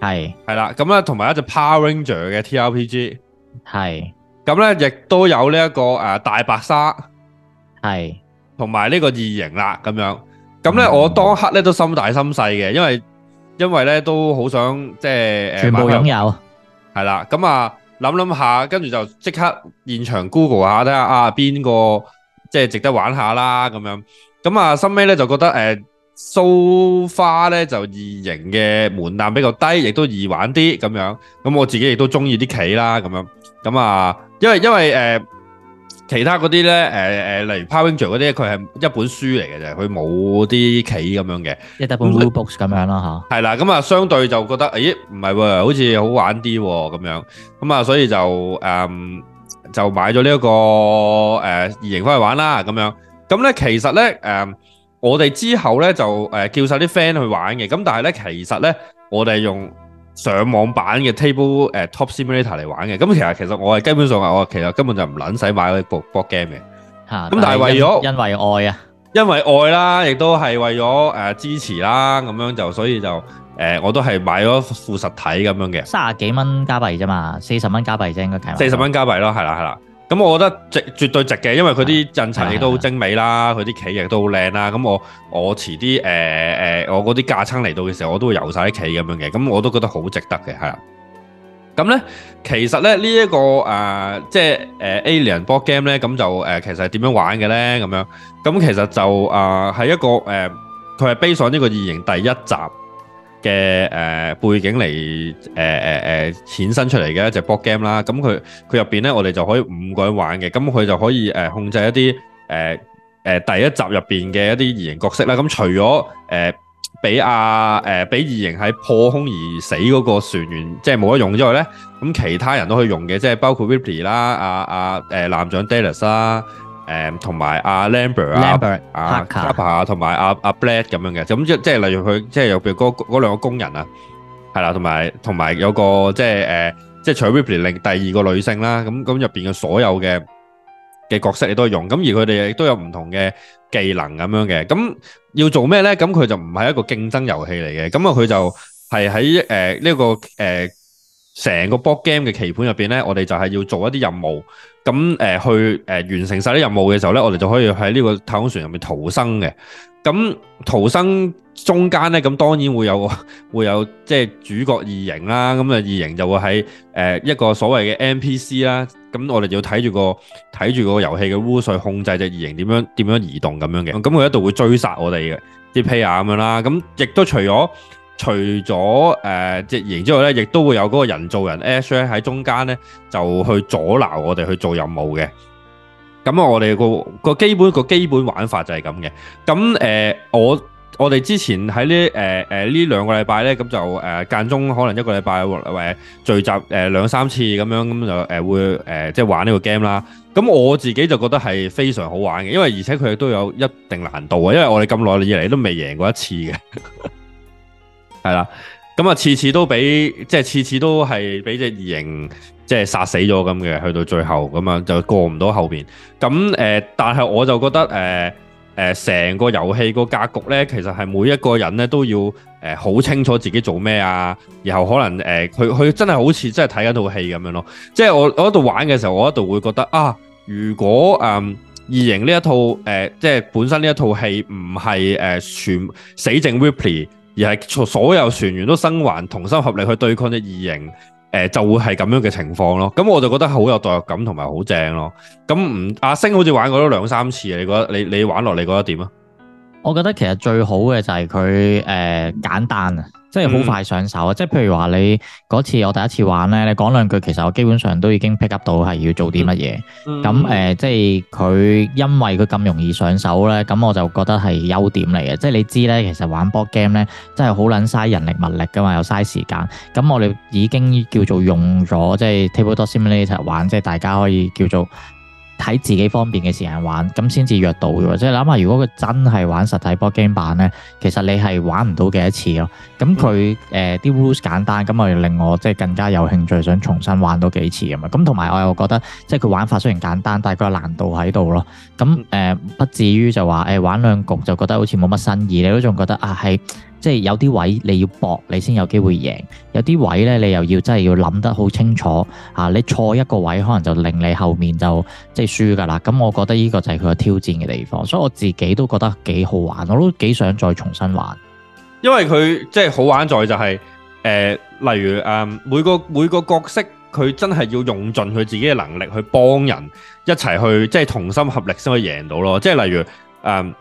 係係啦，咁咧同埋一隻 Power Ranger 嘅 TRPG，係，咁咧亦都有呢一個誒大白鯊，係，同埋呢個異形啦咁樣。咁咧我當刻咧都心大心細嘅，因為因為咧都好想即係全部擁有，係、嗯、啦。咁啊諗諗下，跟住就即刻現場 Google 下，睇下啊邊個即係值得玩下啦咁樣。咁啊收尾咧就覺得誒蘇花咧就異形嘅門檻比較低，亦都易玩啲咁樣。咁我自己亦都中意啲棋啦咁樣。咁啊，因為因為誒。呃其他嗰啲咧，誒誒，例如 Powering j 嗰啲，佢係一本書嚟嘅啫，佢冇啲棋咁樣嘅，一大本 bookbox 咁樣啦嚇，係啦，咁、嗯、啊，對相對就覺得，咦，唔係喎，好似好玩啲咁樣，咁啊，所以就誒、嗯、就買咗呢一個誒，異形翻去玩啦咁樣。咁咧，其實咧，誒、嗯，我哋之後咧就叫晒啲 friend 去玩嘅。咁但係咧，其實咧，我哋用。上網版嘅 table 誒、uh, top simulator 嚟玩嘅，咁其實其實我係基本上係我其實根本就唔撚使買嗰部 board game 嘅，吓，咁但係為咗因為愛啊，因為愛啦，亦都係為咗誒支持啦，咁樣就所以就誒、呃、我都係買咗副實體咁樣嘅，卅幾蚊加幣啫嘛，四十蚊加幣啫，應該計，四十蚊加幣咯，係啦係啦。咁、嗯、我覺得值絕對值嘅，因為佢啲陣陣亦都好精美啦，佢啲棋亦都好靚啦。咁、嗯、我我遲啲誒、呃呃、我嗰啲架撐嚟到嘅時候，我都會游晒啲棋咁樣嘅。咁、嗯、我都覺得好值得嘅，係啦。咁、嗯、咧，其實咧呢一、這個誒，即係誒 Alien Board Game 咧，咁就誒其實係點樣玩嘅咧？咁樣，咁、嗯、其實就啊，係、呃、一個誒，佢係 base 上呢個異形第一集。嘅誒、呃、背景嚟誒誒誒衍生出嚟嘅就係 board game 啦，咁佢佢入邊咧我哋就可以五個人玩嘅，咁佢就可以誒、呃、控制一啲誒誒第一集入邊嘅一啲異形角色啦，咁除咗誒俾阿誒俾異形喺破空而死嗰個船員即係冇得用之外咧，咁其他人都可以用嘅，即係包括 Ripley 啦、啊，阿阿誒艦長 Dallas 啦。啊誒同埋阿 Lambert 啊、阿 Parker 啊，同埋阿阿 Brett 咁樣嘅，咁即即係例如佢即係譬如嗰嗰兩個工人啊，係啦，同埋同埋有個即係誒，即係除咗 Ripley 另第二個女性啦，咁咁入邊嘅所有嘅嘅角色你都用，咁而佢哋亦都有唔同嘅技能咁樣嘅，咁要做咩咧？咁佢就唔係一個競爭遊戲嚟嘅，咁啊佢就係喺誒呢個誒。成個 board game 嘅棋盤入邊咧，我哋就係要做一啲任務，咁誒、呃、去誒、呃、完成晒啲任務嘅時候咧，我哋就可以喺呢個太空船入面逃生嘅。咁逃生中間咧，咁當然會有會有即係、就是、主角異形啦，咁啊異形就會喺誒、呃、一個所謂嘅 NPC 啦。咁我哋就要睇住個睇住個遊戲嘅污水控制隻異形點樣點樣移動咁樣嘅。咁佢一度會追殺我哋嘅啲 Pia 咁樣啦。咁亦都除咗。除咗誒異形之外咧，亦都會有嗰個人造人 Ash 喺中間咧，就去阻撓我哋去做任務嘅。咁啊，我哋個個基本個基本玩法就係咁嘅。咁誒、呃，我我哋之前喺呢誒誒呢兩個禮拜咧，咁就誒、呃、間中可能一個禮拜誒聚集誒、呃、兩三次咁樣，咁就誒會誒即係玩呢個 game 啦。咁我自己就覺得係非常好玩嘅，因為而且佢都有一定難度啊。因為我哋咁耐以嚟都未贏過一次嘅。 係啦，咁啊，次次都俾即係次次都係俾隻異形即係殺死咗咁嘅，去到最後咁啊，樣就過唔到後邊。咁誒、呃，但係我就覺得誒誒，成、呃呃、個遊戲個格局咧，其實係每一個人咧都要誒好、呃、清楚自己做咩啊。然後可能誒，佢、呃、佢真係好似真係睇一套戲咁樣咯。即係我我喺度玩嘅時候，我喺度會覺得啊，如果誒異、呃、形呢一套誒、呃，即係本身呢一套戲唔係誒全死剩 Ripley。而係所有船員都生還，同心合力去對抗隻異形，誒、呃、就會係咁樣嘅情況咯。咁我就覺得好有代入感同埋好正咯。咁唔，阿、啊、星好似玩過都兩三次，你覺得你你玩落你覺得點啊？我覺得其實最好嘅就係佢誒簡單啊。即係好快上手啊、嗯！即係譬如話你嗰次我第一次玩呢，你講兩句，其實我基本上都已經 pick up 到係要做啲乜嘢。咁、嗯呃、即係佢因為佢咁容易上手呢，咁我就覺得係優點嚟嘅。即係你知呢，其實玩 board game 呢，真係好撚嘥人力物力噶嘛，又嘥時間。咁我哋已經叫做用咗，即係 Tabletop Simulator 一齊玩，即係大家可以叫做。睇自己方便嘅時間玩，咁先至約到嘅喎。即係諗下，如果佢真係玩實體 board game 版呢，其實你係玩唔到幾多次咯。咁佢誒啲 rules 簡單，咁咪令我即係更加有興趣想重新玩多幾次咁啊。咁同埋我又覺得，即係佢玩法雖然簡單，但係佢有難度喺度咯。咁誒、呃，不至於就話誒、呃、玩兩局就覺得好似冇乜新意，你都仲覺得啊係。即係有啲位你要搏，你先有機會贏；有啲位呢，你又要真係要諗得好清楚啊！你錯一個位，可能就令你後面就即係輸噶啦。咁我覺得呢個就係佢個挑戰嘅地方，所以我自己都覺得幾好玩，我都幾想再重新玩。因為佢即係好玩在就係、是、誒、呃，例如誒、嗯，每個每個角色佢真係要用盡佢自己嘅能力去幫人一齊去，即、就、係、是、同心合力先可以贏到咯。即係例如誒。嗯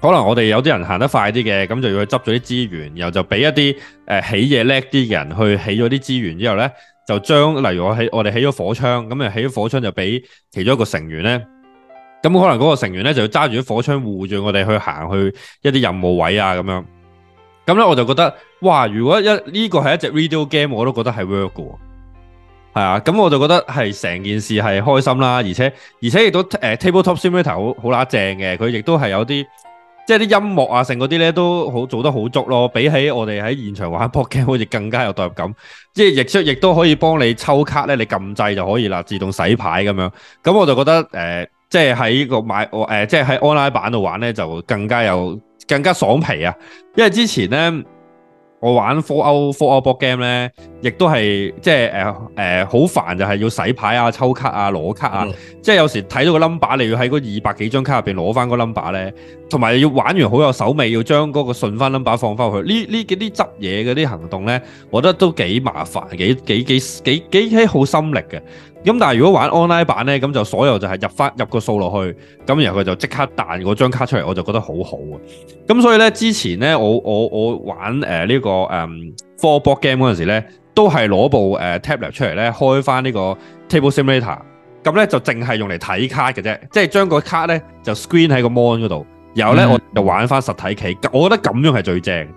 可能我哋有啲人行得快啲嘅，咁就要去執咗啲資源，然後就俾一啲誒、呃、起嘢叻啲嘅人去起咗啲資源之後咧，就將例如我起我哋起咗火槍咁啊，就起咗火槍就俾其中一個成員咧，咁可能嗰個成員咧就要揸住啲火槍護住我哋去行去一啲任務位啊咁樣。咁咧我就覺得哇，如果一呢個係一隻 video game，我都覺得係 work 嘅，係啊。咁我就覺得係成件事係開心啦，而且而且亦都、呃、Tabletop Simulator 好好乸正嘅，佢亦都係有啲。即係啲音樂啊，成嗰啲咧都好做得好足咯，比起我哋喺現場玩 board game 好似更加有代入感。即係亦都亦都可以幫你抽卡咧，你撳掣就可以啦，自動洗牌咁樣。咁我就覺得、呃、即係喺個買、呃、即係喺 online 版度玩咧，就更加有更加爽皮啊！因為之前咧。我玩 Four 歐 Four 歐 board game 咧，亦都係即係誒誒好煩，就係要洗牌啊、抽卡啊、攞卡啊，嗯、即係有時睇到個 number 你要喺嗰二百幾張卡入邊攞翻個 number 咧，同埋要玩完好有手尾，要將嗰個順翻 number 放翻去。呢呢幾啲執嘢嗰啲行動咧，我覺得都幾麻煩，幾幾幾幾幾好心力嘅。咁但係如果玩 online 版咧，咁就所有就係入翻入個數落去，咁然後佢就即刻彈嗰張卡出嚟，我就覺得好好啊。咁所以咧，之前咧，我我我玩誒呢、呃這個誒 four board game 嗰陣時咧，都係攞部誒 tablet 出嚟咧，開翻呢個 table simulator，咁咧就淨係用嚟睇卡嘅啫，即係將個卡咧就 screen 喺個 mon 嗰度，然後咧、嗯、我就玩翻實體棋，我覺得咁樣係最正，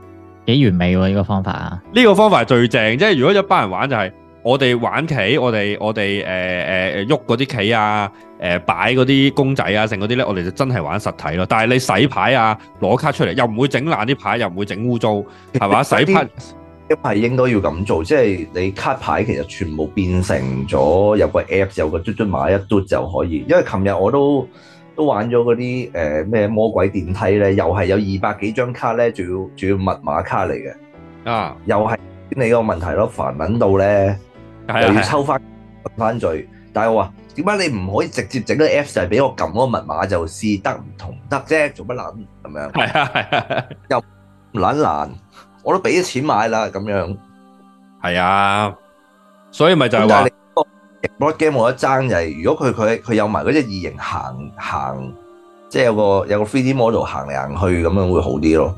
幾完美喎呢、這個方法啊！呢、這個方法係最正，即係如果一班人玩就係、是。我哋玩棋，我哋我哋誒誒誒喐嗰啲棋啊，誒擺嗰啲公仔啊，剩嗰啲咧，我哋就真係玩實體咯。但係你洗牌啊，攞卡出嚟又唔會整爛啲牌，又唔會整污糟，係嘛？洗牌一係應該要咁做，即係你卡牌其實全部變成咗有個 app，有個嘟嘟碼一嘟就可以。因為琴日我都都玩咗嗰啲誒咩魔鬼電梯咧，又係有二百幾張卡咧，仲要仲要密碼卡嚟嘅啊！又係你個問題咯，煩撚到咧～又要抽翻翻罪，但係我話點解你唔可以直接整啲 app 就係俾我撳嗰個密碼就試得唔同得啫？做乜捻咁樣？係啊係啊，又捻難，我都俾咗錢買啦咁樣。係啊，所以咪就係話，board game 我一爭就係，如果佢佢佢有埋嗰隻異形行行，即係有個有個 three D model 行嚟行去咁樣會好啲咯。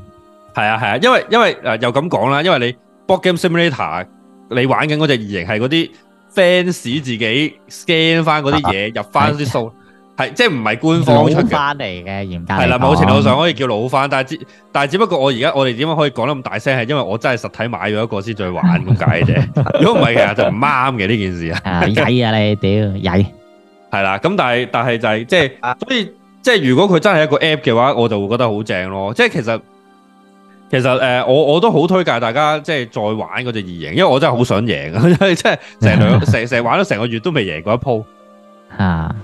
係啊係啊，因為因為誒又咁講啦，因為你 board game simulator。你玩緊嗰隻異形係嗰啲 fans 自己 scan 翻嗰啲嘢入翻啲數，係、啊、即係唔係官方出翻嚟嘅？嚴格係啦，某程度上可以叫老翻，但係只但係只不過我而家我哋點解可以講得咁大聲係因為我真係實體買咗一個先再玩咁解啫。如果唔係其實就唔啱嘅呢件事啊！曳啊你屌曳，係啦。咁但係但係就係即係，所以即係如果佢真係一個 app 嘅話，我就會覺得好正咯。即係其實。其實誒、呃，我我都好推介大家即係再玩嗰隻異形，因為我真係好想贏啊！因為即係成兩成成玩咗成個月都未贏過一鋪啊，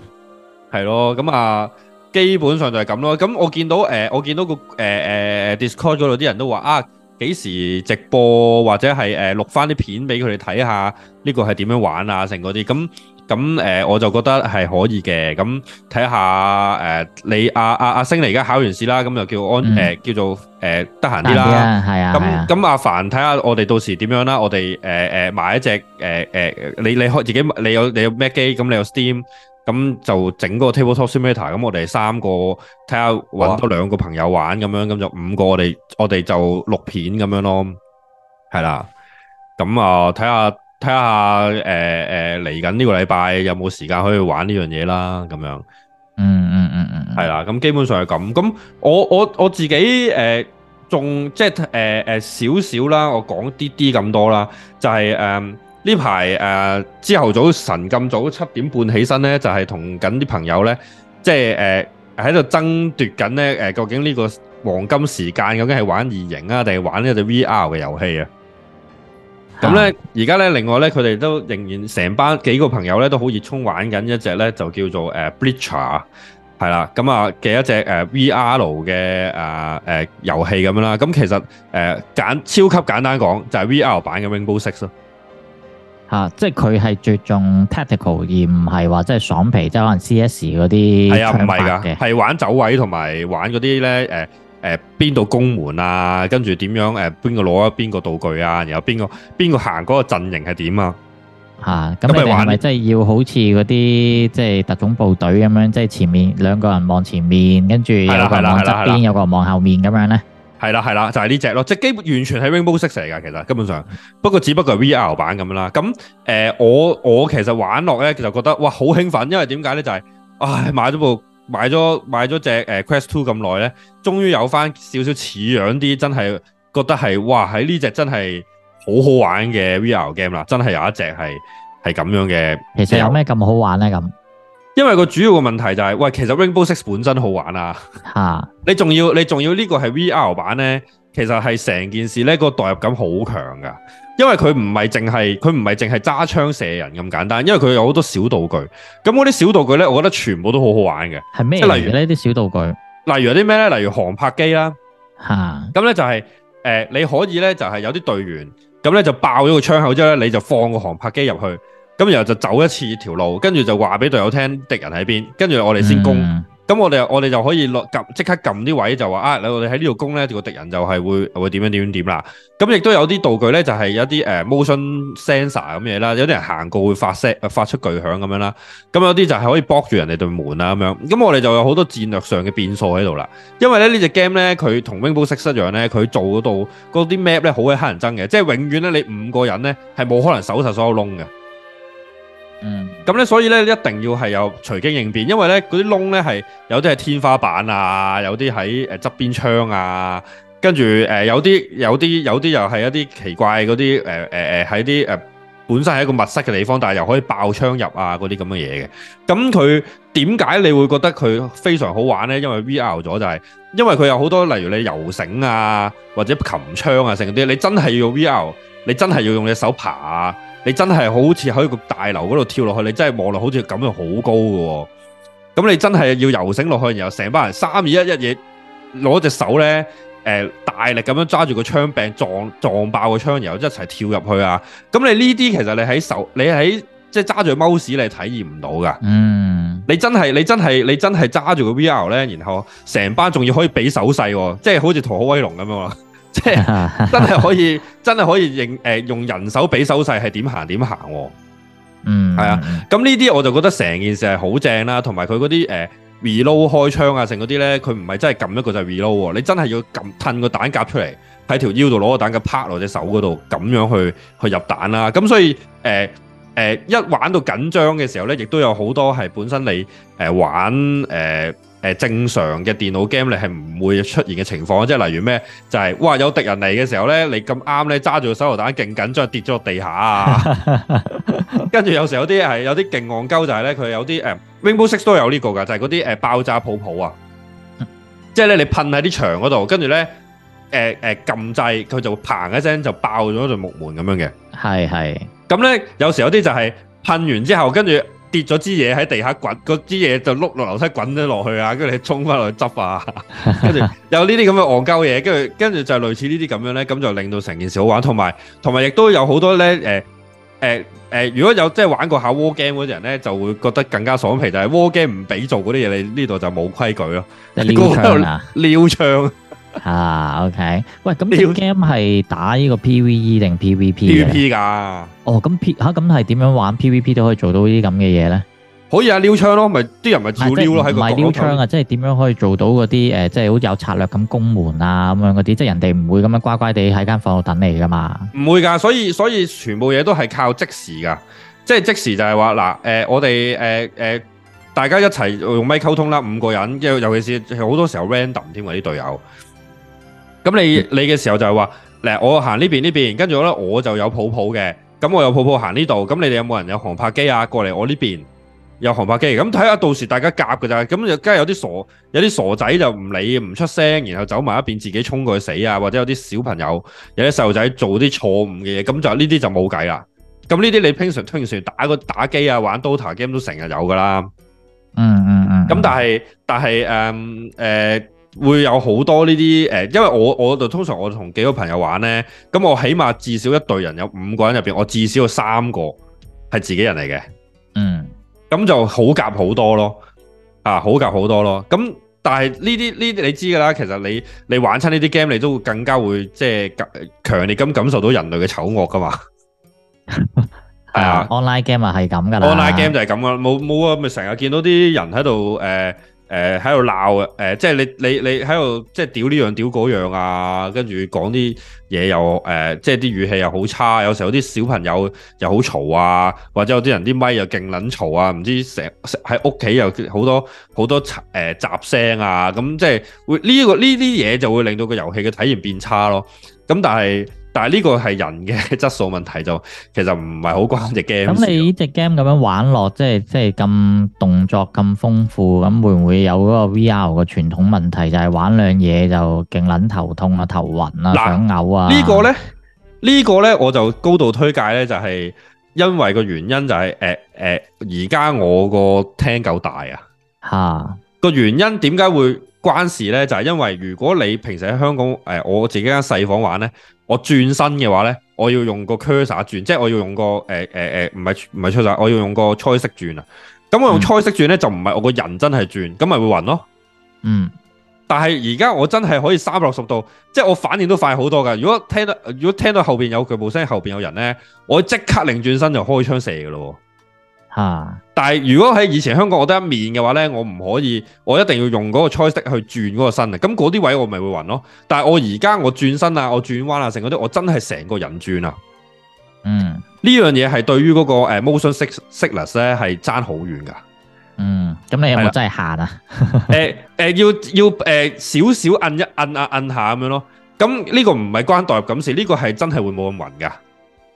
係 咯，咁啊，基本上就係咁咯。咁我見到誒、呃，我見到、那個誒誒、呃、Discord 度啲人都話啊，幾時直播或者係誒錄翻啲片俾佢哋睇下，呢、這個係點樣玩啊，成嗰啲咁。咁誒，我就覺得係可以嘅。咁睇下誒，你阿阿阿星你而家考完試啦，咁就叫安誒，叫做誒得閒啲啦，係啊。咁咁阿凡睇下我哋到時點樣啦。我哋誒誒買一隻誒誒，你你開自己，你有你有 Mac 機，咁你有 Steam，咁就整個 Tabletop Simulator。咁我哋三個睇下揾多兩個朋友玩咁樣，咁就五個我哋我哋就錄片咁樣咯。係啦，咁啊睇下。睇、呃呃、下誒誒嚟緊呢個禮拜有冇時間可以玩呢樣嘢啦，咁樣，嗯嗯嗯嗯，係、嗯、啦，咁基本上係咁，咁我我我自己誒仲、呃、即係誒誒少少啦，我講啲啲咁多啦，就係誒呢排誒朝頭早晨咁早七點半起身咧，就係同緊啲朋友咧，即係誒喺度爭奪緊咧，誒、呃、究竟呢個黃金時間究竟係玩異形啊，定係玩呢隻 V R 嘅遊戲啊？咁咧，而家咧，另外咧，佢哋都仍然成班幾個朋友咧，都好熱衷玩緊一隻咧，就叫做誒 Breachers 係啦，咁啊嘅一隻誒、uh, VR 嘅啊誒遊戲咁樣啦。咁其實誒、uh, 簡超級簡單講，就係、是、VR 版嘅 Rainbow Six 咯。嚇、啊，即係佢係着重 tactical，而唔係話即係爽皮，即係可能 CS 嗰啲係啊唔係㗎，係玩走位同埋玩嗰啲咧誒。呃誒，邊度攻門啊？跟住點樣？誒，邊個攞邊個道具啊？然後邊個邊個行嗰個陣營係點啊？吓，咁咪係咪真係要好似嗰啲即係特種部隊咁樣，即係前面兩個人望前面，跟住有個望側邊，有個望後面咁樣咧？係啦係啦，就係呢隻咯，即係基本完全係《Rainbow Six》嚟㗎，其實根本上，不過只不過係 VR 版咁樣啦。咁誒，我我其實玩落咧，其實覺得哇好興奮，因為點解咧就係，唉買咗部。買咗買咗隻誒 Quest Two 咁耐咧，終於有翻少少似樣啲，真係覺得係哇，喺呢隻真係好好玩嘅 VR game 啦，真係有一隻係係咁樣嘅。其實有咩咁好玩咧？咁因為個主要嘅問題就係、是、喂，其實 Rainbow Six 本身好玩啊，啊 你仲要你仲要呢個係 VR 版咧，其實係成件事咧、個代入感好強噶。因為佢唔係淨係佢唔係淨係揸槍射人咁簡單，因為佢有好多小道具。咁嗰啲小道具呢，我覺得全部都好好玩嘅。係咩？即例如呢啲小道具，例如有啲咩呢？例如航拍機啦。吓，咁咧就係誒，你可以呢，就係有啲隊員咁呢，就爆咗個窗口之後呢，你就放個航拍機入去，咁然後就走一次條路，跟住就話俾隊友聽敵人喺邊，跟住我哋先攻。嗯咁我哋我哋就可以落撳即刻撳啲位就話啊，你我哋喺呢度攻咧，個敵人就係會會點樣點樣點啦。咁亦都有啲道具咧，就係有啲 motion sensor 咁嘢啦，有啲人行過會發聲，發出巨響咁樣啦。咁有啲就係可以 block 住人哋對門啦咁樣。咁我哋就有好多戰略上嘅變數喺度啦。因為咧呢隻 game 咧，佢同 Rainbow Six 一樣咧，佢做到嗰啲 map 咧好鬼乞人憎嘅，即係永遠咧你五個人咧係冇可能守實所有窿嘅。嗯，咁咧，所以咧，一定要係有隨機應變，因為咧，嗰啲窿咧係有啲係天花板啊，有啲喺誒側邊窗啊，跟住誒有啲有啲有啲又係一啲奇怪嗰啲誒誒誒喺啲誒本身係一個密室嘅地方，但係又可以爆窗入啊嗰啲咁嘅嘢嘅。咁佢點解你會覺得佢非常好玩咧？因為 V R 咗就係，因為佢有好多例如你游繩啊，或者擒槍啊，成啲，你真係要用 V R，你真係要用你手爬啊。你真係好似喺個大樓嗰度跳落去，你真係望落好似咁樣好高喎，哦。咁你真係要游繩落去，然後成班人三二一，一嘢，攞隻手咧，誒、呃，大力咁樣揸住個槍柄撞撞爆個窗，然後一齊跳入去啊！咁你呢啲其實你喺手，你喺即係揸住 mouse，你、就是、你體驗唔到噶。嗯，你真係你真係你真係揸住個 VR 咧，然後成班仲要可以俾手勢，哦，即係好似《逃學威龍》咁樣。 即係真係可以，真係可以認誒、呃，用人手比手勢係點行點行，嗯，係啊。咁呢啲我就覺得成件事係好正啦，同埋佢嗰啲誒 reload 開槍啊，剩嗰啲咧，佢唔係真係撳一個就 reload，你真係要撳褪個彈夾出嚟喺條腰度攞個彈夾拍落隻手嗰度，咁樣去去入彈啦、啊。咁所以誒誒、呃呃，一玩到緊張嘅時候咧，亦都有好多係本身你誒、呃、玩誒。呃誒正常嘅電腦 game 你係唔會出現嘅情況，即係例如咩就係、是、哇有敵人嚟嘅時候咧，你咁啱咧揸住個手榴彈勁緊張，跌咗落地下啊！ 跟住有時有啲係有啲勁戇鳩，就係咧佢有啲誒 Rainbow 6都有呢、呢個㗎，就係嗰啲誒爆炸泡泡啊！ 即係咧你噴喺啲牆嗰度，跟住咧誒誒撳掣，佢、呃呃、就會砰一聲就爆咗一度木門咁樣嘅。係 係。咁咧有時有啲就係噴完之後，跟住。跌咗支嘢喺地下滾，嗰支嘢就碌落樓梯滾咗落去啊！跟住你衝返落去執啊！跟住有呢啲咁嘅戇鳩嘢，跟住跟住就類似呢啲咁樣咧，咁就令到成件事好玩。同埋同埋亦都有好多咧，誒誒誒，如果有即係玩過下 War Game 嗰啲人咧，就會覺得更加爽皮。就係 War Game 唔俾做嗰啲嘢，你呢度就冇規矩咯，就係撩槍啊，撩槍。啊、 ah,，OK，喂，咁你個 game 係打呢個 PVE 定 PVP 嘅 p、v. p 噶哦，咁 P 吓咁係點樣玩 PVP 都可以做到呢啲咁嘅嘢咧？可以啊，撩槍咯，咪啲人咪照撩咯，喺個房度。唔係撩槍啊，即係點樣可以做到嗰啲誒，即係好有策略咁攻門啊，咁樣嗰啲，即係人哋唔會咁樣乖乖地喺間房度等你噶嘛？唔會噶，所以所以,所以全部嘢都係靠即時噶，即係即,即,即,即,即時就係話嗱，誒，我哋誒誒，大家一齊用咪溝通啦，五個人，尤尤其是好多時候 random 添啊，啲隊友。咁你你嘅時候就係話，嗱，我行呢邊呢邊，跟住咧我就有泡泡嘅，咁我有泡泡行呢度，咁你哋有冇人有航拍機啊？過嚟我呢邊有航拍機，咁睇下到時大家夾噶咋，咁梗係有啲傻，有啲傻仔就唔理唔出聲，然後走埋一邊自己衝過去死啊，或者有啲小朋友，有啲細路仔做啲錯誤嘅嘢，咁就呢啲就冇計啦。咁呢啲你平常通常打個打機啊，玩 dota game 都成日有噶啦。嗯嗯嗯。咁、嗯、但係但係誒誒。嗯呃會有好多呢啲誒，因為我我通常我同幾個朋友玩呢。咁我起碼至少一隊人有五個人入邊，我至少有三個係自己人嚟嘅，嗯，咁就好夾好多咯，啊，好夾好多咯，咁但係呢啲呢你知噶啦，其實你你玩親呢啲 game，你都會更加會即係強烈咁感受到人類嘅醜惡噶嘛，係 啊，online game 係咁噶啦，online game 就係咁噶啦，冇冇啊，咪成日見到啲人喺度誒。呃誒喺度鬧誒，即係你你你喺度即係屌呢樣屌嗰樣啊，跟住講啲嘢又誒、呃，即係啲語氣又好差，有時候啲小朋友又好嘈啊，或者有啲人啲咪又勁撚嘈啊，唔知成喺屋企又好多好多、呃、雜聲啊，咁即係會呢個呢啲嘢就會令到個遊戲嘅體驗變差咯。咁但係。但係呢個係人嘅質素問題，就其實唔係好關隻 game。咁你呢隻 game 咁樣玩落，即係即係咁動作咁豐富，咁會唔會有嗰個 VR 嘅傳統問題？就係、是、玩兩嘢就勁捻頭痛頭暈啊、頭暈啊、想嘔啊？呢個呢、呢個呢我就高度推介大原因為什麼會關係呢，就係因為個原因就係誒誒而家我個廳夠大啊吓個原因點解會關事呢？就係因為如果你平時喺香港誒、呃、我自己間細房玩呢。我轉身嘅話咧，我要用個 cursor 轉，即係我要用個誒誒誒，唔係唔係 cursor，我要用個彩色轉啊。咁我用彩色轉咧就唔係我個人真係轉，咁咪會暈咯。嗯，但係而家我真係可以三百六十度，即係我反應都快好多噶。如果聽到，如果聽到後面有腳步聲，後面有人咧，我即刻擰轉身就開槍射喇咯。吓！但係如果喺以前香港我，我得一面嘅話咧，我唔可以，我一定要用嗰個 joystick 去轉嗰個身啊。咁嗰啲位我咪會暈咯。但係我而家我轉身啊，我轉彎啊，成嗰啲我真係成個人轉啊。嗯，呢樣嘢係對於嗰個誒 motion sickness 咧係差好遠噶。嗯，咁你有冇真係下啊？誒誒、 呃呃，要要誒、呃、少少摁一摁啊，按一下咁樣咯。咁呢個唔係關代入感事，呢、這個係真係會冇咁暈噶。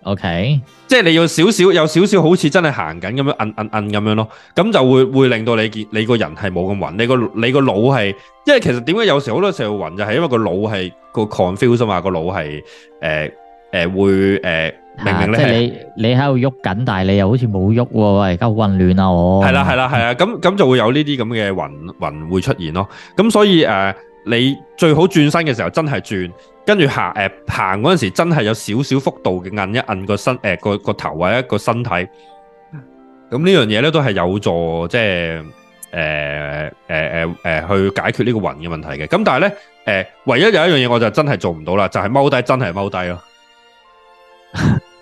O、okay. K，即係你要少少有少少好似真係行緊咁樣，摁摁摁咁樣咯，咁就會會令到你見你個人係冇咁暈，你個你個腦係，因為其實點解有時好多時候暈就係、是、因為個腦係、個 confusion 嘛、個腦係誒誒會誒、呃、明明咧係你、啊、即你喺度喐緊，但係你又好似冇喐喎，而家混亂啊，我係啦係啦係啊，咁咁就會有呢啲咁嘅暈暈會出現咯，咁所以誒。呃你最好轉身嘅時候真係轉，跟住行誒行嗰陣時真係有少少幅度嘅摁一摁個身誒、呃、個個頭或者個身體，咁呢樣嘢咧都係有助即係誒誒誒誒去解決呢個暈嘅問題嘅。咁但係咧誒，唯一有一樣嘢我就真係做唔到啦，就係踎低真係踎低咯。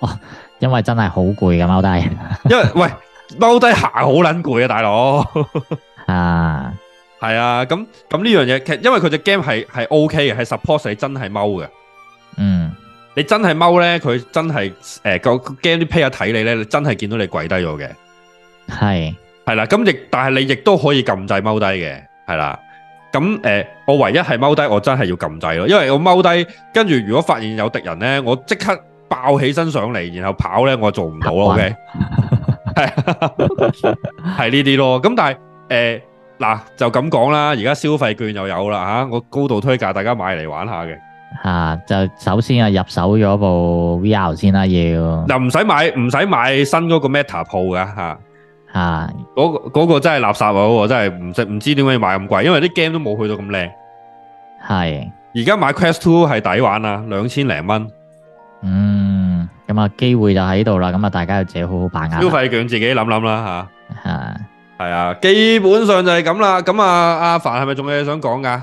哦 ，因為真係好攰㗎踎低， 因為喂踎低行好撚攰啊，大佬啊！係啊，咁咁呢樣嘢，其實因為佢隻 game 係係 OK 嘅，係 support 你真係踎嘅。嗯，你真係踎咧，佢真係誒個 game 啲 player 睇你咧，你真係見到你跪低咗嘅。係係啦，咁亦但係你亦都可以撳掣踎低嘅，係啦。咁誒，我唯一係踎低，我真係要撳掣咯，因為我踎低，跟住如果發現有敵人咧，我即刻爆起身上嚟，然後跑咧，我做唔到咯。OK，係係呢啲咯。咁但係誒。嗱就咁講啦，而家消費券又有啦吓，我高度推介大家買嚟玩下嘅。吓就首先啊，入手咗部 VR 先啦，要就唔使買唔使買新嗰個 Meta 鋪噶吓吓，嗰嗰個真係垃圾喎，真係唔識唔知點解要買咁貴，因為啲 game 都冇去到咁靚。係而家買 Quest Two 係抵玩啊，兩千零蚊。嗯，咁啊機會就喺度啦，咁啊大家要自己好好把握。消費券自己諗諗啦吓。係。係啊，基本上就係咁啦。咁啊，阿凡係咪仲有嘢想講噶？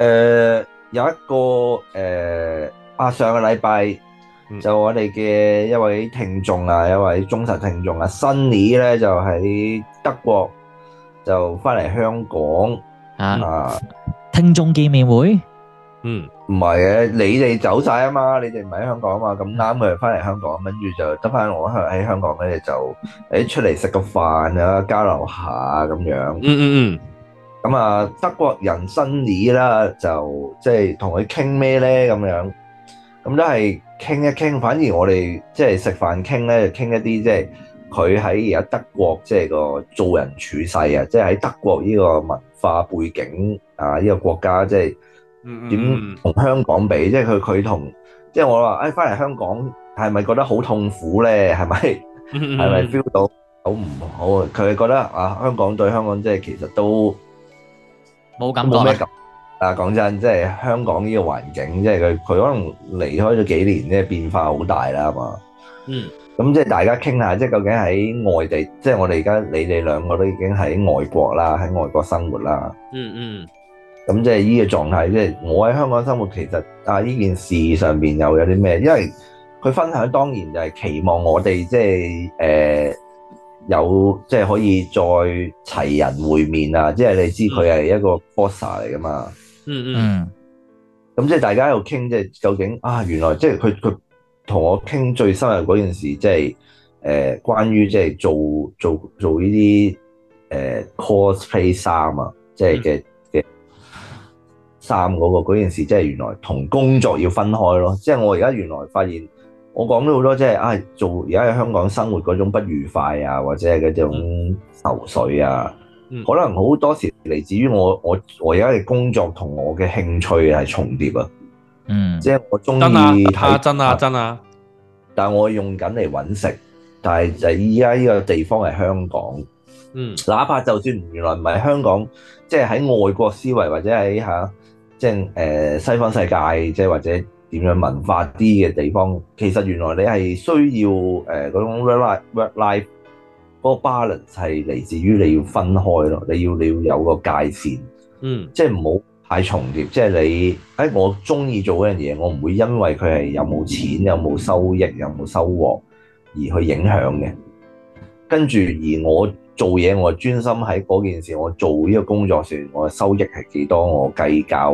誒，有一個誒，啊，上個禮拜就我哋嘅一位聽眾啊，一位忠實聽眾啊，Sunny 呢就喺德國就翻嚟香港啊，聽眾見面會。嗯，唔係嘅，你哋走晒啊嘛，你哋唔喺香港啊嘛，咁啱佢翻嚟香港，跟住就得翻我香喺香港咧，就誒出嚟食個飯啊，交流下咁樣。嗯嗯嗯，咁啊德國人 Sunny 啦，就即係同佢傾咩咧咁樣，咁都係傾一傾。反而我哋即係食飯傾咧，就傾一啲即係佢喺而家德國即係個做人處世啊，即係喺德國呢個文化背景啊，呢個國家即係。點同香港比？即係佢佢同，即係我話，哎，翻嚟香港係咪覺得好痛苦咧？係咪係咪 feel 到好唔好啊？佢係覺得啊，香港對香港即係其實都冇感覺啦。啊，講真，即係香港呢個環境，即係佢佢可能離開咗幾年，即係變化好大啦嘛。嗯，咁即係大家傾下，即係究竟喺外地，即係我哋而家你哋兩個都已經喺外國啦，喺外國生活啦。嗯嗯。咁即係呢個狀態，即係我喺香港生活其實啊，呢件事上面又有啲咩？因為佢分享當然就係期望我哋即係誒有即係可以再齊人會面啊！即係你知佢係一個 boss 嚟噶嘛？嗯嗯。咁即係大家喺度傾，即係究竟啊，原來即係佢佢同我傾最深入嗰件事，即係誒關於即係做做做呢啲誒 cosplay 衫啊，即係嘅。Mm-hmm. 三嗰個嗰件事，即係原來同工作要分開咯。即係我而家原來發現，我講咗好多、就是，即係啊做而家喺香港生活嗰種不愉快啊，或者係嗰種愁緒啊、嗯，可能好多時嚟自於我我我而家嘅工作同我嘅興趣係重疊啊。嗯，即係我中意睇，真啊真啊真啊！但我用緊嚟揾食，但係就依家呢個地方係香港。嗯，哪怕就算原來唔係香港，即係喺外國思維或者喺。嚇、啊。即係誒西方世界，即係或者點樣文化啲嘅地方，其實原來你係需要誒嗰、呃、種 real life、work life 嗰個 balance 係嚟自於你要分開咯，你要你要有個界線，嗯，即係唔好太重疊。即係你喺我中意做一樣嘢，我唔會因為佢係有冇錢、有冇收益、有冇收穫而去影響嘅。跟住而我。做嘢我係專心喺嗰件事，我做呢個工作時，我嘅收益係幾多？我計較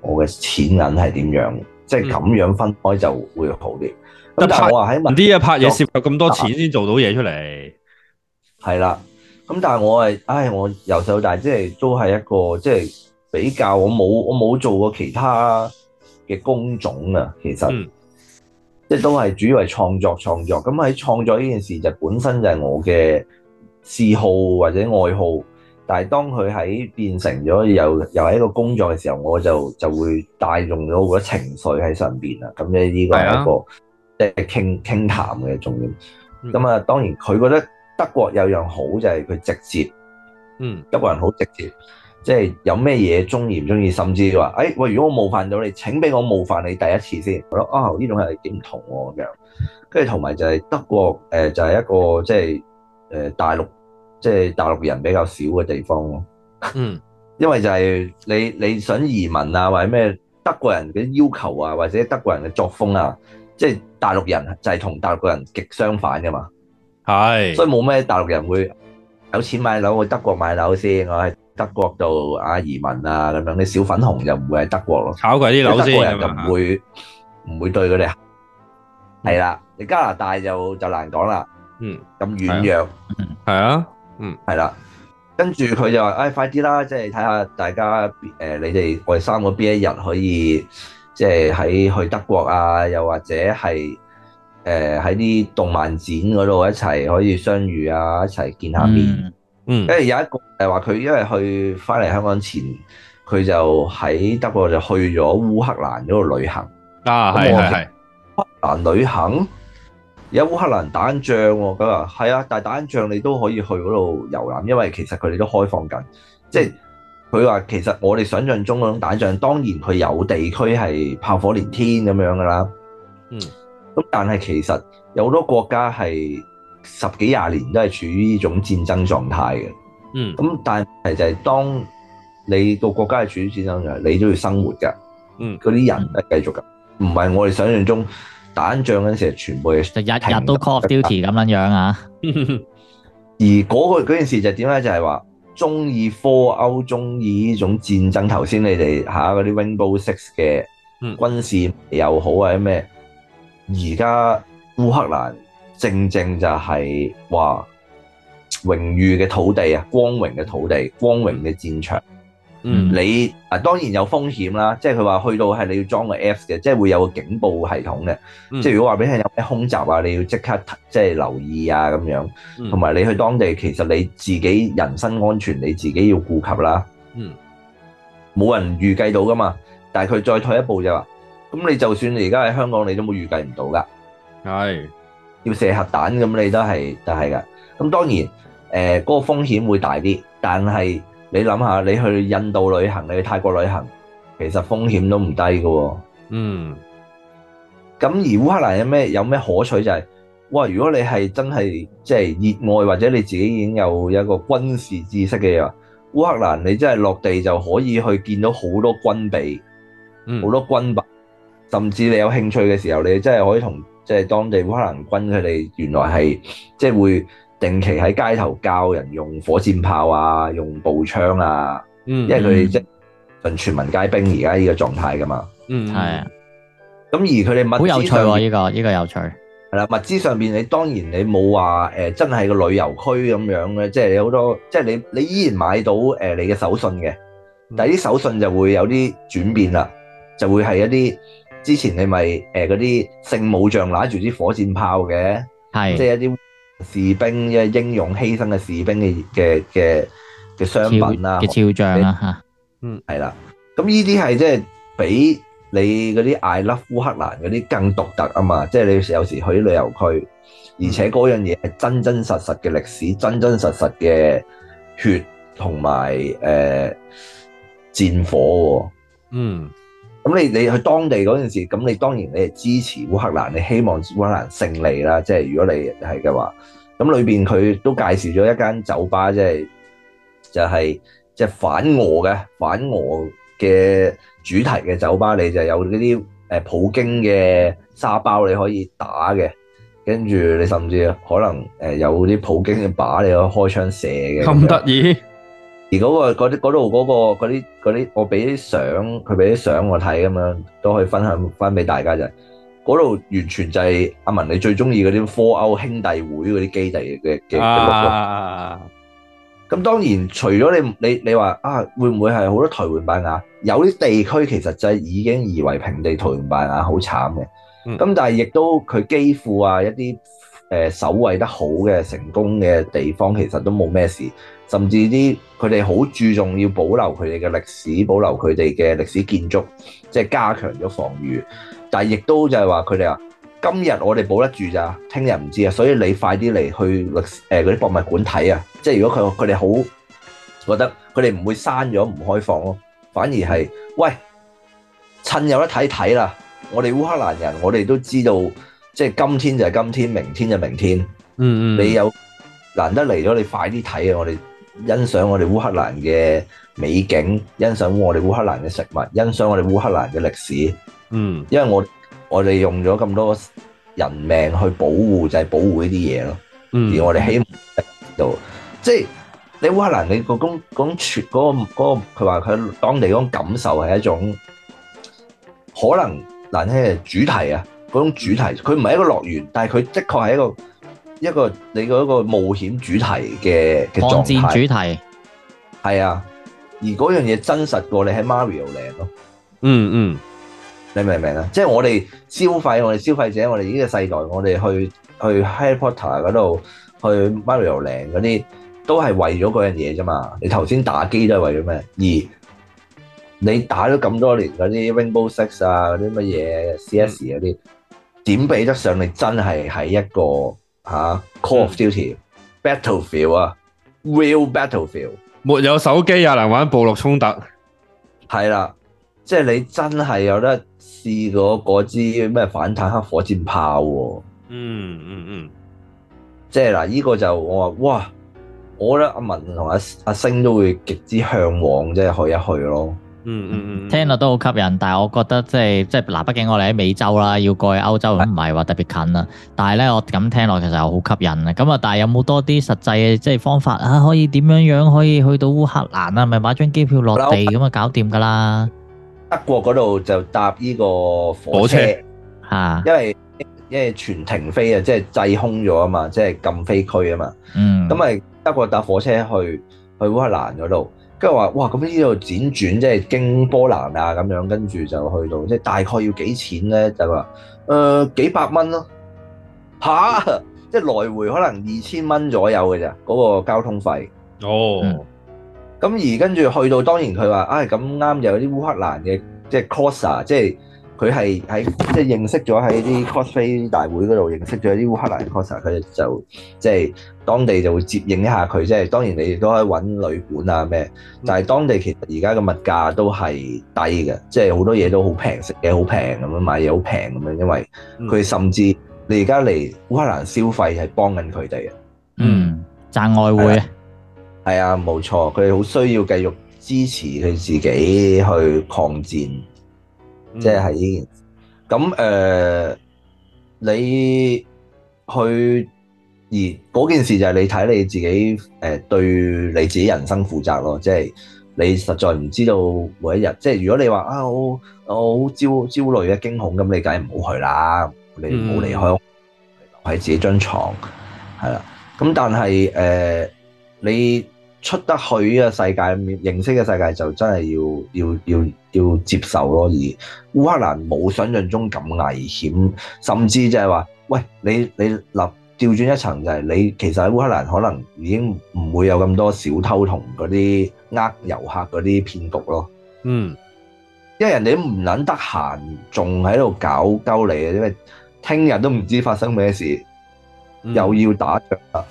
我嘅錢銀係點樣？即係咁樣分開就會好啲，嗯。但係我話喺文啲一拍嘢攝咁多錢先做到嘢出嚟，係啦。咁但係我係，唉，我由細到大即係都係一個即係比較，我冇我冇做過其他嘅工種啊。其實，嗯、即都係主要係創作創作。咁喺創作呢件事就本身就係我嘅。嗜好或者愛好，但係當佢喺變成咗又又係一個工作嘅時候，我就就會帶動咗好多情緒喺上面啦。咁咧呢個係一個即係傾傾談嘅重點。咁啊，當然佢覺得德國有樣好就係佢直接，嗯，德國人好直接，即係有咩嘢中意唔中意，甚至話，誒喂，如果我冒犯到你，請俾我冒犯你第一次先。我覺得啊，呢種係幾唔同喎咁樣。跟住同埋就係德國，誒就係一個即係。誒，大陸即係大陸人比較少嘅地方咯。嗯，因為就係你你想移民啊，或者咩德國人嘅要求啊，或者德國人嘅作風啊，即係大陸人就係同大陸人極相反嘅嘛。係，所以冇咩大陸人會有錢買樓去德國買樓先，我喺德國度啊移民啊咁樣，你小粉紅就唔會喺德國咯。炒佢啲樓先，德國人就唔會唔會對佢哋啊。係、嗯、啦，你加拿大就就難講啦。嗯，咁軟弱，係啊，嗯，係啦、啊嗯啊，跟住佢就話，哎，快啲啦，即係睇下大家，誒、呃，你哋我哋三個邊一日可以，即係喺去德國啊，又或者係誒喺啲動漫展嗰度一齊可以相遇啊，一齊見一下面，嗯，因、嗯、為有一個係話佢因為去翻嚟香港前，佢就喺德國就去咗烏克蘭嗰度旅行，啊，係係係，是是是是烏克蘭旅行？有烏克蘭打仗喎，咁啊，係啊，但係打仗你都可以去嗰度遊覽，因為其實佢哋都開放緊。即係佢話其實我哋想象中嗰種打仗，當然佢有地區係炮火連天咁樣噶啦。嗯，咁但係其實有好多國家係十幾廿年都係處於呢種戰爭狀態嘅。嗯，咁但係就係當你個國家係處於戰爭狀態，你都要生活㗎。嗯，嗰啲人都係繼續㗎，唔係我哋想象中。打仗嗰陣時候，全部係日日都 call of duty 咁撚樣啊！ 而嗰、嗰個、件事就點咧？就係、係、話中意科歐，中意呢種戰爭。頭先你哋下嗰啲 Rainbow Six 嘅軍事又好啊，咩而家烏克蘭正正就係、係、話榮譽嘅土地啊，光榮嘅土地，光榮嘅戰場。嗯。嗯、mm.，你啊當然有風險啦，即係佢話去到係你要裝個 app 嘅，即係會有個警報系統嘅。Mm. 即係如果話俾你聽有咩空襲啊，你要即刻即係留意啊咁樣。同、mm. 埋你去當地，其實你自己人身安全你自己要顧及啦。嗯，冇人預計到噶嘛，但係佢再退一步就話，咁你就算你而家喺香港，你都冇預計唔到噶。係要射核彈咁，你都係就係噶。咁當然誒，嗰、呃個風險會大啲，但係。你諗下，你去印度旅行，你去泰國旅行，其實風險都唔低㗎喎。嗯。咁而烏克蘭有咩有咩可取就係，哇！如果你係真係即係熱愛或者你自己已經有有一個軍事知識嘅人，烏克蘭你真係落地就可以去見到好多軍備，好多軍品，甚至你有興趣嘅時候，你真係可以同即係當地烏克蘭軍佢哋原來係即係會。定期喺街頭教人用火箭炮啊，用步槍啊，因為佢哋即係全民皆兵而家依個狀態㗎嘛。嗯，係啊。咁而佢哋物資上，好有趣喎！依個依個有趣。係啦，物資上邊你當然你冇話誒真係個旅遊區咁樣嘅，即係你好多，即係你你依然買到誒你嘅手信嘅，但係啲手信就會有啲轉變啦，就會係一啲之前你咪誒嗰啲聖母像拿住啲火箭炮嘅，係即係一啲。士兵嘅英勇犧牲嘅士兵嘅嘅嘅嘅商品啦，嘅肖像啦、啊、嚇，嗯，係啦，咁呢啲係即係比你嗰啲 I love 烏克蘭嗰啲更獨特啊嘛，即、就、係、是、你有時去啲旅遊區、嗯，而且嗰樣嘢係真真實實嘅歷史，真真實實嘅血同埋誒戰火、啊，嗯。咁你你去當地嗰陣時，咁你當然你係支持烏克蘭，你希望烏克蘭勝利啦。即係如果你係嘅話，咁裏邊佢都介紹咗一間酒吧，即係就係即係反俄嘅反俄嘅主題嘅酒吧，你就有呢啲誒普京嘅沙包你可以打嘅，跟住你甚至可能誒有啲普京嘅靶你可以開槍射嘅，咁得意。而嗰個嗰啲嗰度嗰個嗰啲嗰啲，我俾啲相，佢俾啲相我睇咁樣，都可以分享翻俾大家，就係嗰度完全就係阿文你最中意嗰啲科歐兄弟會嗰啲基地嘅嘅錄咯。咁當然除咗你你你話啊，會唔會係好多頹垣敗瓦？有啲地區其實就係已經夷為平地、頹垣敗瓦，好慘嘅。咁但係亦都佢基輔啊一啲誒守衞得好嘅成功嘅地方，其實都冇咩事。甚至啲佢哋好注重要保留佢哋嘅歷史，保留佢哋嘅歷史建築，即係加強咗防禦。但係亦都就係話，佢哋話今日我哋保得住咋，聽日唔知啊。所以你快啲嚟去歷史誒嗰啲博物館睇啊！即係如果佢佢哋好覺得佢哋唔會閂咗唔開放咯，反而係喂，趁有得睇睇啦！我哋烏克蘭人，我哋都知道，即係今天就係今天，明天就明天。嗯嗯。你有難得嚟咗，你快啲睇啊！我哋。欣賞我哋烏克蘭嘅美景，欣賞我哋烏克蘭嘅食物，欣賞我哋烏克蘭嘅歷史。嗯，因為我我哋用咗咁多人命去保護，就係、是、保護呢啲嘢咯。嗯，而我哋希望度、嗯，即係你烏克蘭，你個公嗰全嗰個個，佢話佢當地嗰種感受係一種可能難聽嘅主題啊。嗰種主題，佢唔係一個樂園，但係佢的確係一個。一個你個一個冒險主題嘅嘅狀態，主題係啊，而嗰樣嘢真實過你喺 Mario Land 咯，嗯，嗯嗯，你明唔明啊？即係我哋消費，我哋消費者，我哋呢個世代，我哋去去 Harry Potter 嗰度，去 Mario Land 嗰啲，都係為咗嗰樣嘢啫嘛。你頭先打機都係為咗咩？而你打咗咁多年嗰啲 Rainbow Six 啊，嗰啲乜嘢 CS 嗰啲，點，嗯、比得上你真係喺一個？吓、啊、Call of Duty、嗯、Battlefield 啊，Real Battlefield，沒有手機也、啊、能玩部落衝突，係啦，即、就、係、是、你真係有得試嗰支咩反坦克火箭炮、啊，嗯嗯嗯，即係嗱，呢、就是這個就是、我話，哇，我覺得阿文同阿阿星都會極之向往，即係去一去咯。嗯嗯嗯，聽落都好吸引，但係我覺得即係即係嗱，畢竟我哋喺美洲啦，要過去歐洲唔係話特別近啊。但係咧，我咁聽落其實又好吸引啊。咁啊，但係有冇多啲實際嘅即係方法啊？可以點樣樣可以去到烏克蘭啊？咪買張機票落地咁啊，嗯、搞掂噶啦。德國嗰度就搭呢個火車吓，因為因為全停飛啊，即係制空咗啊嘛，即係禁飛區啊嘛。嗯。咁咪德國搭火車去去烏克蘭嗰度。即係話哇，咁呢度輾轉即係經波蘭啊咁樣，跟住就去到，即係大概要幾錢咧？就話誒、呃、幾百蚊咯吓？即係來回可能二千蚊左右嘅咋，嗰、嗰個交通費。哦、oh. 嗯，咁而跟住去到，當然佢話唉，咁啱就有啲烏克蘭嘅即係 Corsa，即係。佢係喺即係認識咗喺啲 cosplay 大會嗰度認識咗啲烏克蘭 coser，佢就即係、就是、當地就會接應一下佢。即、就、係、是、當然你亦都可以揾旅館啊咩，但係當地其實而家嘅物價都係低嘅，即係好多嘢都好平，食嘢好平咁樣，買嘢好平咁樣，因為佢甚至你而家嚟烏克蘭消費係幫緊佢哋嘅。嗯，賺外匯啊？係、嗯、啊，冇錯，佢好需要繼續支持佢自己去抗戰。即係呢件事，咁誒、呃、你去而嗰件事就係你睇你自己誒、呃、對你自己人生負責咯。即係你實在唔知道每一日，即係如果你話啊，我我好焦焦慮一驚恐咁，你梗係唔好去啦。你唔好離開喺、嗯、自己張床。係啦。咁但係誒、呃、你。出得去呢個世界面認識嘅世界就真係要要要要接受咯，而烏克蘭冇想象中咁危險，甚至就係話，喂，你你立調轉一層就係你其實喺烏克蘭可能已經唔會有咁多小偷同嗰啲呃遊客嗰啲騙局咯。嗯，因不你，因為人哋都唔撚得閒，仲喺度搞鳩你啊！因為聽日都唔知發生咩事，又要打仗啦，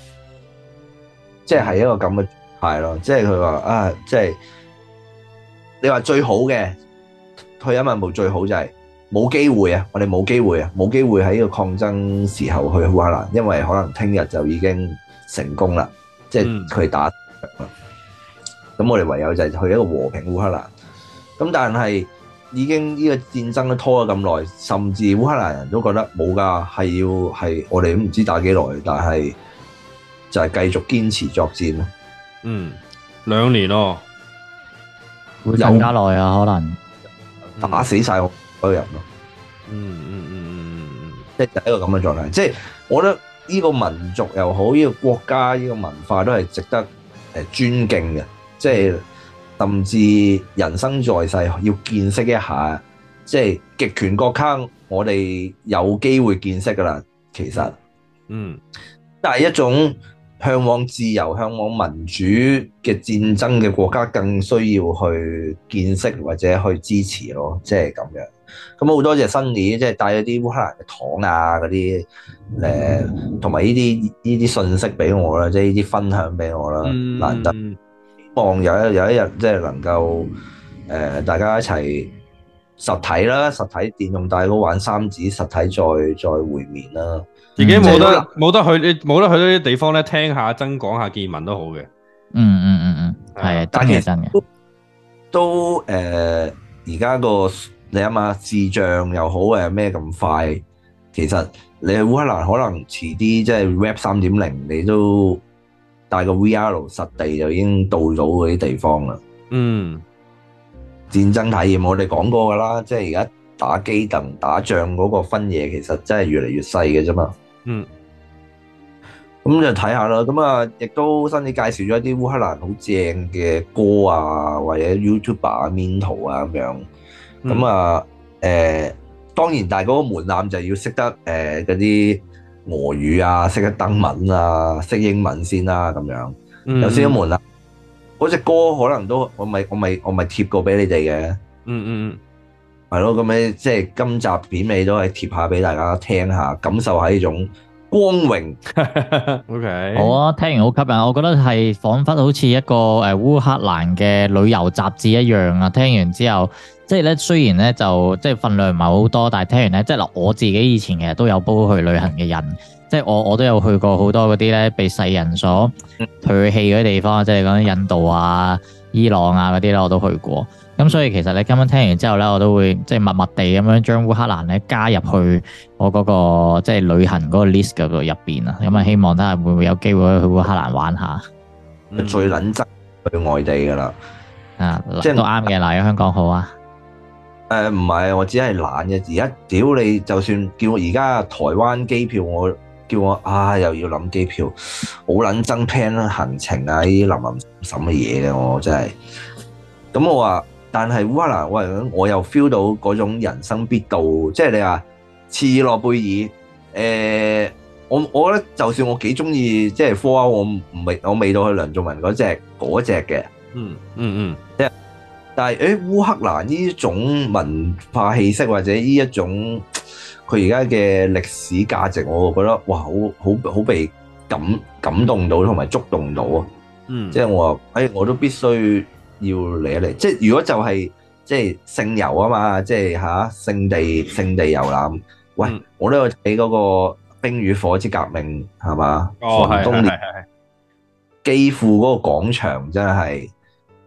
即、嗯、係一個咁嘅。係咯，即係佢話啊，即係你話最好嘅退一萬步最好就係冇機會啊！我哋冇機會啊，冇機會喺呢個抗爭時候去烏克蘭，因為可能聽日就已經成功啦。即係佢打，咁我哋唯有就係去一個和平烏克蘭。咁但係已經呢個戰爭都拖咗咁耐，甚至烏克蘭人都覺得冇噶，係要係我哋都唔知打幾耐，但係就係繼續堅持作戰咯。嗯，兩年咯，會更加耐啊，可能、嗯、打死晒所有人咯。嗯嗯嗯嗯嗯嗯，即、嗯、係、就是、一個咁嘅狀態。即、就、係、是、我覺得呢個民族又好，呢、這個國家、呢個文化都係值得誒尊敬嘅。即、就、係、是、甚至人生在世要見識一下，即係極權國家，我哋有機會見識噶啦。其實，嗯，但係一種。向往自由，向往民主嘅戰爭嘅國家，更需要去見識或者去支持咯，即係咁樣。咁好多謝 Sunny，即係帶咗啲烏克蘭嘅糖啊，嗰啲誒，同埋呢啲依啲信息俾我啦，即係呢啲分享俾我，嗯、啦。難得，希望有有有一日即係能夠誒、呃、大家一齊實體啦，實體電動大 GO 玩三子，實體再再會面啦。自己冇得冇、嗯、得去，你冇得去啲地方咧，聽一下增廣下見聞都好嘅。嗯嗯嗯嗯，係真嘅真嘅。都誒，而、呃、家、那個你諗下，智障又好誒，咩咁快？其實你烏克蘭可能遲啲即係 Web 三點零，你都帶個 VR 實地就已經到咗嗰啲地方啦。嗯，戰爭體驗我哋講過噶啦，即係而家打機凳打仗嗰個分野，其實真係越嚟越細嘅啫嘛。嗯，咁就睇下啦。咁啊，亦都新自介紹咗一啲烏克蘭好正嘅歌啊，或者 YouTuber 啊、面圖啊咁樣。咁、嗯、啊，誒、欸，當然，但係嗰個門檻就要識得誒嗰啲俄語啊，識得德文啊，識英文先啦、啊，咁樣、嗯、有少少門檻啦。嗰隻歌可能都我咪我咪我咪貼過俾你哋嘅。嗯嗯。係咯，咁樣即係今集片尾都係貼下俾大家聽下，感受下呢種光榮。OK，好啊，聽完好吸引，我覺得係仿佛好似一個誒烏克蘭嘅旅遊雜誌一樣啊！聽完之後，即係咧雖然咧就即係份量唔係好多，但係聽完咧即係嗱，就是、我自己以前其實都有煲去旅行嘅人，即係我我都有去過好多嗰啲咧被世人所唾棄嗰啲地方，嗯、即係講印度啊、伊朗啊嗰啲咧，我都去過。咁所以其實你今晚聽完之後咧，我都會即係默默地咁樣將烏克蘭咧加入去我嗰、嗰個即係旅行嗰個 list 度入邊啊！咁、嗯、啊，希望都係會唔會有機會去烏克蘭玩下？最撚憎去外地㗎啦！啊，即係都啱嘅。嗱，喺香港好啊？誒唔係，我只係懶嘅。而家屌你，就算叫我而家台灣機票，我叫我啊又要諗機票，好撚憎 plan 行程啊，啲林林審乜嘢嘅我真係。咁我話。但係烏克蘭，我我又 feel 到嗰種人生必到，即係你話次諾貝爾，誒，我我覺得就算我幾中意即係科，我未我未到去梁仲文嗰隻嗰隻嘅，嗯嗯嗯，即係，但係誒烏克蘭呢種文化氣息或者呢一種佢而家嘅歷史價值，我覺得哇好好好被感感動到同埋觸動到啊，嗯，即係我話誒我都必須。要嚟一嚟，即係如果就係即係聖遊啊嘛，即係嚇聖地聖地遊覽。喂，我都有睇嗰個冰與火之革命係嘛？哦，當年，係係係，基輔嗰個廣場真係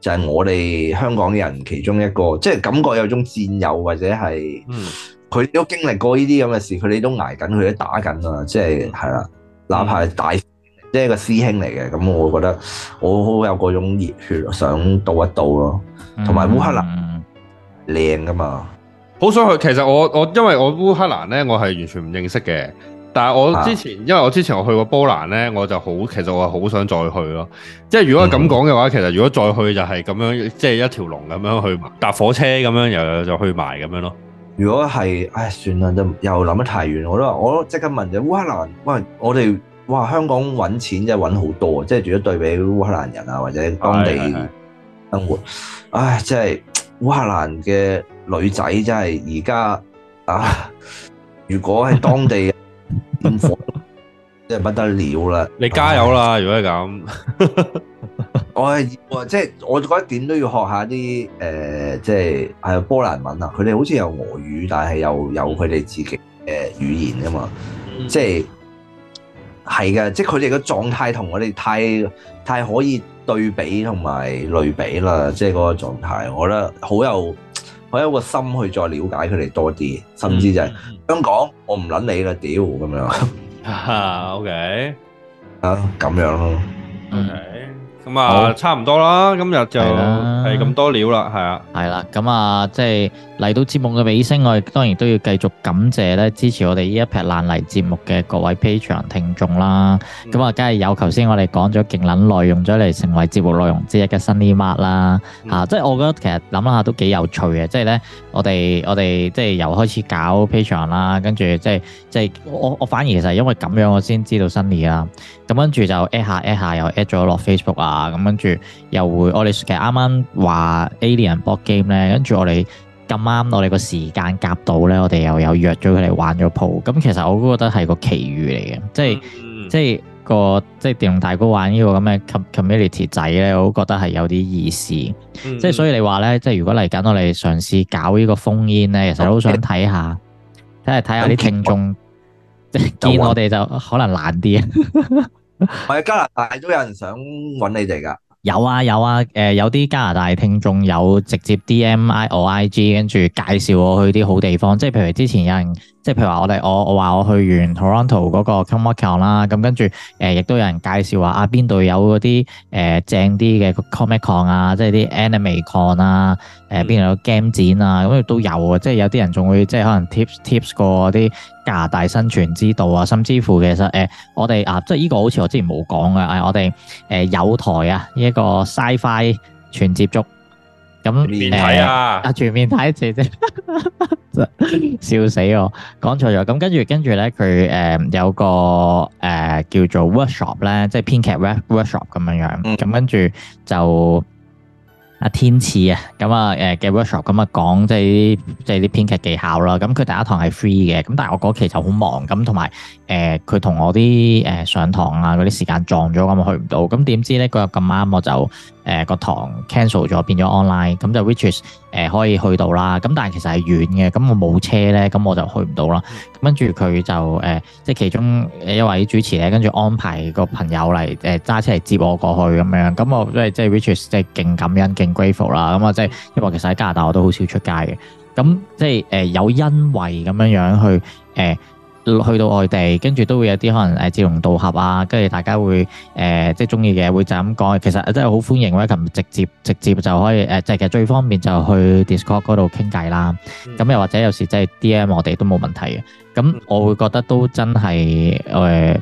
就係我哋香港人其中一個，即係感覺有種戰友或者係，嗯，佢都經歷過呢啲咁嘅事，佢哋都捱緊，佢都打緊啊！即係係啦，哪怕係大。即係個師兄嚟嘅，咁我覺得我好有嗰種熱血，想倒一倒咯。同埋烏克蘭靚噶嘛，好、嗯、想去。其實我我因為我烏克蘭咧，我係完全唔認識嘅。但係我之前、啊、因為我之前我去過波蘭咧，我就好其實我好想再去咯。即係如果係咁講嘅話、嗯，其實如果再去就係咁樣，即係一條龍咁樣去搭火車咁樣又就去埋咁樣咯。如果係唉算啦，就又諗得太遠。我都話我即刻問就烏克蘭喂，我哋。哇！香港揾錢真係揾好多，即係除咗對比烏克蘭人啊，或者當地生活，哎哎哎唉，真係烏克蘭嘅女仔真係而家啊！如果喺當地， 麼逃 真係不得了啦！你加油啦、嗯！如果咁， 我係我即係我覺得點都要學下啲誒、呃，即係係、啊、波蘭文啊！佢哋好似有俄語，但係又有佢哋自己嘅語言啊嘛，即係。係嘅，即係佢哋嘅狀態同我哋太太可以對比同埋類比啦，即係嗰個狀態，我覺得好有好有個心去再了解佢哋多啲，甚至就係、是 mm -hmm. 香港，我唔撚理你啦，屌咁樣。OK，嚇咁樣咯。Okay. 咁啊，差唔多啦，今日就係咁多料啦，係啊，係啦，咁啊，即係嚟到節目嘅尾聲，我哋當然都要繼續感謝咧支持我哋呢一 pat 爛泥節目嘅各位 Patreon 聽眾啦。咁啊，梗係有，頭先我哋講咗勁捻內容，咗嚟成為節目內容之一嘅 Sunny Mark 啦，吓，即係我覺得其實諗諗下都幾有趣嘅。即係咧，我哋我哋即係由開始搞 Patreon 啦，跟住即係即係我我反而其實因為咁樣我先知道 Sunny 啦，咁跟住就 at 下 at 下又 at 咗落 Facebook 啊。啊，咁跟住又會，我哋其實啱啱話 alien board game 咧，跟住我哋咁啱，我哋個時間夾到咧，我哋又有約咗佢嚟玩咗鋪。咁其實我都覺得係個奇遇嚟嘅，即係、嗯、即係個即係電動大 GO 玩呢個咁嘅 community 仔咧，我都覺得係有啲意思。嗯、即係所以你話咧，即係如果嚟緊我哋嘗試搞呢個烽煙咧，其實我都想睇下，睇下睇下啲聽眾，即、okay. 係見我哋就可能懶啲啊。 我喺加拿大都有人想揾你哋噶、啊，有啊有啊，誒有啲加拿大聽眾有直接 D M 我 I G，跟住介紹我去啲好地方，即係譬如之前有人。即係譬如話我哋我我話我去完 Toronto 嗰個 Comic Con 啦，咁跟住亦都有人介紹話啊邊度有嗰啲誒正啲嘅 Comic Con 啊，即係啲 Anime Con 啊，誒邊度有 game 展啊，咁亦、啊、都有啊。即係有啲人仲會即係可能 tips tips 過嗰啲加拿大生存之道啊，甚至乎其實誒、呃、我哋啊即係呢個好似我之前冇講嘅誒我哋誒、呃、有台啊呢一個 Sci-Fi 全接觸咁面睇啊！啊、呃、全面睇姐姐，笑死我，講錯咗。咁跟住跟住咧，佢誒有個誒叫做 workshop 咧、嗯啊呃，即係編劇 workshop 咁樣樣。咁跟住就阿天賜啊，咁啊誒嘅 workshop 咁啊講即係啲即係啲編劇技巧啦。咁佢第一堂係 free 嘅，咁但係我嗰期就好忙，咁同埋。誒佢同我啲誒、呃、上堂啊嗰啲時間撞咗咁我去唔到，咁點知呢？嗰日咁啱我就誒個、呃、堂 cancel 咗，變咗 online，咁就 which is 誒可以去到啦。咁但係其實係遠嘅，咁我冇車呢，咁我就去唔到啦。咁跟住佢就誒、呃、即係其中一位主持呢，跟住安排個朋友嚟誒揸車嚟接我過去咁樣。咁我即係即係 which is 即係勁感恩勁 grateful 啦。咁啊即係因為其實喺加拿大我都好少出街嘅，咁即係誒、呃、有恩惠咁樣樣去誒。呃去到外地，跟住都會有啲可能誒志同道合啊，跟住大家會即係中意嘅，會就咁講。其實真係好歡迎，或者直接直接就可以，即係其實最方便就去 Discord 嗰度傾偈啦。咁又或者有時即係、就是、DM 我哋都冇問題嘅。咁我會覺得都真係誒、呃、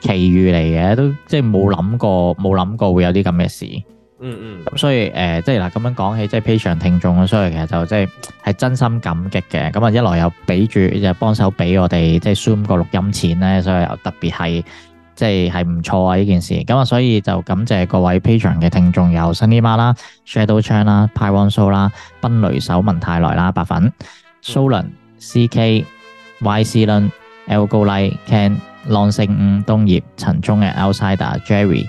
奇遇嚟嘅，都即係冇諗過冇諗過會有啲咁嘅事。嗯嗯，咁、嗯、所以誒，即係嗱，咁樣講起，即、就、係、是、Patreon 聽眾所以其實就即係係真心感激嘅。咁啊，一來又俾住又幫手俾我哋即係 Zoom 個錄音錢咧，所以又特別係即係係唔錯啊呢件事。咁啊，所以就感謝各位 Patreon 嘅聽眾有 Sunny 媽啦、Cinema, Shadow Chan 啦、Pi One Soul 啦、奔雷手文泰來啦、白粉、Solan、C K、Y C Lone L o 高麗、Ken、l o n 浪性五、冬葉、陳中嘅 Outsider、Jerry。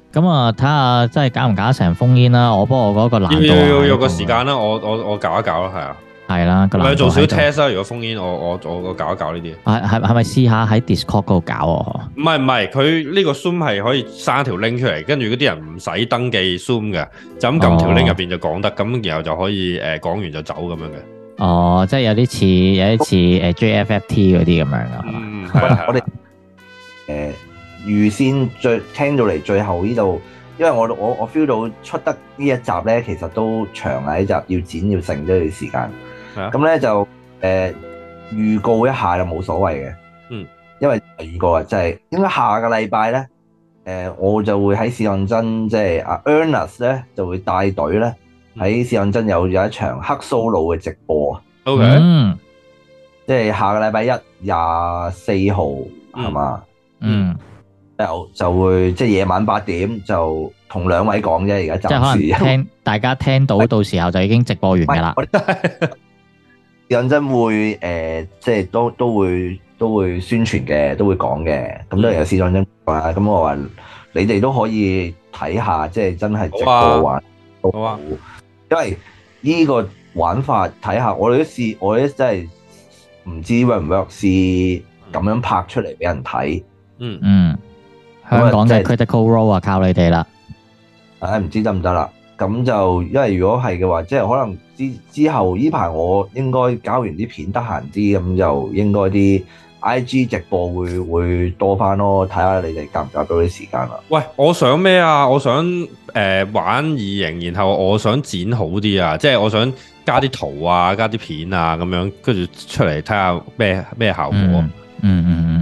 咁啊，睇下真係搞唔搞得成封煙啦！我幫我嗰個難度，要要有個時間啦，我我我搞一搞咯，係啊，係啦，我做少少 test 啦。如果封煙，我我我搞一搞呢啲，係係係咪試下喺 Discord 嗰度搞哦？唔係唔係，佢呢個 Zoom 係可以生條 link 出嚟，跟住嗰啲人唔使登記 Zoom 嘅，就咁撳條 link 入邊就講得，咁然後就可以誒講完就走咁樣嘅。哦，即係有啲似有啲似誒 JFFT 嗰啲咁樣噶嘛？係我哋誒。預先最聽到嚟最後呢度，因為我我我 feel 到出得呢一集咧，其實都長啊！呢集要剪要剩咗段時間，咁、啊、咧就誒預、呃、告一下就冇所謂嘅，嗯，因為預告啊，即係應該下個禮拜咧，誒、呃、我就會喺試講真，即、就、係、是、阿 Earnest 咧就會帶隊咧喺試講真有有一場黑 Solo 嘅直播 o、okay. K，嗯，即、就、係、是、下個禮拜一廿四號係嘛，嗯。就就會即係夜晚八點就同兩位講啫。而家即係可能聽大家聽到 到時候就已經直播完㗎啦。真 認真會誒、呃，即係都都會都會宣傳嘅，都會講嘅。咁都有試過真啊。咁、嗯、我話你哋都可以睇下，即係真係直播玩，好啊，因為呢個玩法睇下，我哋都試，我哋真係唔知會唔會試咁樣拍出嚟俾人睇。嗯嗯。香港嘅 critical role 啊、就是，靠你哋啦！唉，唔知得唔得啦？咁就因為如果係嘅話，即係可能之之後呢排我應該搞完啲片閒，得閒啲咁就應該啲 I G 直播會會多翻咯。睇下你哋夾唔夾到啲時間啦。喂，我想咩啊？我想誒、呃、玩異形，然後我想剪好啲啊！即、就、係、是、我想加啲圖啊，加啲片啊，咁樣跟住出嚟睇下咩咩效果。嗯嗯，嗯。